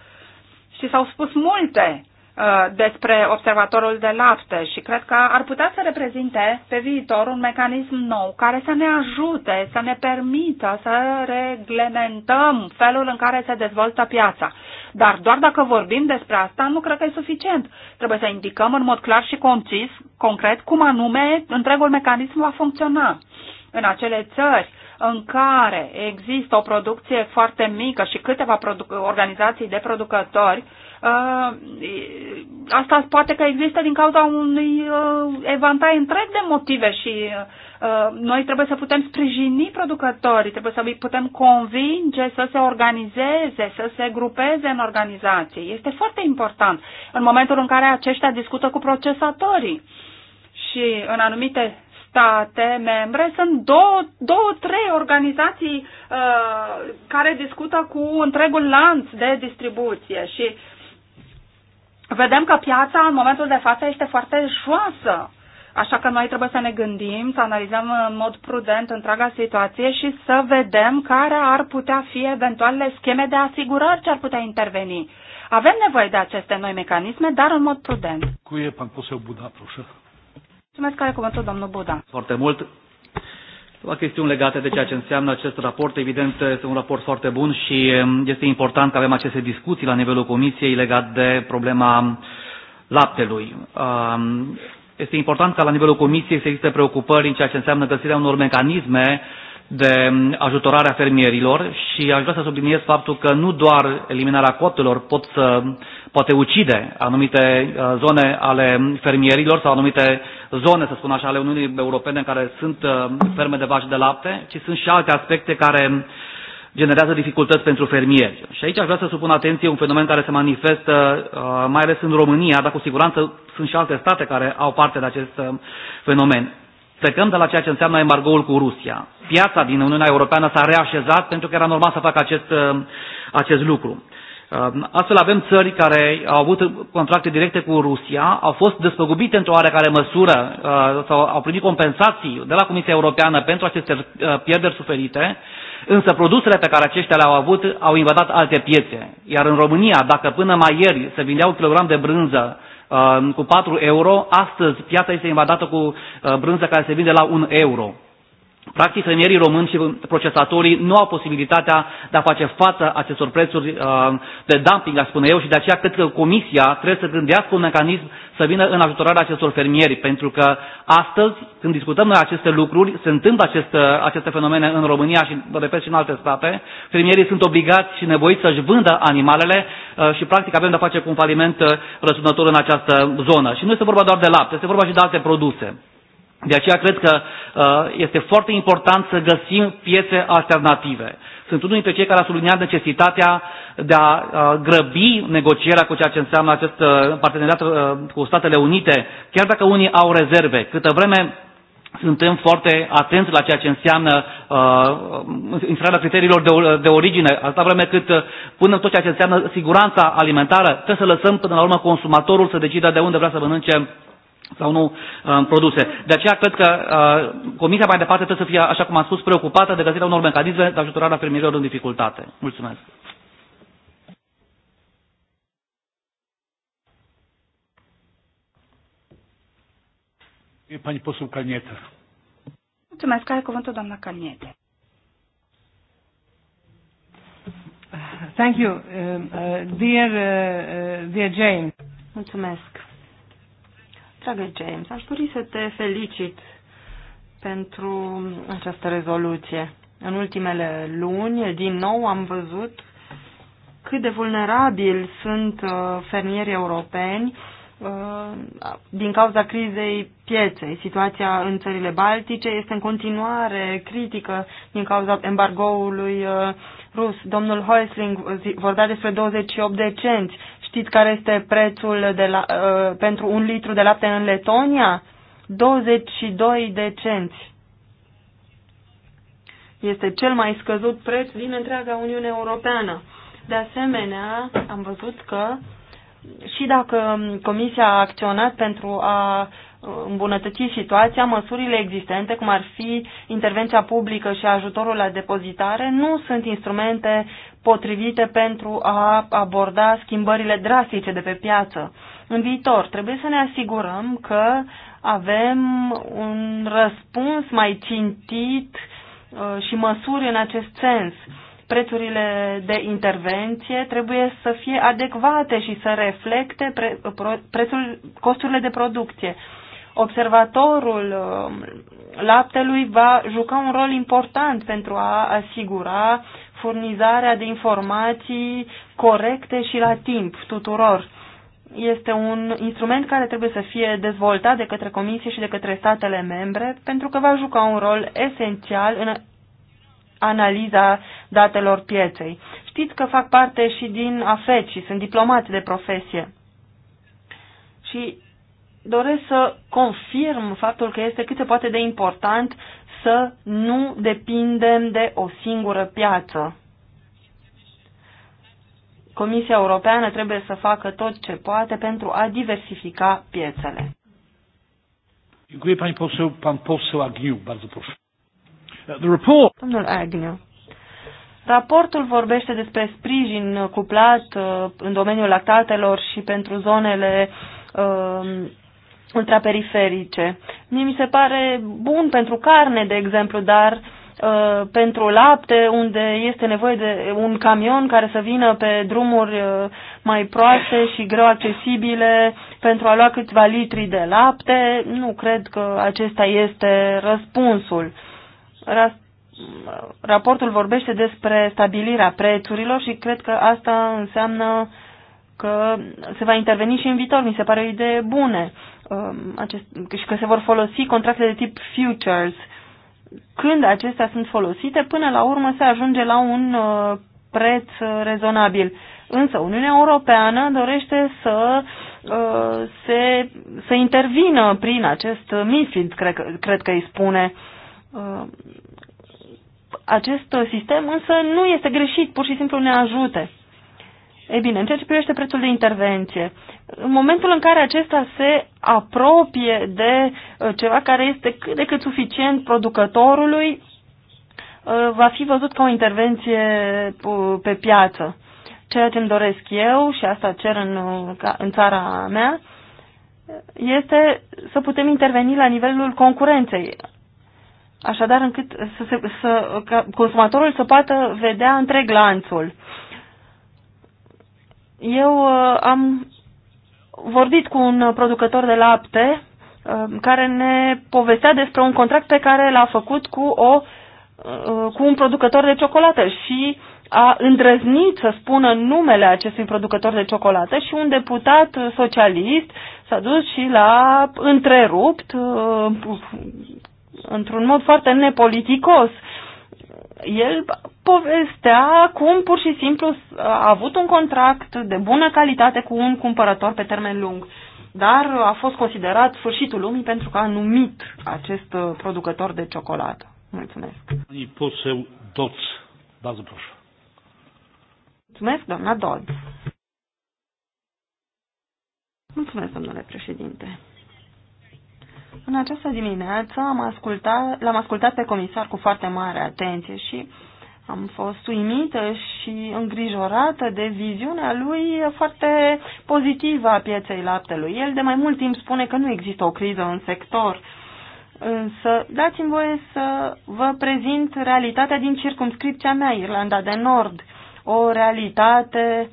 Și s-au spus multe Uh, despre observatorul de lapte și cred că ar putea să reprezinte pe viitor un mecanism nou care să ne ajute, să ne permită să reglementăm felul în care se dezvoltă piața. Dar doar dacă vorbim despre asta, nu cred că e suficient. Trebuie să indicăm în mod clar și concis, concret, cum anume întregul mecanism va funcționa. În acele țări în care există o producție foarte mică și câteva organizații de producători, uh, Uh, asta poate că există din cauza unui uh, evantai întreg de motive și uh, noi trebuie să putem sprijini producătorii, trebuie să îi putem convinge să se organizeze, să se grupeze în organizații. Este foarte important în momentul în care aceștia discută cu procesatorii. Și în anumite state membre sunt două, două trei organizații uh, care discută cu întregul lanț de distribuție și uh, vedem că piața în momentul de față este foarte joasă. Așa că noi trebuie să ne gândim, să analizăm în mod prudent întreaga situație și să vedem care ar putea fi eventualele scheme de asigurări ce ar putea interveni. Avem nevoie de aceste noi mecanisme, dar în mod prudent. Cu e, pan Buda, Mulțumesc, care cuvântul, domnul Buda. Foarte mult la chestiuni legate de ceea ce înseamnă acest raport. Evident, este un raport foarte bun și um, este important că avem aceste discuții la nivelul Comisiei legat de problema laptelui. Um, este important ca la nivelul Comisiei să existe preocupări în ceea ce înseamnă găsirea unor mecanisme de um, ajutorare a fermierilor și aș vrea să subliniez faptul că nu doar eliminarea cotelor pot să poate ucide anumite uh, zone ale fermierilor sau anumite zone, să spun așa, ale Uniunii Europene în care sunt uh, ferme de vaci de lapte, ci sunt și alte aspecte care generează dificultăți pentru fermieri. Și aici aș vrea să supun atenție un fenomen care se manifestă uh, mai ales în România, dar cu siguranță sunt și alte state care au parte de acest fenomen. Plecăm de la ceea ce înseamnă embargoul cu Rusia. Piața din Uniunea Europeană s-a reașezat pentru că era normal să facă acest, acest lucru. Ehm, astfel avem țări care au avut contracte directe cu Rusia, au fost despăgubite într-o oarecare măsură ehm, sau au primit compensații de la Comisia Europeană pentru aceste ehm, pierderi suferite, însă produsele pe care aceștia le-au avut au invadat alte piețe. Iar în România, dacă până mai ieri se vindea un kilogram de brânză cu 4 euro, astăzi piața este invadată cu brânză care se vinde la 1 euro. Practic, fermierii români și procesatorii nu au posibilitatea de a face față acestor prețuri uh, de dumping, aș spune eu, și de aceea cred că Comisia trebuie să gândească un mecanism să vină în ajutorarea acestor fermieri, pentru că astăzi, când discutăm noi aceste lucruri, se întâmplă aceste, uh, aceste fenomene în România și, repet, și în alte state. Fermierii sunt obligați și nevoiți să-și vândă animalele uh, și, practic, avem de-a face cu un faliment răsunător în această zonă. Și nu este vorba doar de lapte, este vorba și de alte produse. De aceea cred că uh, este foarte important să găsim piețe alternative. Sunt unul dintre cei care a subliniat necesitatea de a uh, grăbi negocierea cu ceea ce înseamnă acest uh, parteneriat cu Statele Unite, chiar dacă unii au rezerve. Câtă vreme suntem foarte atenți la ceea ce înseamnă uh, infrarea criteriilor de, de origine, atâta vreme cât punem tot ceea ce înseamnă siguranța alimentară, trebuie să lăsăm până la urmă consumatorul să decidă de unde vrea să mănânce sau nu um, produse. De aceea cred că uh, Comisia mai departe trebuie să fie, așa cum am spus, preocupată de găsirea unor mecanisme de ajutorare a fermierilor în dificultate. Mulțumesc. Pani poseł Kalniete. Mulțumesc. Are cuvântul doamna Calniete. Thank you, um, uh, dear, uh, uh dear James. Mulțumesc. Dragă James, aș dori să te felicit pentru această rezoluție. În ultimele luni, din nou, am văzut cât de vulnerabili sunt uh, fermierii europeni uh, din cauza crizei pieței. Situația în țările baltice este în continuare critică din cauza embargoului uh, rus. Domnul Heusling vorbea despre 28 de cenți. Știți care este prețul de la, uh, pentru un litru de lapte în Letonia? 22 de cenți. Este cel mai scăzut preț din întreaga Uniune Europeană. De asemenea, am văzut că și dacă Comisia a acționat pentru a îmbunătăți situația, măsurile existente, cum ar fi intervenția publică și ajutorul la depozitare, nu sunt instrumente potrivite pentru a aborda schimbările drastice de pe piață. În viitor, trebuie să ne asigurăm că avem un răspuns mai cintit uh, și măsuri în acest sens. Prețurile de intervenție trebuie să fie adecvate și să reflecte pre, pre, prețul, costurile de producție observatorul um, laptelui va juca un rol important pentru a asigura furnizarea de informații corecte și la timp tuturor. Este un instrument care trebuie să fie dezvoltat de către Comisie și de către statele membre pentru că va juca un rol esențial în analiza datelor pieței. Știți că fac parte și din AFET și sunt diplomat de profesie. Și doresc să confirm faptul că este cât se poate de important să nu depindem de o singură piață. Comisia Europeană trebuie să facă tot ce poate pentru a diversifica piețele. The report. Domnul Agniu. Raportul vorbește despre sprijin cuplat uh, în domeniul lactatelor și pentru zonele uh, ultraperiferice. Mie mi se pare bun pentru carne, de exemplu, dar uh, pentru lapte, unde este nevoie de un camion care să vină pe drumuri uh, mai proaste și greu accesibile pentru a lua câțiva litri de lapte, nu cred că acesta este răspunsul. Ras raportul vorbește despre stabilirea prețurilor și cred că asta înseamnă că se va interveni și în viitor. Mi se pare o idee bună Um, acest, și că se vor folosi contracte de tip futures. Când acestea sunt folosite, până la urmă se ajunge la un uh, preț rezonabil. Însă Uniunea Europeană dorește să, uh, se, să intervină prin acest MIFID, cred, că, cred că îi spune. Uh, acest sistem însă nu este greșit, pur și simplu ne ajute. E bine, în ceea ce privește prețul de intervenție, în momentul în care acesta se apropie de uh, ceva care este cât de cât suficient producătorului, uh, va fi văzut ca o intervenție uh, pe piață. Ceea ce îmi doresc eu, și asta cer în, în țara mea, este să putem interveni la nivelul concurenței. Așadar, încât să, se, să ca consumatorul să poată vedea întreg lanțul eu uh, am vorbit cu un producător de lapte um, care ne povestea despre un contract pe care l-a făcut cu, o, uh, cu un producător de ciocolată și a îndrăznit să spună numele acestui producător de ciocolată și un deputat socialist s-a dus și l-a întrerupt uh, într-un mod foarte nepoliticos el povestea cum pur și simplu a avut un contract de bună calitate cu un cumpărător pe termen lung, dar a fost considerat sfârșitul lumii pentru că a numit acest uh, producător de ciocolată. Mulțumesc. Mulțumesc, doamna Dodd. Mulțumesc, domnule președinte. În această dimineață am ascultat, l-am ascultat pe comisar cu foarte mare atenție și am fost uimită și îngrijorată de viziunea lui foarte pozitivă a pieței laptelui. El de mai mult timp spune că nu există o criză în sector, însă dați-mi voie să vă prezint realitatea din circumscripția mea, Irlanda de Nord, o realitate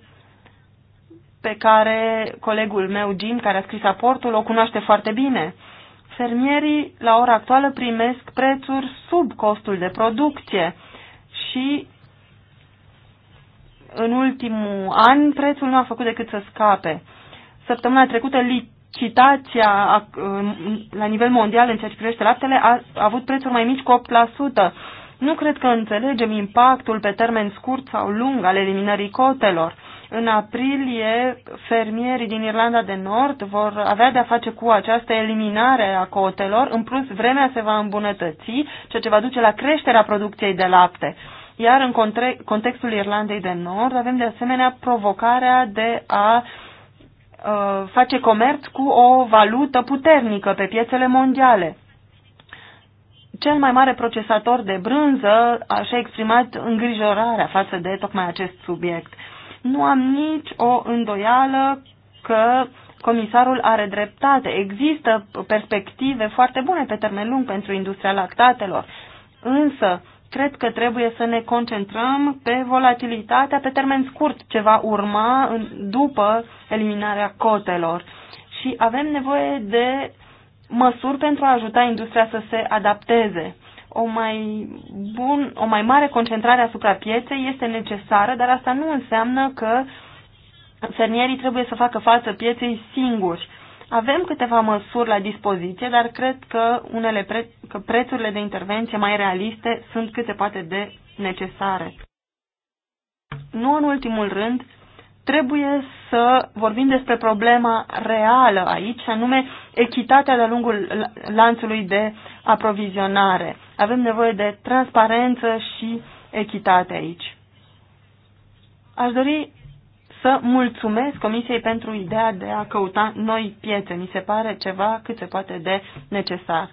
pe care colegul meu, Jim, care a scris aportul, o cunoaște foarte bine fermierii la ora actuală primesc prețuri sub costul de producție și în ultimul an prețul nu a făcut decât să scape. Săptămâna trecută licitația la nivel mondial în ceea ce privește laptele a avut prețuri mai mici cu 8%. Nu cred că înțelegem impactul pe termen scurt sau lung al eliminării cotelor. În aprilie, fermierii din Irlanda de Nord vor avea de-a face cu această eliminare a cotelor. În plus, vremea se va îmbunătăți, ceea ce va duce la creșterea producției de lapte. Iar în contextul Irlandei de Nord avem de asemenea provocarea de a uh, face comerț cu o valută puternică pe piețele mondiale. Cel mai mare procesator de brânză așa a exprimat îngrijorarea față de tocmai acest subiect. Nu am nici o îndoială că comisarul are dreptate. Există perspective foarte bune pe termen lung pentru industria lactatelor, însă cred că trebuie să ne concentrăm pe volatilitatea pe termen scurt, ce va urma în, după eliminarea cotelor. Și avem nevoie de măsuri pentru a ajuta industria să se adapteze o mai, bun, o mai mare concentrare asupra pieței este necesară, dar asta nu înseamnă că fermierii trebuie să facă față pieței singuri. Avem câteva măsuri la dispoziție, dar cred că, unele pre că prețurile de intervenție mai realiste sunt câte poate de necesare. Nu în ultimul rând, trebuie să vorbim despre problema reală aici, anume echitatea de-a lungul lanțului de aprovizionare. Avem nevoie de transparență și echitate aici. Aș dori să mulțumesc Comisiei pentru ideea de a căuta noi piețe. Mi se pare ceva cât se poate de necesar.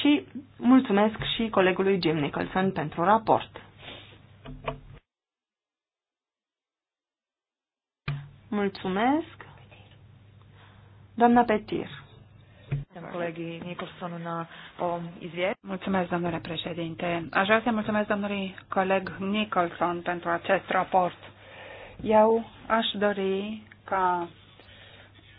Și mulțumesc și colegului Jim Nicholson pentru raport. Mulțumesc. Doamna Petir. Colegii Nicholson na ovom uh, izvješću. Mulțumesc, domnule președinte. Aș vrea să mulțumesc domnului coleg Nicholson pentru acest raport. Eu aș dori ca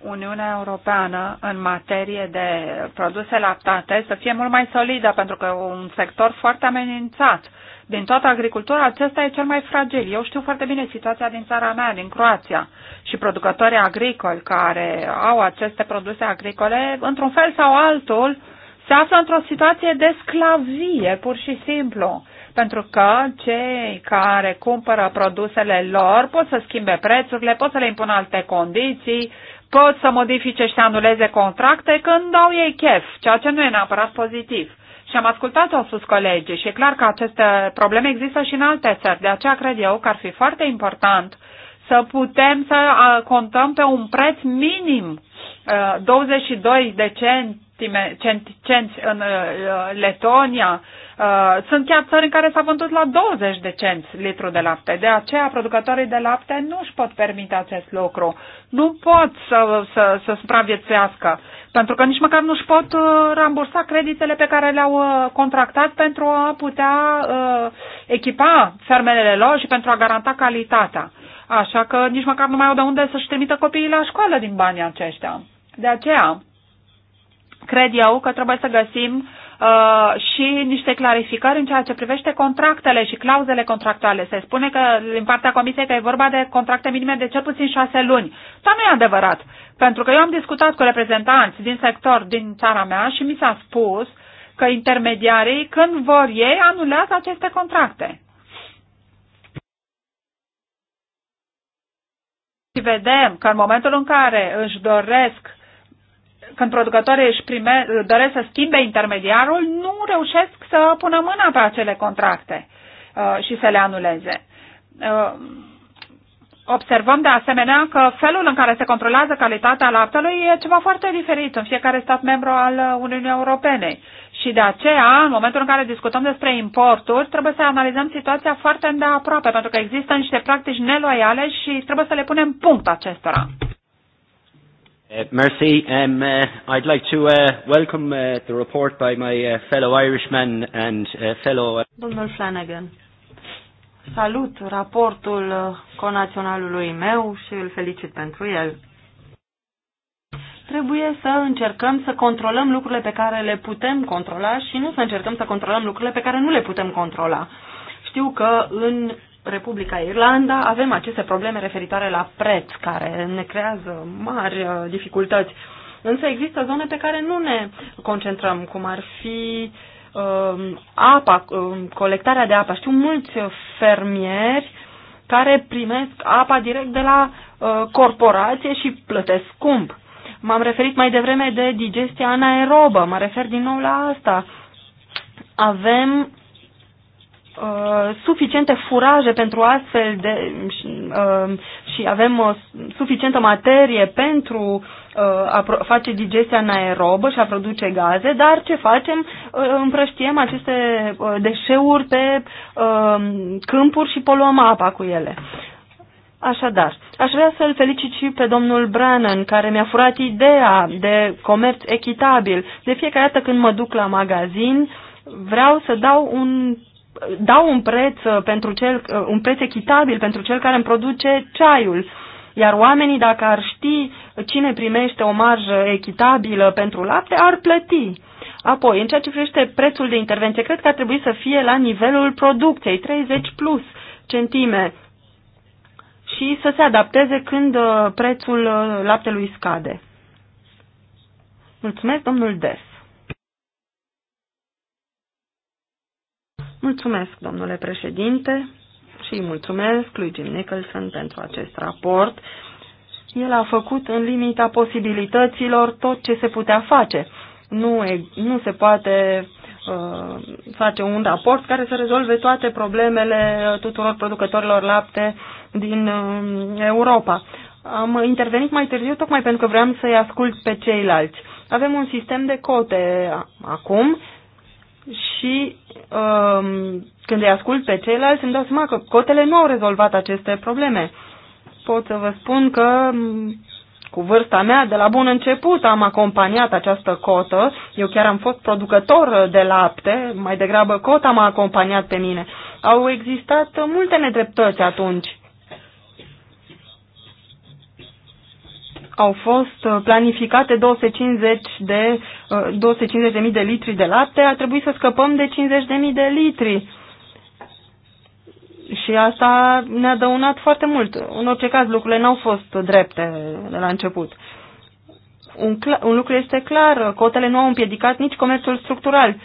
Uniunea Europeană în materie de produse lactate să fie mult mai solidă, pentru că un sector foarte amenințat. Din toată agricultura, acesta e cel mai fragil. Eu știu foarte bine situația din țara mea, din Croația, și producătorii agricoli care au aceste produse agricole, într-un fel sau altul, se află într-o situație de sclavie, pur și simplu pentru că cei care cumpără produsele lor pot să schimbe prețurile, pot să le impună alte condiții, pot să modifice și să anuleze contracte când dau ei chef, ceea ce nu e neapărat pozitiv. Și am ascultat ce au spus colegii și e clar că aceste probleme există și în alte țări. De aceea cred eu că ar fi foarte important să putem să contăm pe un preț minim 22 de cent centime, cent, cenți în uh, uh, Letonia. Uh, sunt chiar țări în care s-a vândut la 20 de cenți litru de lapte. De aceea, producătorii de lapte nu își pot permite acest lucru. Nu pot să, să, să supraviețuiască, pentru că nici măcar nu își pot rambursa creditele pe care le-au contractat pentru a putea echipa fermelele lor și pentru a garanta calitatea. Așa că nici măcar nu mai au de unde să-și trimită copiii la școală din banii aceștia. De aceea, cred eu că trebuie să găsim uh, și niște clarificări în ceea ce privește contractele și clauzele contractuale. Se spune că din partea Comisiei că e vorba de contracte minime de cel puțin șase luni. Dar nu e adevărat, pentru că eu am discutat cu reprezentanți din sector din țara mea și mi s-a spus că intermediarii, când vor ei, anulează aceste contracte. Și vedem că în momentul în care își doresc când producătorii își prime, doresc să schimbe intermediarul, nu reușesc să pună mâna pe acele contracte uh, și să le anuleze. Uh, observăm de asemenea că felul în care se controlează calitatea laptelui e ceva foarte diferit în fiecare stat membru al Uniunii Europene. Și de aceea, în momentul în care discutăm despre importuri, trebuie să analizăm situația foarte îndeaproape, pentru că există niște practici neloiale și trebuie să le punem punct acestora. Uh, merci. Um, uh, I'd like to uh, welcome uh, the report by my uh, fellow Irishman and uh, fellow... Uh, Domnul Flanagan, salut raportul uh, conaționalului meu și îl felicit pentru el. Trebuie să încercăm să controlăm lucrurile pe care le putem controla și nu să încercăm să controlăm lucrurile pe care nu le putem controla. Știu că în Republica Irlanda avem aceste probleme referitoare la preț, care ne creează mari uh, dificultăți. Însă există zone pe care nu ne concentrăm, cum ar fi uh, apa, uh, colectarea de apă. Știu mulți fermieri care primesc apa direct de la uh, corporație și plătesc scump. M-am referit mai devreme de digestia anaerobă, mă refer din nou la asta. Avem Uh, suficiente furaje pentru astfel de uh, și avem uh, suficientă materie pentru uh, a face digestia anaerobă și a produce gaze, dar ce facem? Uh, împrăștiem aceste uh, deșeuri pe uh, câmpuri și poluăm apa cu ele. Așadar, aș vrea să-l felicit și pe domnul Brannan, care mi-a furat ideea de comerț echitabil. De fiecare dată când mă duc la magazin, vreau să dau un dau un preț, uh, pentru cel, uh, un preț echitabil pentru cel care îmi produce ceaiul. Iar oamenii, dacă ar ști cine primește o marjă echitabilă pentru lapte, ar plăti. Apoi, în ceea ce privește prețul de intervenție, cred că ar trebui să fie la nivelul producției, 30 plus centime, și să se adapteze când uh, prețul laptelui scade. Mulțumesc, domnul Des. Mulțumesc, domnule președinte, și mulțumesc lui Jim Nicholson pentru acest raport. El a făcut în limita posibilităților tot ce se putea face. Nu, e, nu se poate uh, face un raport care să rezolve toate problemele tuturor producătorilor lapte din uh, Europa. Am intervenit mai târziu tocmai pentru că vreau să-i ascult pe ceilalți. Avem un sistem de cote acum și um, când îi ascult pe ceilalți îmi dau seama că cotele nu au rezolvat aceste probleme. Pot să vă spun că um, cu vârsta mea, de la bun început am acompaniat această cotă. Eu chiar am fost producător de lapte, mai degrabă cota m-a acompaniat pe mine. Au existat multe nedreptăți atunci. au fost uh, planificate 250 de, 250.000 uh, de litri de lapte, a trebuit să scăpăm de 50.000 de litri. Și asta ne-a dăunat foarte mult. În orice caz, lucrurile n-au fost drepte de la început. Un, un lucru este clar, cotele nu au împiedicat nici comerțul structural.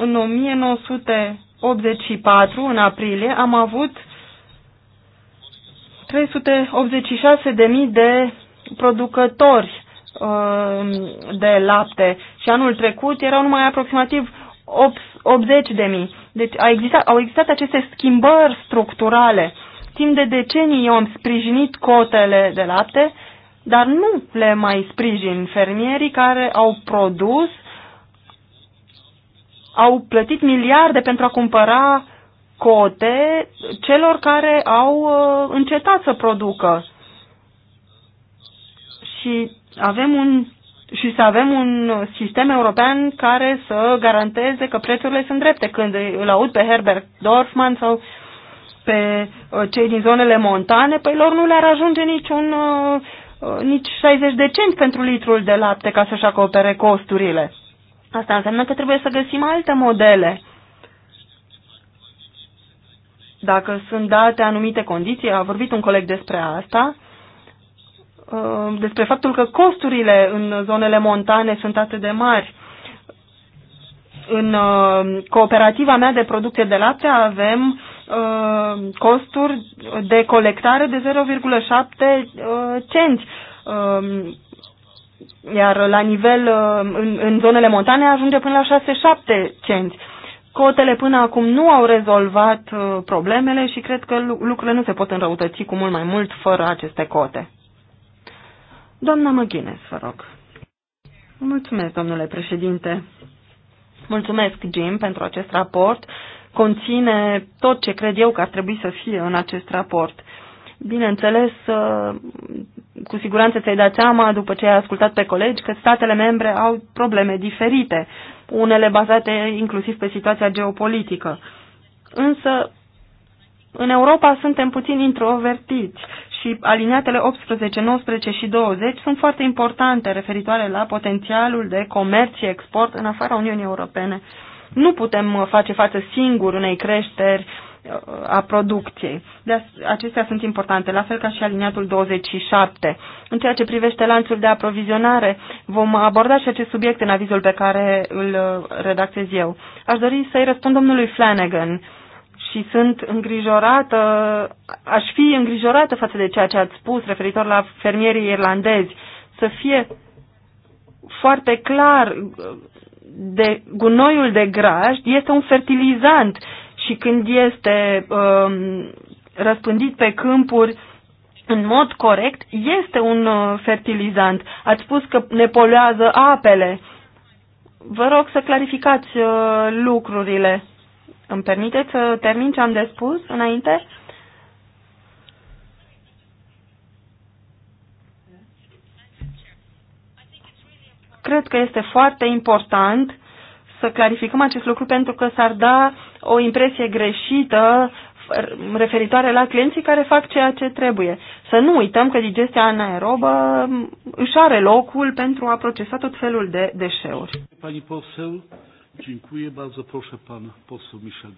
În 1984, în aprilie, am avut 386.000 de producători uh, de lapte și anul trecut erau numai aproximativ 80 de mii. Deci au existat, au existat aceste schimbări structurale. Timp de decenii eu am sprijinit cotele de lapte, dar nu le mai sprijin fermierii care au produs, au plătit miliarde pentru a cumpăra cote celor care au uh, încetat să producă și avem un și să avem un sistem european care să garanteze că prețurile sunt drepte. Când îl aud pe Herbert Dorfman sau pe uh, cei din zonele montane, păi lor nu le-ar ajunge niciun, uh, uh, nici 60 de cenți pentru litrul de lapte ca să-și acopere costurile. Asta înseamnă că trebuie să găsim alte modele. Dacă sunt date anumite condiții, a vorbit un coleg despre asta, Uh, despre faptul că costurile în zonele montane sunt atât de mari. În uh, cooperativa mea de producție de lapte avem uh, costuri de colectare de 0,7 cenți. Um, iar la nivel, în, în zonele montane, ajunge până la 6-7 cenți. Cotele până acum nu au rezolvat problemele și cred că lucrurile nu se pot înrăutăți cu mult mai mult fără aceste cote. Doamna McGuinness, vă rog. Mulțumesc, domnule președinte. Mulțumesc, Jim, pentru acest raport. Conține tot ce cred eu că ar trebui să fie în acest raport. Bineînțeles, ă, cu siguranță ți-ai dat seama, după ce ai ascultat pe colegi, că statele membre au probleme diferite, unele bazate inclusiv pe situația geopolitică. Însă, în Europa suntem puțin introvertiți și aliniatele 18, 19 și 20 sunt foarte importante referitoare la potențialul de comerț și export în afara Uniunii Europene. Nu putem uh, face față singur unei creșteri uh, a producției. De acestea sunt importante, la fel ca și aliniatul 27. În ceea ce privește lanțul de aprovizionare, vom aborda și acest subiect în avizul pe care îl uh, redactez eu. Aș dori să-i răspund domnului Flanagan și sunt îngrijorată, aș fi îngrijorată față de ceea ce ați spus referitor la fermierii irlandezi, să fie foarte clar de gunoiul de grajd este un fertilizant și când este um, răspândit pe câmpuri în mod corect, este un uh, fertilizant. Ați spus că ne poluează apele. Vă rog să clarificați uh, lucrurile. Îmi permiteți să termin ce am de spus înainte? Cred că este foarte important să clarificăm acest lucru pentru că s-ar da o impresie greșită referitoare la clienții care fac ceea ce trebuie. Să nu uităm că digestia anaerobă mm, își are locul pentru a procesa tot felul de deșeuri. Dziękuję bardzo. Proszę pan poseł Michel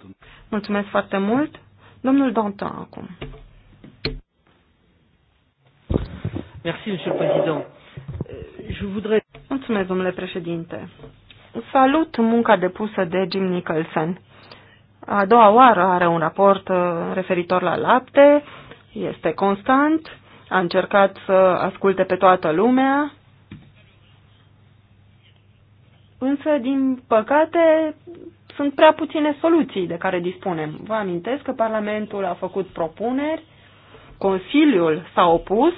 Mulțumesc foarte mult. Domnul Danton acum. Merci, monsieur le président. Euh, je voudrais... Mulțumesc, domnule președinte. Salut munca depusă de Jim Nicholson. A doua oară are un raport uh, referitor la lapte, este constant, a încercat să asculte pe toată lumea, Însă, din păcate, sunt prea puține soluții de care dispunem. Vă amintesc că Parlamentul a făcut propuneri, Consiliul s-a opus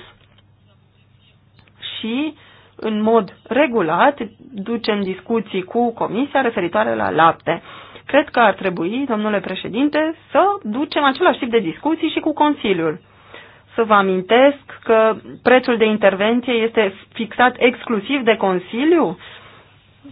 și, în mod regulat, ducem discuții cu Comisia referitoare la lapte. Cred că ar trebui, domnule președinte, să ducem același tip de discuții și cu Consiliul. Să vă amintesc că prețul de intervenție este fixat exclusiv de Consiliu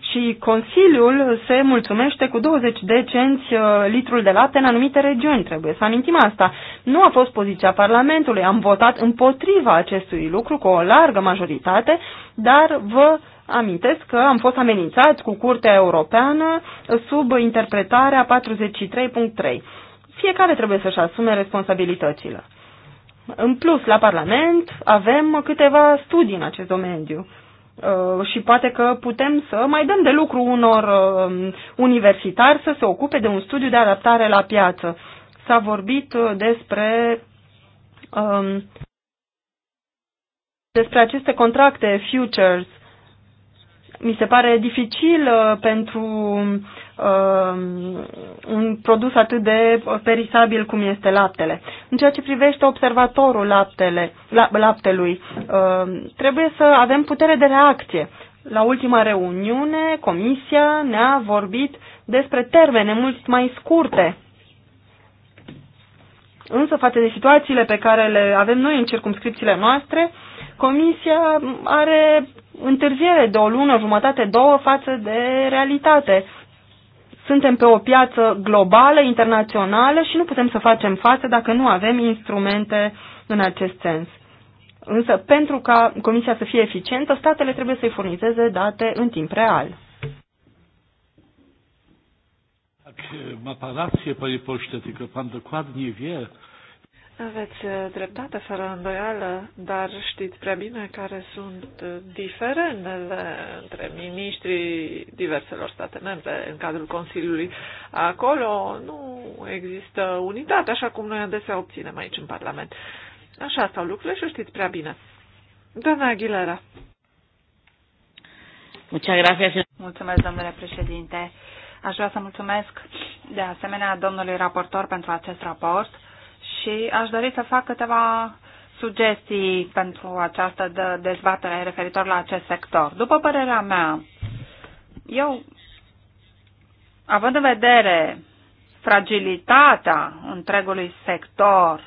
și Consiliul se mulțumește cu 20 de cenți uh, litrul de lapte în anumite regiuni, trebuie să amintim asta. Nu a fost poziția Parlamentului, am votat împotriva acestui lucru cu o largă majoritate, dar vă amintesc că am fost amenințați cu Curtea Europeană sub interpretarea 43.3. Fiecare trebuie să-și asume responsabilitățile. În plus, la Parlament avem câteva studii în acest domeniu Uh, și poate că putem să mai dăm de lucru unor uh, universitari să se ocupe de un studiu de adaptare la piață. S-a vorbit uh, despre um, despre aceste contracte futures. Mi se pare dificil pentru Um, un produs atât de perisabil cum este laptele. În ceea ce privește observatorul laptele, la, laptelui, um, trebuie să avem putere de reacție. La ultima reuniune, Comisia ne-a vorbit despre termene mult mai scurte. Însă, față de situațiile pe care le avem noi în circumscripțiile noastre, Comisia are întârziere de o lună, jumătate, două față de realitate suntem pe o piață globală, internațională și nu putem să facem față dacă nu avem instrumente în acest sens. Însă, pentru ca Comisia să fie eficientă, statele trebuie să-i furnizeze date în timp real. Tak, ma pan rację, panie pośle, tylko pan dokładnie wie, aveți uh, dreptate, fără îndoială, dar știți prea bine care sunt uh, diferențele între miniștrii diverselor state membre în cadrul Consiliului. Acolo nu există unitate, așa cum noi adesea obținem aici în Parlament. Așa stau lucrurile și știți prea bine. Doamna Aguilera. Mulțumesc, domnule președinte. Aș vrea să mulțumesc de asemenea domnului raportor pentru acest raport și aș dori să fac câteva sugestii pentru această dezbatere referitor la acest sector. După părerea mea, eu, având în vedere fragilitatea întregului sector,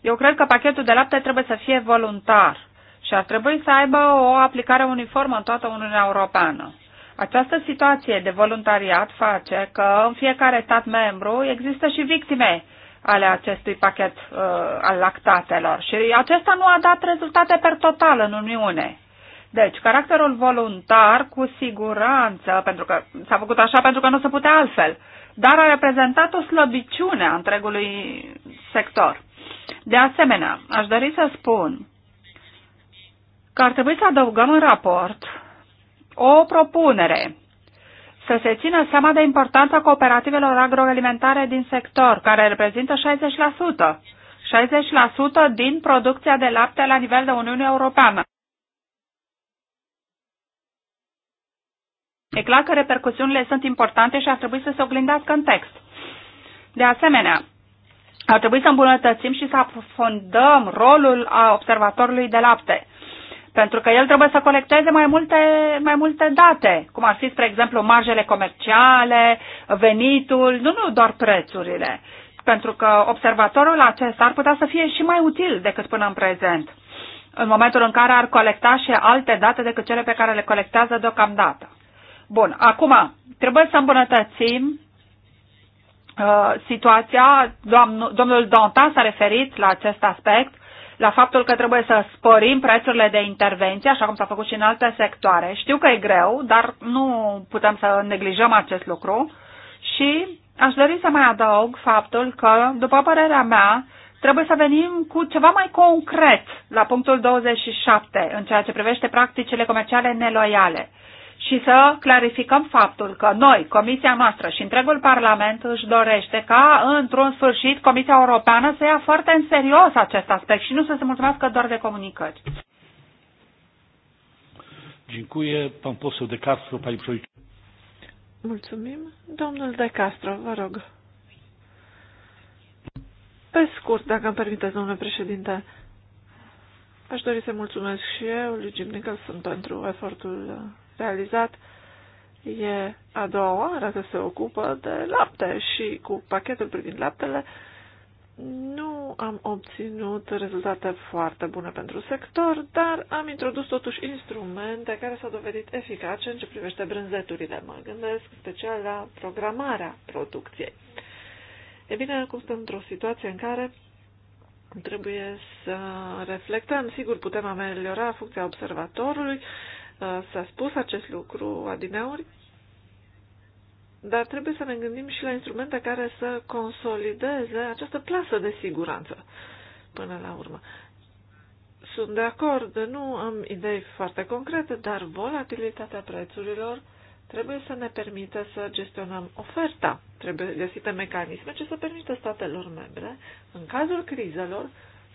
eu cred că pachetul de lapte trebuie să fie voluntar și ar trebui să aibă o aplicare uniformă în toată Uniunea Europeană. Această situație de voluntariat face că în fiecare stat membru există și victime ale acestui pachet uh, al lactatelor și acesta nu a dat rezultate per total în Uniune. Deci, caracterul voluntar, cu siguranță, pentru că s-a făcut așa pentru că nu se putea altfel, dar a reprezentat o slăbiciune a întregului sector. De asemenea, aș dori să spun că ar trebui să adăugăm în raport o propunere să se țină seama de importanța cooperativelor agroalimentare din sector, care reprezintă 60%, 60% din producția de lapte la nivel de Uniune Europeană. E clar că repercusiunile sunt importante și ar trebui să se oglindească în text. De asemenea, ar trebui să îmbunătățim și să aprofundăm rolul a observatorului de lapte pentru că el trebuie să colecteze mai multe, mai multe date, cum ar fi, spre exemplu, marjele comerciale, venitul, nu, nu doar prețurile, pentru că observatorul acesta ar putea să fie și mai util decât până în prezent, în momentul în care ar colecta și alte date decât cele pe care le colectează deocamdată. Bun, acum, trebuie să îmbunătățim uh, situația, Doamn, domnul Donta s-a referit la acest aspect, la faptul că trebuie să sporim prețurile de intervenție, așa cum s-a făcut și în alte sectoare. Știu că e greu, dar nu putem să neglijăm acest lucru și aș dori să mai adaug faptul că, după părerea mea, trebuie să venim cu ceva mai concret la punctul 27 în ceea ce privește practicile comerciale neloiale și să clarificăm faptul că noi, Comisia noastră și întregul Parlament își dorește ca, într-un sfârșit, Comisia Europeană să ia foarte în serios acest aspect și nu să se mulțumească doar de comunicări. Dziękuję. Pan poseł De Castro, Pani Przewodnicząca. Mulțumim. Domnul De Castro, vă rog. Pe scurt, dacă îmi permiteți, domnule președinte, aș dori să mulțumesc și eu lui Jim Nicholson pentru efortul realizat e a doua oară că se ocupă de lapte și cu pachetul privind laptele nu am obținut rezultate foarte bune pentru sector, dar am introdus totuși instrumente care s-au dovedit eficace în ce privește brânzeturile. Mă gândesc special la programarea producției. E bine, acum suntem într-o situație în care trebuie să reflectăm. Sigur, putem ameliora funcția observatorului S-a spus acest lucru adineauri, dar trebuie să ne gândim și la instrumente care să consolideze această plasă de siguranță până la urmă. Sunt de acord, nu am idei foarte concrete, dar volatilitatea prețurilor trebuie să ne permită să gestionăm oferta. Trebuie găsite mecanisme ce să permită statelor membre, în cazul crizelor,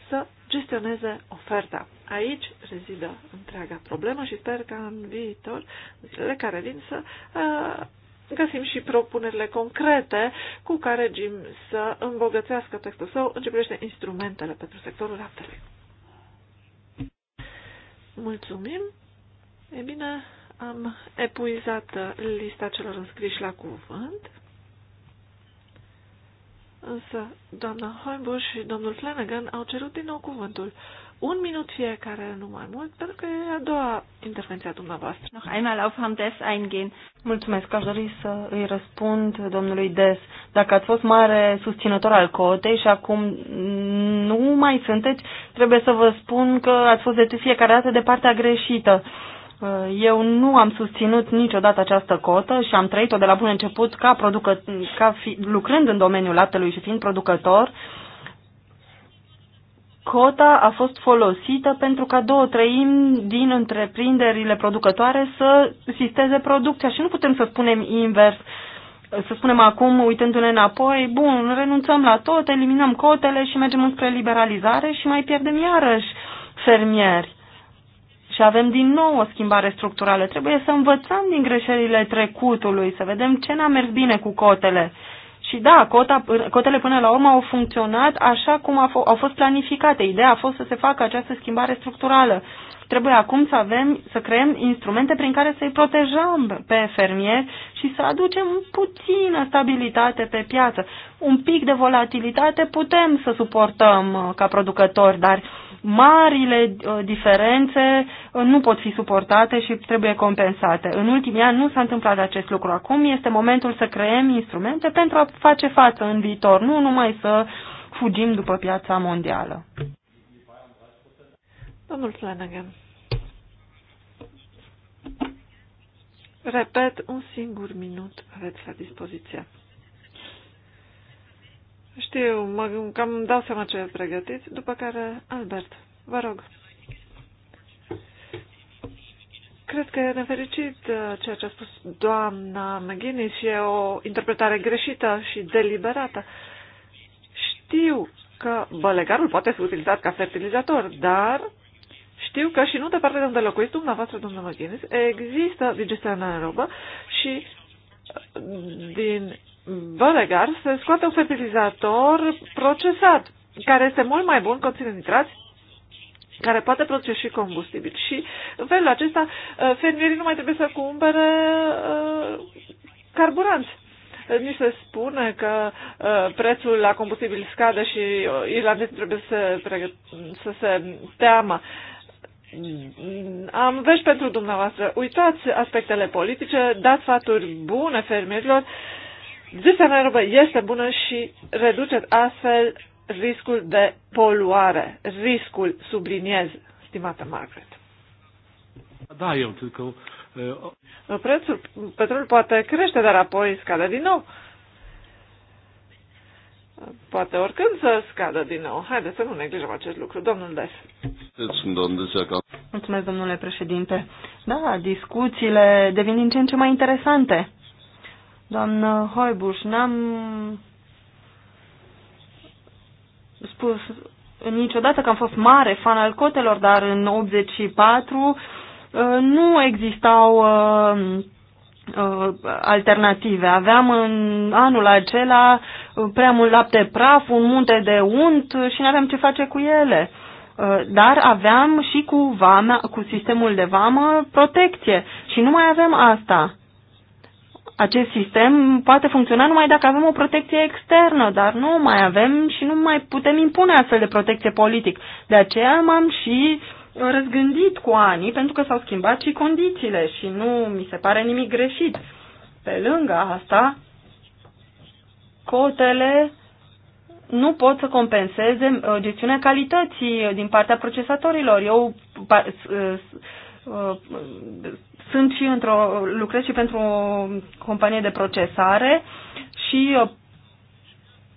să gestioneze oferta. Aici rezidă întreaga problemă și sper că în viitor, zilele care vin, să găsim și propunerile concrete cu care Jim să îmbogățească textul său începește instrumentele pentru sectorul laptelui. Mulțumim! E bine, am epuizat lista celor înscriși la cuvânt. Însă, doamna Hoimbush și domnul Flanagan au cerut din nou cuvântul. Un minut fiecare, nu mai mult, pentru că e a doua intervenție a dumneavoastră. Noch einmal auf Herrn Dess eingehen. Mulțumesc, aș dori să îi răspund domnului Des. Dacă ați fost mare susținător al cotei și acum nu mai sunteți, trebuie să vă spun că ați fost de fiecare dată de partea greșită. Uh, Eh, eu nu am susținut niciodată această cotă și am trăit-o de la bun început ca, producă, ca fi, lucrând în domeniul laptelui și fiind producător. Cota a fost folosită pentru ca două treimi din întreprinderile producătoare să sisteze producția și nu putem să spunem invers. Să spunem acum, uitându-ne înapoi, bun, renunțăm la tot, eliminăm cotele și mergem înspre liberalizare și mai pierdem iarăși fermieri și avem din nou o schimbare structurală. Trebuie să învățăm din greșelile trecutului, să vedem ce n-a mers bine cu cotele. Și da, cota, cotele până la urmă au funcționat așa cum au fost planificate. Ideea a fost să se facă această schimbare structurală. Trebuie acum să avem, să creăm instrumente prin care să-i protejăm pe fermieri și să aducem puțină stabilitate pe piață. Un pic de volatilitate putem să suportăm uh, ca producători, dar uh, marile uh, diferențe uh, nu pot fi suportate și trebuie compensate. În ultimii ani nu s-a întâmplat acest lucru. Acum este momentul să creăm instrumente pentru a face față în viitor, nu numai să fugim după piața mondială. Domnul Flanagan. Repet, un singur minut aveți la dispoziție. Știu, mă cam dau seama ce pregătiți, după care Albert, vă rog. Cred că e nefericit uh, ceea ce a spus doamna McGuinness. E o interpretare greșită și deliberată. Știu că bălegarul poate fi utilizat ca fertilizator, dar știu că și nu departe de unde locuiți dumneavoastră, domnul McGuinness, există digestia anaerobă și uh, din Bădegar se scoate un fertilizator procesat, care este mult mai bun, conține nitrați, care poate produce și combustibil. Și în felul acesta uh, fermierii nu mai trebuie să cumpere uh, carburanți. Mi uh, se spune că uh, prețul la combustibil scade și uh, irlandezii trebuie să, să se teamă. Am vești pentru dumneavoastră. Uitați aspectele politice, dați faturi bune fermierilor Gestiunea aerobă este bună și reduce astfel riscul de poluare. Riscul, subliniez, stimată Margaret. Da, eu că... Prețul petrolului poate crește, dar apoi scade din nou. Poate oricând să scadă din nou. Haideți să nu neglijăm acest lucru. Domnul Des. Mulțumesc, domnule președinte. Da, discuțiile devin din ce în ce mai interesante. Doamnă Hoibuș, n-am spus niciodată că am fost mare fan al cotelor, dar în 84 uh, nu existau uh, uh, alternative. Aveam în anul acela prea mult lapte praf, un munte de unt și nu aveam ce face cu ele. Dar aveam și cu, vama, cu sistemul de vamă protecție și nu mai avem asta acest sistem poate funcționa numai dacă avem o protecție externă, dar nu mai avem și nu mai putem impune astfel de protecție politic. De aceea m-am și uh, răzgândit cu anii, pentru că s-au schimbat și condițiile și nu mi se pare nimic greșit. Pe lângă asta, cotele nu pot să compenseze uh, gestiunea calității din partea procesatorilor. Eu uh, sunt și într-o, lucrez și pentru o companie de procesare și uh,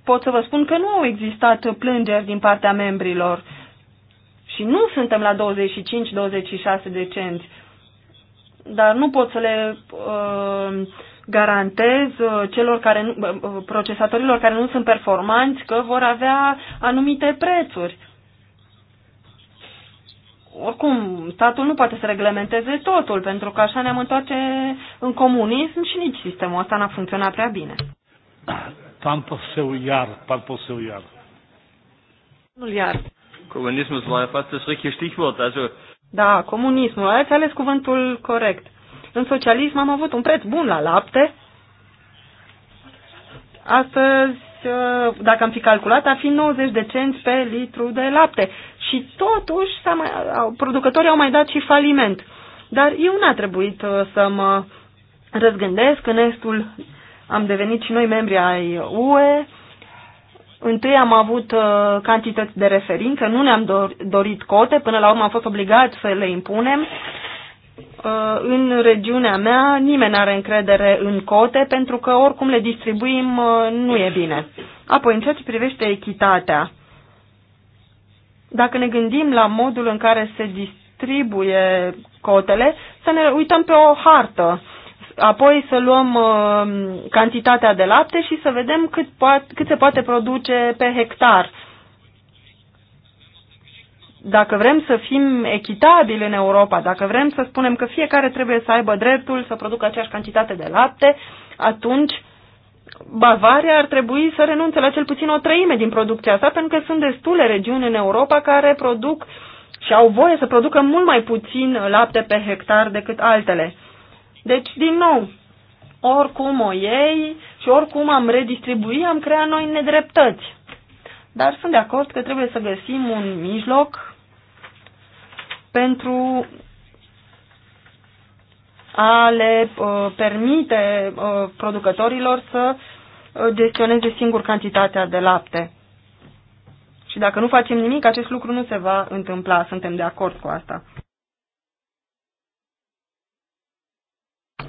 pot să vă spun că nu au existat plângeri din partea membrilor și nu suntem la 25-26 de cenți, dar nu pot să le uh, garantez uh, celor care, uh, procesatorilor care nu sunt performanți că vor avea anumite prețuri oricum, statul nu poate să reglementeze totul, pentru că așa ne-am întoarce în comunism și nici sistemul ăsta n-a funcționat prea bine. Tanto poseu iar, tanto poseu iar. Nu iar. Comunismul mai face das richtige stichvot, așa. Da, comunismul, ați ales cuvântul corect. În socialism am avut un preț bun la lapte. Astăzi, ă, dacă am fi calculat, ar fi 90 de cenți pe litru de lapte și totuși, s-a mai, producătorii au mai dat și faliment. Dar eu n-a trebuit uh, să mă răzgândesc. În estul am devenit și noi membri ai UE. Întâi am avut uh, cantități de referință, nu ne-am dorit cote, până la urmă am fost obligați să le impunem. Uh, în regiunea mea nimeni nu are încredere în cote pentru că oricum le distribuim nu e bine. Apoi, în ceea ce privește echitatea, dacă ne gândim la modul în care se distribuie cotele, să ne uităm pe o hartă, apoi să luăm uh, cantitatea de lapte și să vedem cât, poate, cât se poate produce pe hectar. Dacă vrem să fim echitabili în Europa, dacă vrem să spunem că fiecare trebuie să aibă dreptul să producă aceeași cantitate de lapte, atunci Bavaria ar trebui să renunțe la cel puțin o treime din producția sa, pentru că sunt destule regiuni în Europa care produc și au voie să producă mult mai puțin lapte pe hectar decât altele. Deci, din nou, oricum o iei și oricum am redistribuit, am creat noi nedreptăți. Dar sunt de acord că trebuie să găsim un mijloc pentru a le uh, permite uh, producătorilor să uh, gestioneze singur cantitatea de lapte. Și dacă nu facem nimic, acest lucru nu se va întâmpla. Suntem de acord cu asta.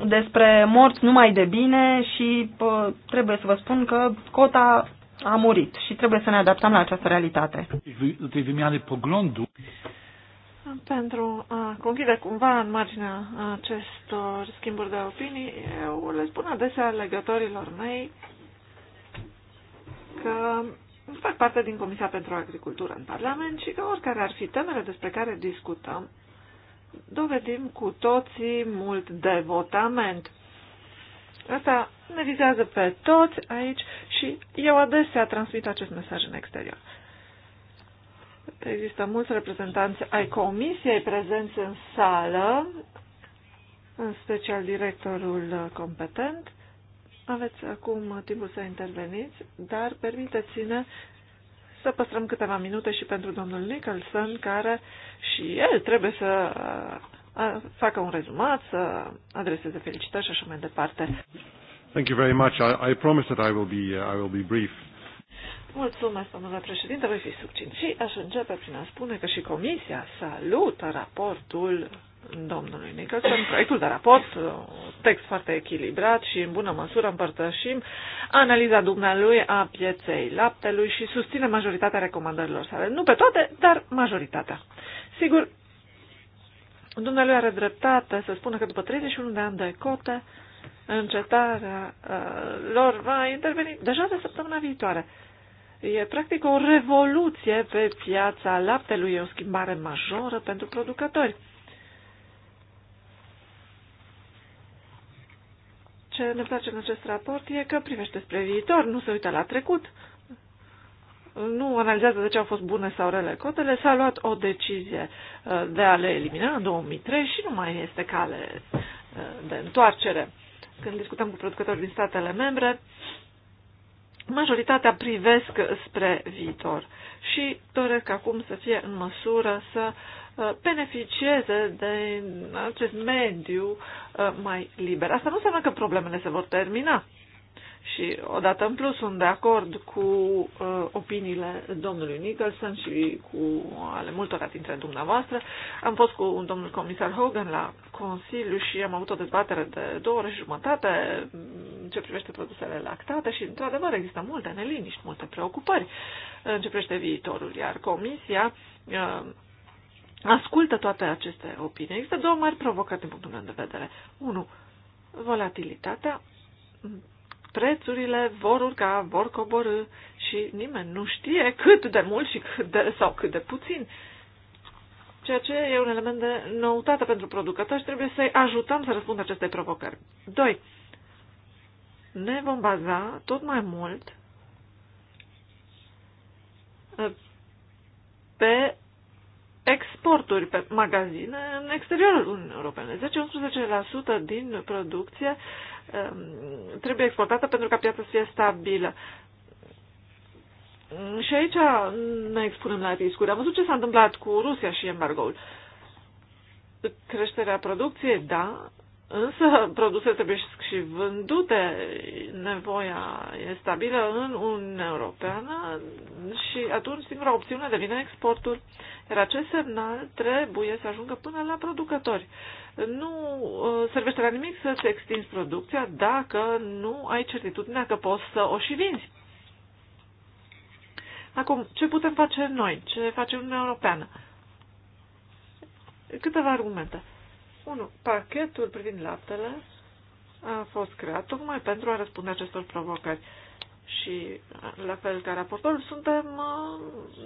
Despre morți numai de bine și pă, trebuie să vă spun că cota a murit și trebuie să ne adaptăm la această realitate. Pentru a conchide cumva în marginea acestor schimburi de opinii, eu le spun adesea legătorilor mei că fac parte din Comisia pentru Agricultură în Parlament și că oricare ar fi temele despre care discutăm, dovedim cu toții mult devotament. Asta ne vizează pe toți aici și eu adesea transmit acest mesaj în exterior. Există mulți reprezentanți ai comisiei prezenți în sală, în special directorul competent. Aveți acum timpul să interveniți, dar permiteți-ne să păstrăm câteva minute și pentru domnul Nicholson, care și el trebuie să facă un rezumat, să adreseze felicitări și așa mai departe. Thank you very much. I, I promise that I will be, uh, I will be brief. Mulțumesc, domnule președinte, voi fi succint. Și aș începe prin a spune că și Comisia salută raportul domnului Nicholson, proiectul de raport, text foarte echilibrat și în bună măsură împărtășim analiza dumnealui a pieței laptelui și susține majoritatea recomandărilor sale. Nu pe toate, dar majoritatea. Sigur, dumnealui are dreptate să spună că după 31 de ani de cote, încetarea uh, lor va interveni deja de săptămâna viitoare. Uh, E practic o revoluție pe piața laptelui, e o schimbare majoră pentru producători. Ce ne place în acest raport e că privește spre viitor, nu se uită la trecut, nu analizează de ce au fost bune sau rele cotele, s-a luat o decizie uh, de a le elimina în 2003 și nu mai este cale uh, de întoarcere. Când discutăm cu producători din statele membre, majoritatea privesc spre viitor și doresc acum să fie în măsură să uh, beneficieze de acest mediu uh, mai liber. Asta nu înseamnă că problemele se vor termina. Și odată în plus sunt de acord cu uh, opiniile domnului Nicholson și cu ale multora dintre dumneavoastră. Am fost cu un domnul comisar Hogan la Consiliu și am avut o dezbatere de două ore și jumătate în ce privește produsele lactate și, într-adevăr, există multe neliniști, multe preocupări în ce privește viitorul, iar Comisia uh, ascultă toate aceste opinii. Există două mari provocări din punctul meu de vedere. Unu, volatilitatea prețurile vor urca, vor coborâ și nimeni nu știe cât de mult și cât de, sau cât de puțin. Ceea ce e un element de noutate pentru producători trebuie să-i ajutăm să răspundă acestei provocări. 2. Ne vom baza tot mai mult uh, pe exporturi pe magazine în exteriorul Uniunii Europene. 10-11% din producție um, trebuie exportată pentru ca piața să fie stabilă. Și aici ne expunem la riscuri. Am văzut ce s-a întâmplat cu Rusia și embargoul. Creșterea producției, da, Însă produse trebuie și vândute, nevoia e stabilă în Uniunea Europeană și atunci singura opțiune devine exportul. Iar acest semnal trebuie să ajungă până la producători. Nu uh, servește la nimic să-ți extinzi producția dacă nu ai certitudinea că poți să o și vinzi. Acum, ce putem face noi? Ce face Uniunea Europeană? Câteva argumente. 1. Pachetul privind laptele a fost creat tocmai pentru a răspunde acestor provocări. Și, la fel ca raportorul, suntem uh,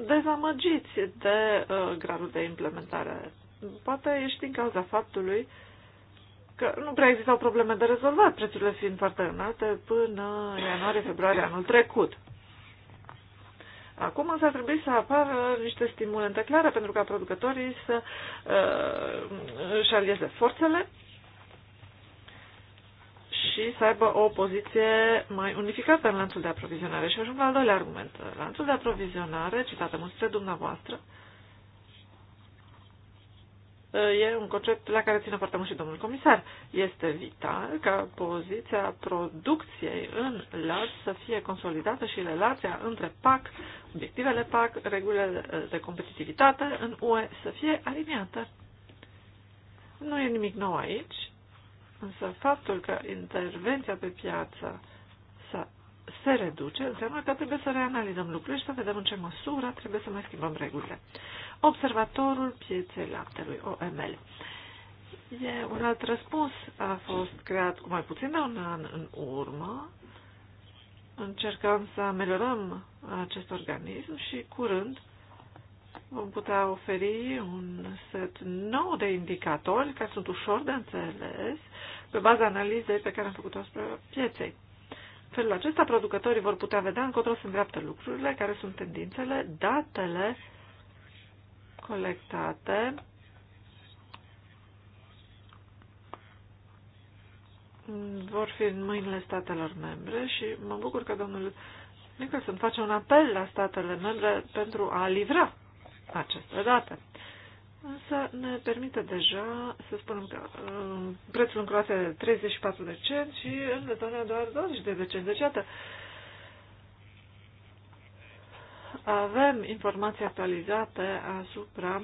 dezamăgiți de uh, gradul de implementare. Poate ești din cauza faptului că nu prea existau probleme de rezolvat, prețurile fiind foarte înalte până ianuarie-februarie anul trecut. Acum însă ar trebui să apară niște stimulente clare pentru ca producătorii să uh, își alieze forțele și să aibă o poziție mai unificată în lanțul de aprovizionare. Și ajung la al doilea argument. Lanțul de aprovizionare, citată mult spre dumneavoastră, uh, e un concept la care ține foarte mult și domnul comisar. Este vital ca poziția producției în larg să fie consolidată și relația între PAC obiectivele PAC, regulile de competitivitate în UE să fie aliniate. Nu e nimic nou aici, însă faptul că intervenția pe piață să se reduce înseamnă că trebuie să reanalizăm lucrurile și să vedem în ce măsură trebuie să mai schimbăm regulile. Observatorul pieței laptelui, OML. E un alt răspuns, a fost creat cu mai puțin de un an în urmă încercăm să ameliorăm acest organism și curând vom putea oferi un set nou de indicatori care sunt ușor de înțeles pe baza analizei pe care am făcut-o spre pieței. În felul acesta, producătorii vor putea vedea încotro se îndreaptă lucrurile, care sunt tendințele, datele colectate vor fi în mâinile statelor membre și mă bucur că domnul Nicholson face un apel la statele membre pentru a livra aceste date. Însă ne permite deja să spunem că uh, prețul în Croația de 34 de cenți și în Letonia doar 20 de cenți. Deci, iată, avem informații actualizate asupra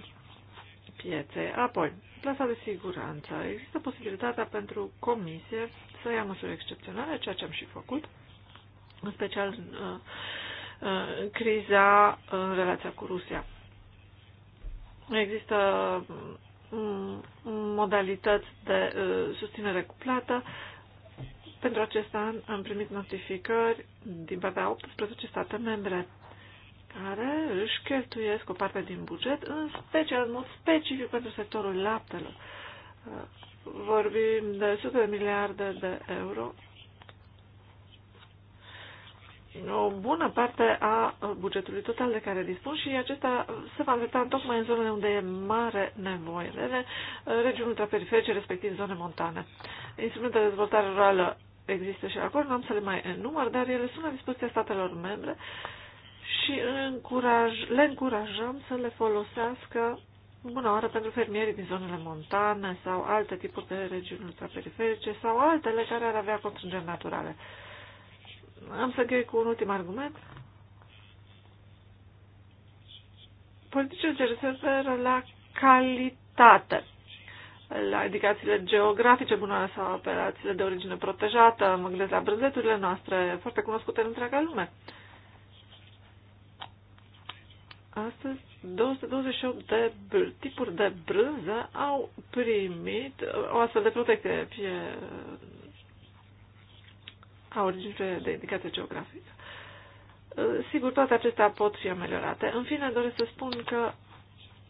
pieței. Apoi, plasa de siguranță. Există posibilitatea pentru comisie să ia măsuri excepționale, ceea ce am și făcut, în special uh, uh, criza uh, în relația cu Rusia. Există mm, modalități de uh, susținere plată. Pentru acest an am primit notificări din partea 18 state membre care își cheltuiesc o parte din buget, în special, în mod specific pentru sectorul laptelor. Uh, vorbim de sute de miliarde de euro. O bună parte a bugetului total de care dispun și acesta se va afecta tocmai în zonele unde e mare nevoie, de uh, regiuni ultraperiferice, respectiv zone montane. Instrumentele de dezvoltare rurală există și acolo, nu am să le mai enumăr, dar ele sunt la dispoziția statelor membre uh, și încuraj, le încurajăm să le folosească bună oară pentru fermierii din zonele montane sau alte tipuri de regiuni ultraperiferice sau altele care ar avea constrângeri naturale. Am să închei cu un ultim argument. Politicile de se referă la calitate, la indicațiile geografice bunoare sau operațiile de origine protejată, mă gândesc la brânzeturile noastre, foarte cunoscute în întreaga lume. Uh, astăzi 228 de tipuri de brânză au primit uh, o astfel de protecție, fie uh, a originii de indicație geografică. Uh, sigur, toate acestea pot fi ameliorate. În fine, doresc să spun că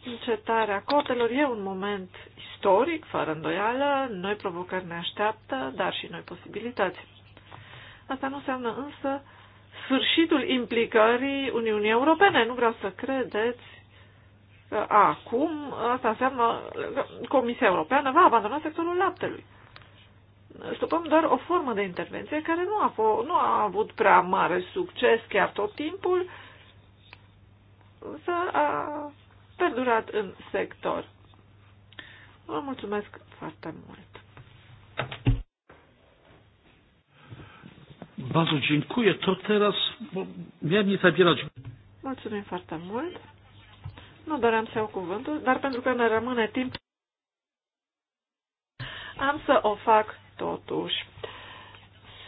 încetarea cotelor e un moment istoric, fără îndoială, noi provocări ne așteaptă, dar și noi posibilități. Asta nu înseamnă însă sfârșitul implicării Uniunii Europene. Nu vreau să credeți că acum asta înseamnă că Comisia Europeană va abandona sectorul laptelui. Stupăm doar o formă de intervenție care nu a, f- nu a avut prea mare succes chiar tot timpul, însă a perdurat în sector. Vă mulțumesc foarte mult! Bardzo dziękuję. To teraz bo miałem nie zabierać. Mulțumim foarte mult. Nu doream să iau cuvântul, dar pentru că ne rămâne timp, am să o fac totuși.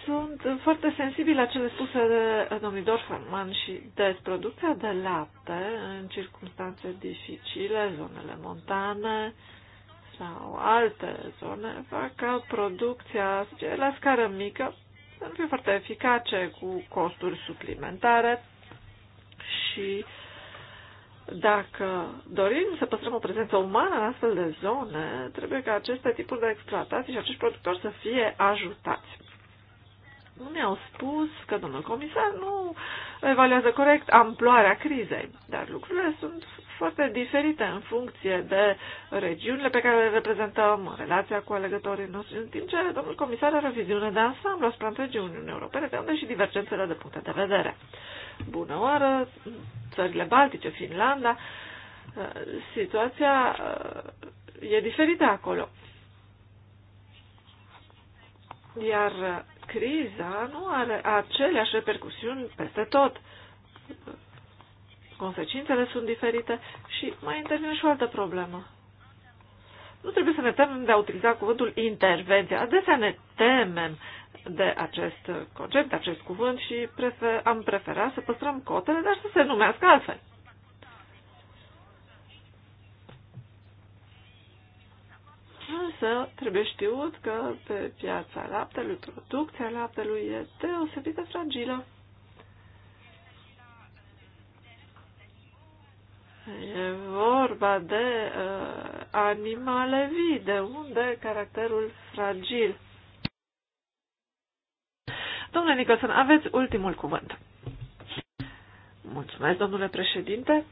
Sunt foarte sensibil la cele spuse de domnul Dorfman și de producția de lapte în circunstanțe dificile, zonele montane sau alte zone, fac ca producția la scară mică să fie foarte eficace, cu costuri suplimentare și dacă dorim să păstrăm o prezență umană în astfel de zone, trebuie ca aceste tipuri de exploatații și acești productori să fie ajutați nu ne-au spus că domnul comisar nu evaluează corect amploarea crizei, dar lucrurile sunt foarte diferite în funcție de regiunile pe care le reprezentăm, relația cu alegătorii noștri, în timp ce domnul comisar are o viziune de ansamblu asupra întregii Uniunii Europene, de unde și divergențele de puncte de vedere. Bună oară, țările Baltice, Finlanda, situația e diferită acolo. Iar criza nu are aceleași repercusiuni peste tot. Consecințele sunt diferite și mai intervine și o altă problemă. Nu trebuie să ne temem de a utiliza cuvântul intervenție. Adesea ne temem de acest concept, de acest cuvânt și prefer, am preferat să păstrăm cotele, dar să se numească altfel. Însă trebuie știut că pe piața laptelui, producția laptelui e deosebit de fragilă. E vorba de uh, animale vii, de unde caracterul fragil. Domnule Nicolson, aveți ultimul cuvânt. Mulțumesc, domnule președinte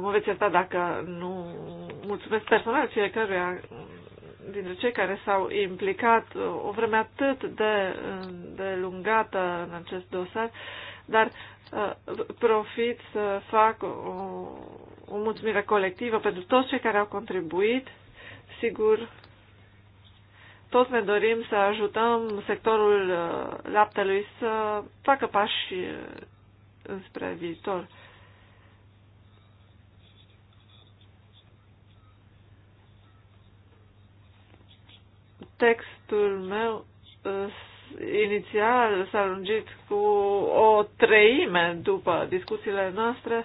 mă veți ierta dacă nu mulțumesc personal fiecăruia dintre cei care s-au implicat o vreme atât de, de lungată în acest dosar, dar ă, profit să fac o, o mulțumire colectivă pentru toți cei care au contribuit. Sigur, toți ne dorim să ajutăm sectorul ă, laptelui să facă pași înspre viitor. Textul meu eh, inițial s-a lungit cu o treime după discuțiile noastre.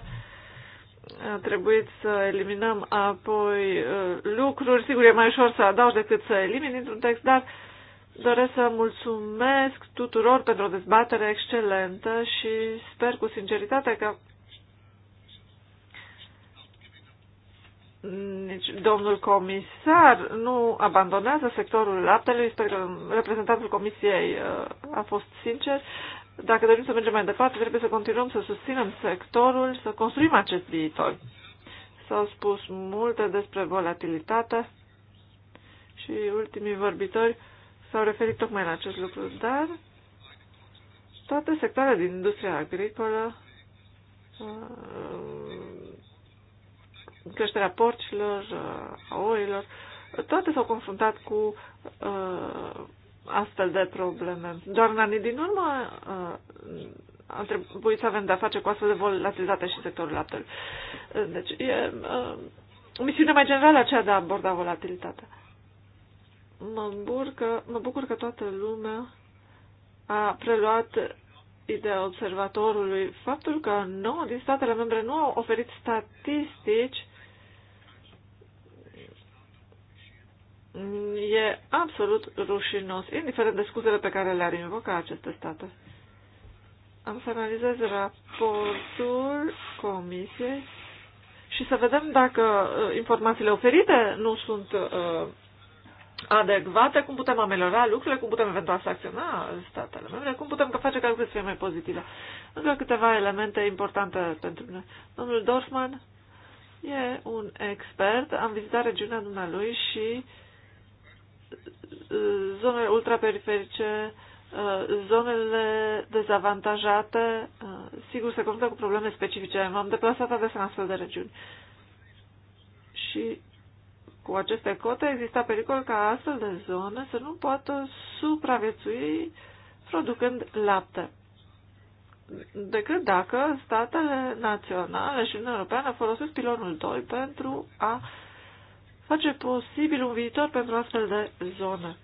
A trebuit să eliminăm apoi eh, lucruri. Sigur, e mai ușor să adaugi decât să elimini într-un text, dar doresc să mulțumesc tuturor pentru o dezbatere excelentă și sper cu sinceritate că nici domnul comisar nu abandonează sectorul laptelui. Sper că reprezentantul comisiei uh, a fost sincer. Dacă dorim să mergem mai departe, trebuie să continuăm să susținem sectorul, să construim acest viitor. S-au spus multe despre volatilitate și ultimii vorbitori s-au referit tocmai la acest lucru, dar toate sectoarele din industria agricolă uh, creșterea porcilor, a oilor, toate s-au confruntat cu uh, astfel de probleme. Doar în anii din urmă uh, a trebuit să avem de-a face cu astfel de volatilitate și sectorul laptelui. Uh, deci e uh, misiune mai generală aceea de a aborda volatilitatea. Mă, burcă, mă bucur că toată lumea a preluat ideea observatorului faptul că nouă din statele membre nu au oferit statistici E absolut rușinos, indiferent de scuzele pe care le-ar invoca aceste state. Am să analizez raportul comisiei și să vedem dacă uh, informațiile oferite nu sunt uh, adecvate, cum putem ameliora lucrurile, cum putem eventual acționa statele membre, cum putem face ca lucrurile să fie mai pozitive. Încă câteva elemente importante pentru noi. Domnul Dorfman e un expert, am vizitat regiunea dumnealui și uh, zonele ultraperiferice, uh, zonele dezavantajate, uh, sigur, se confruntă cu probleme specifice. M-am deplasat adesea în astfel de regiuni. Și cu aceste cote exista pericol ca astfel de zone să nu poată supraviețui producând lapte decât dacă statele naționale și Uniunea Europeană folosesc pilonul 2 pentru a uh, face posibil un viitor pentru astfel de zone.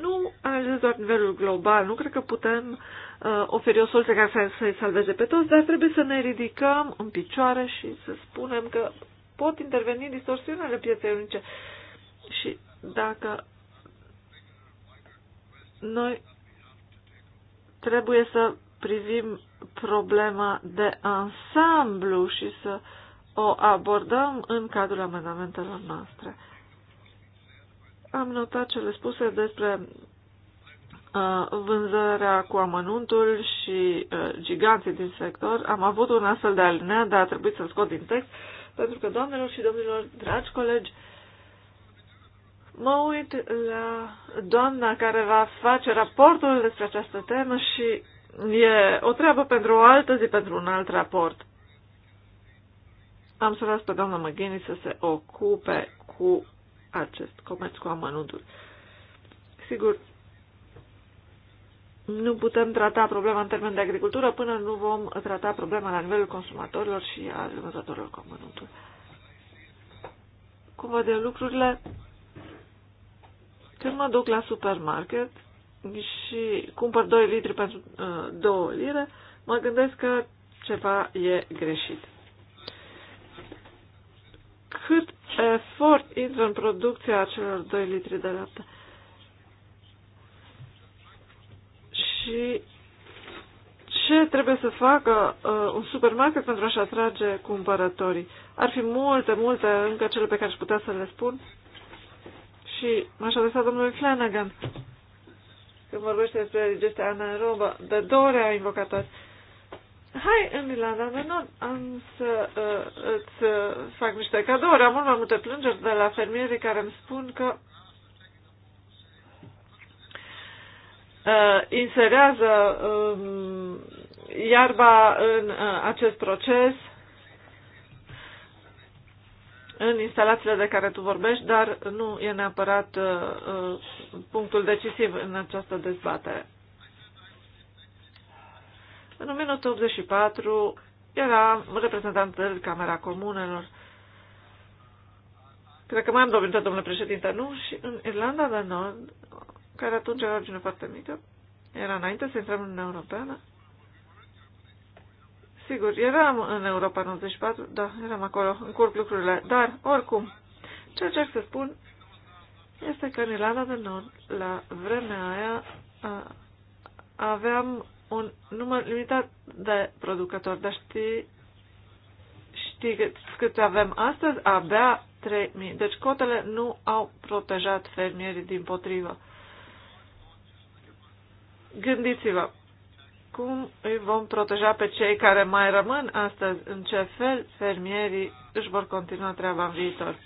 Nu analizez doar nivelul global, nu cred că putem uh, oferi o soluție care să-i salveze pe toți, dar trebuie să ne ridicăm în picioare și să spunem că pot interveni distorsiunile pieței unice. Și dacă noi trebuie să privim problema de ansamblu și să uh, o abordăm în cadrul amendamentelor noastre. Am notat cele spuse despre uh, vânzarea cu amănuntul și uh, giganții din sector. Am avut un astfel de alinea, dar a trebuit să-l scot din text, pentru că, doamnelor și domnilor, dragi colegi, mă uit la doamna care va face raportul despre această temă și e o treabă pentru o altă zi, pentru un alt raport. Am să las pe doamna McGinney să se ocupe cu acest comerț cu amănuntul. Sigur, nu putem trata problema în termen de agricultură până nu vom trata problema la nivelul consumatorilor și al vânzătorilor cu amănuntul. Cum văd eu lucrurile? Când mă duc la supermarket și cumpăr 2 litri pentru uh, 2 lire, mă gândesc că ceva e greșit cât efort intră în producția acelor 2 litri de lapte. Și ce trebuie să facă uh, un supermarket pentru a-și atrage cumpărătorii? Ar fi multe, multe încă cele pe care aș putea să le spun. Și m-aș adresa domnului Flanagan, când vorbește despre digestia anaerobă. De două ori a invocat azi. Hai în Irlanda de am să uh, îți uh, fac niște cadouri. Am mult mai multe plângeri de la fermierii care îmi spun că uh, inserează um, iarba în uh, acest proces în instalațiile de care tu vorbești, dar nu e neapărat uh, uh punctul decisiv în această dezbatere. În 1984 era reprezentant în Camera Comunelor. Cred că mai am două domnule președinte, nu? Și în Irlanda de Nord, care atunci era o foarte mică, era înainte să intrăm în Uniunea Europeană. Sigur, eram în Europa în 94, da, eram acolo, încurc lucrurile, dar, oricum, ce încerc să spun este că în Irlanda de Nord, la vremea aia, aveam un număr limitat de producători, dar știi, știi cât, cât avem astăzi? Abia 3.000. Deci cotele nu au protejat fermierii din potrivă. Gândiți-vă, cum îi vom proteja pe cei care mai rămân astăzi? În ce fel fermierii își vor continua treaba în viitor?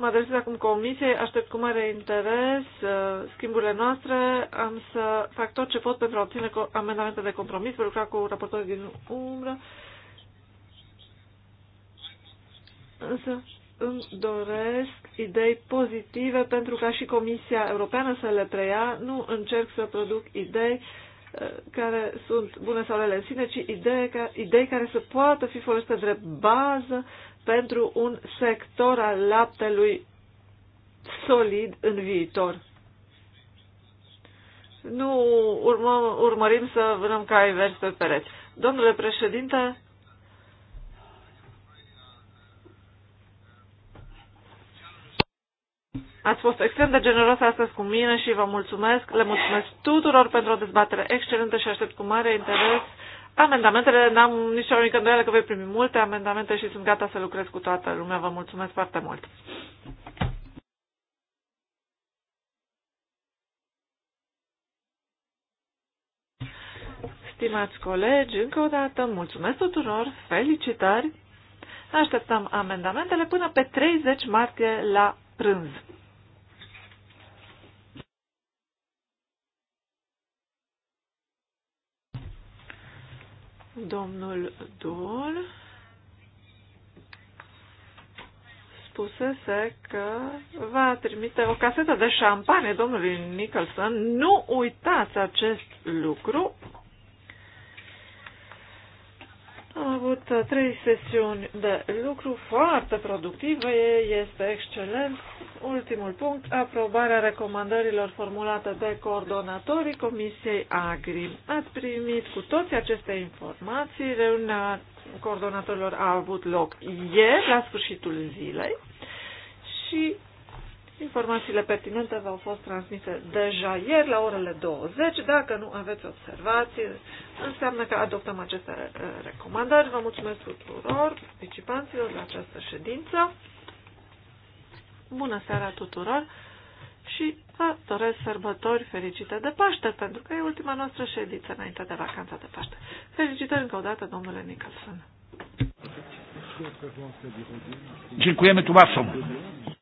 Mă adresez acum comisiei, aștept cu mare interes uh, schimburile noastre. Am să fac tot ce pot pentru a obține amendamente de compromis, voi lucra cu raportorii din umbră. Însă îmi doresc idei pozitive pentru ca și Comisia Europeană să le preia. Nu încerc să produc idei uh, care sunt bune sau rele în sine, ci idei, idei care să poată fi folosite drept bază pentru un sector al laptelui solid în viitor. Nu urmăm, urmărim să vânăm ca verzi pe pereți. Domnule președinte, Ați fost extrem de generos astăzi cu mine și vă mulțumesc. Le mulțumesc tuturor pentru o dezbatere excelentă și aștept cu mare interes amendamentele, n-am nicio mică îndoială că vei primi multe amendamente și sunt gata să lucrez cu toată lumea. Vă mulțumesc foarte mult! Stimați colegi, încă o dată mulțumesc tuturor, felicitări! Așteptăm amendamentele până pe 30 martie la prânz. Domnul Dol spusese că va trimite o casetă de șampanie domnului Nicholson. Nu uitați acest lucru, am avut uh, trei sesiuni de lucru foarte productive, este excelent. Ultimul punct, aprobarea recomandărilor formulate de coordonatorii Comisiei Agri. Ați primit cu toți aceste informații, reuniunea coordonatorilor a avut loc ieri, la sfârșitul zilei, și Informațiile pertinente v-au fost transmise deja ieri la orele 20. Dacă nu aveți observații, înseamnă că adoptăm aceste uh, recomandări. Vă mulțumesc tuturor participanților la această ședință. Bună seara tuturor și vă doresc sărbători fericite de Paște, pentru că e ultima noastră ședință înainte de vacanța de Paște. Felicitări încă o dată, domnule Nicholson. Dziękujemy tłumaczom.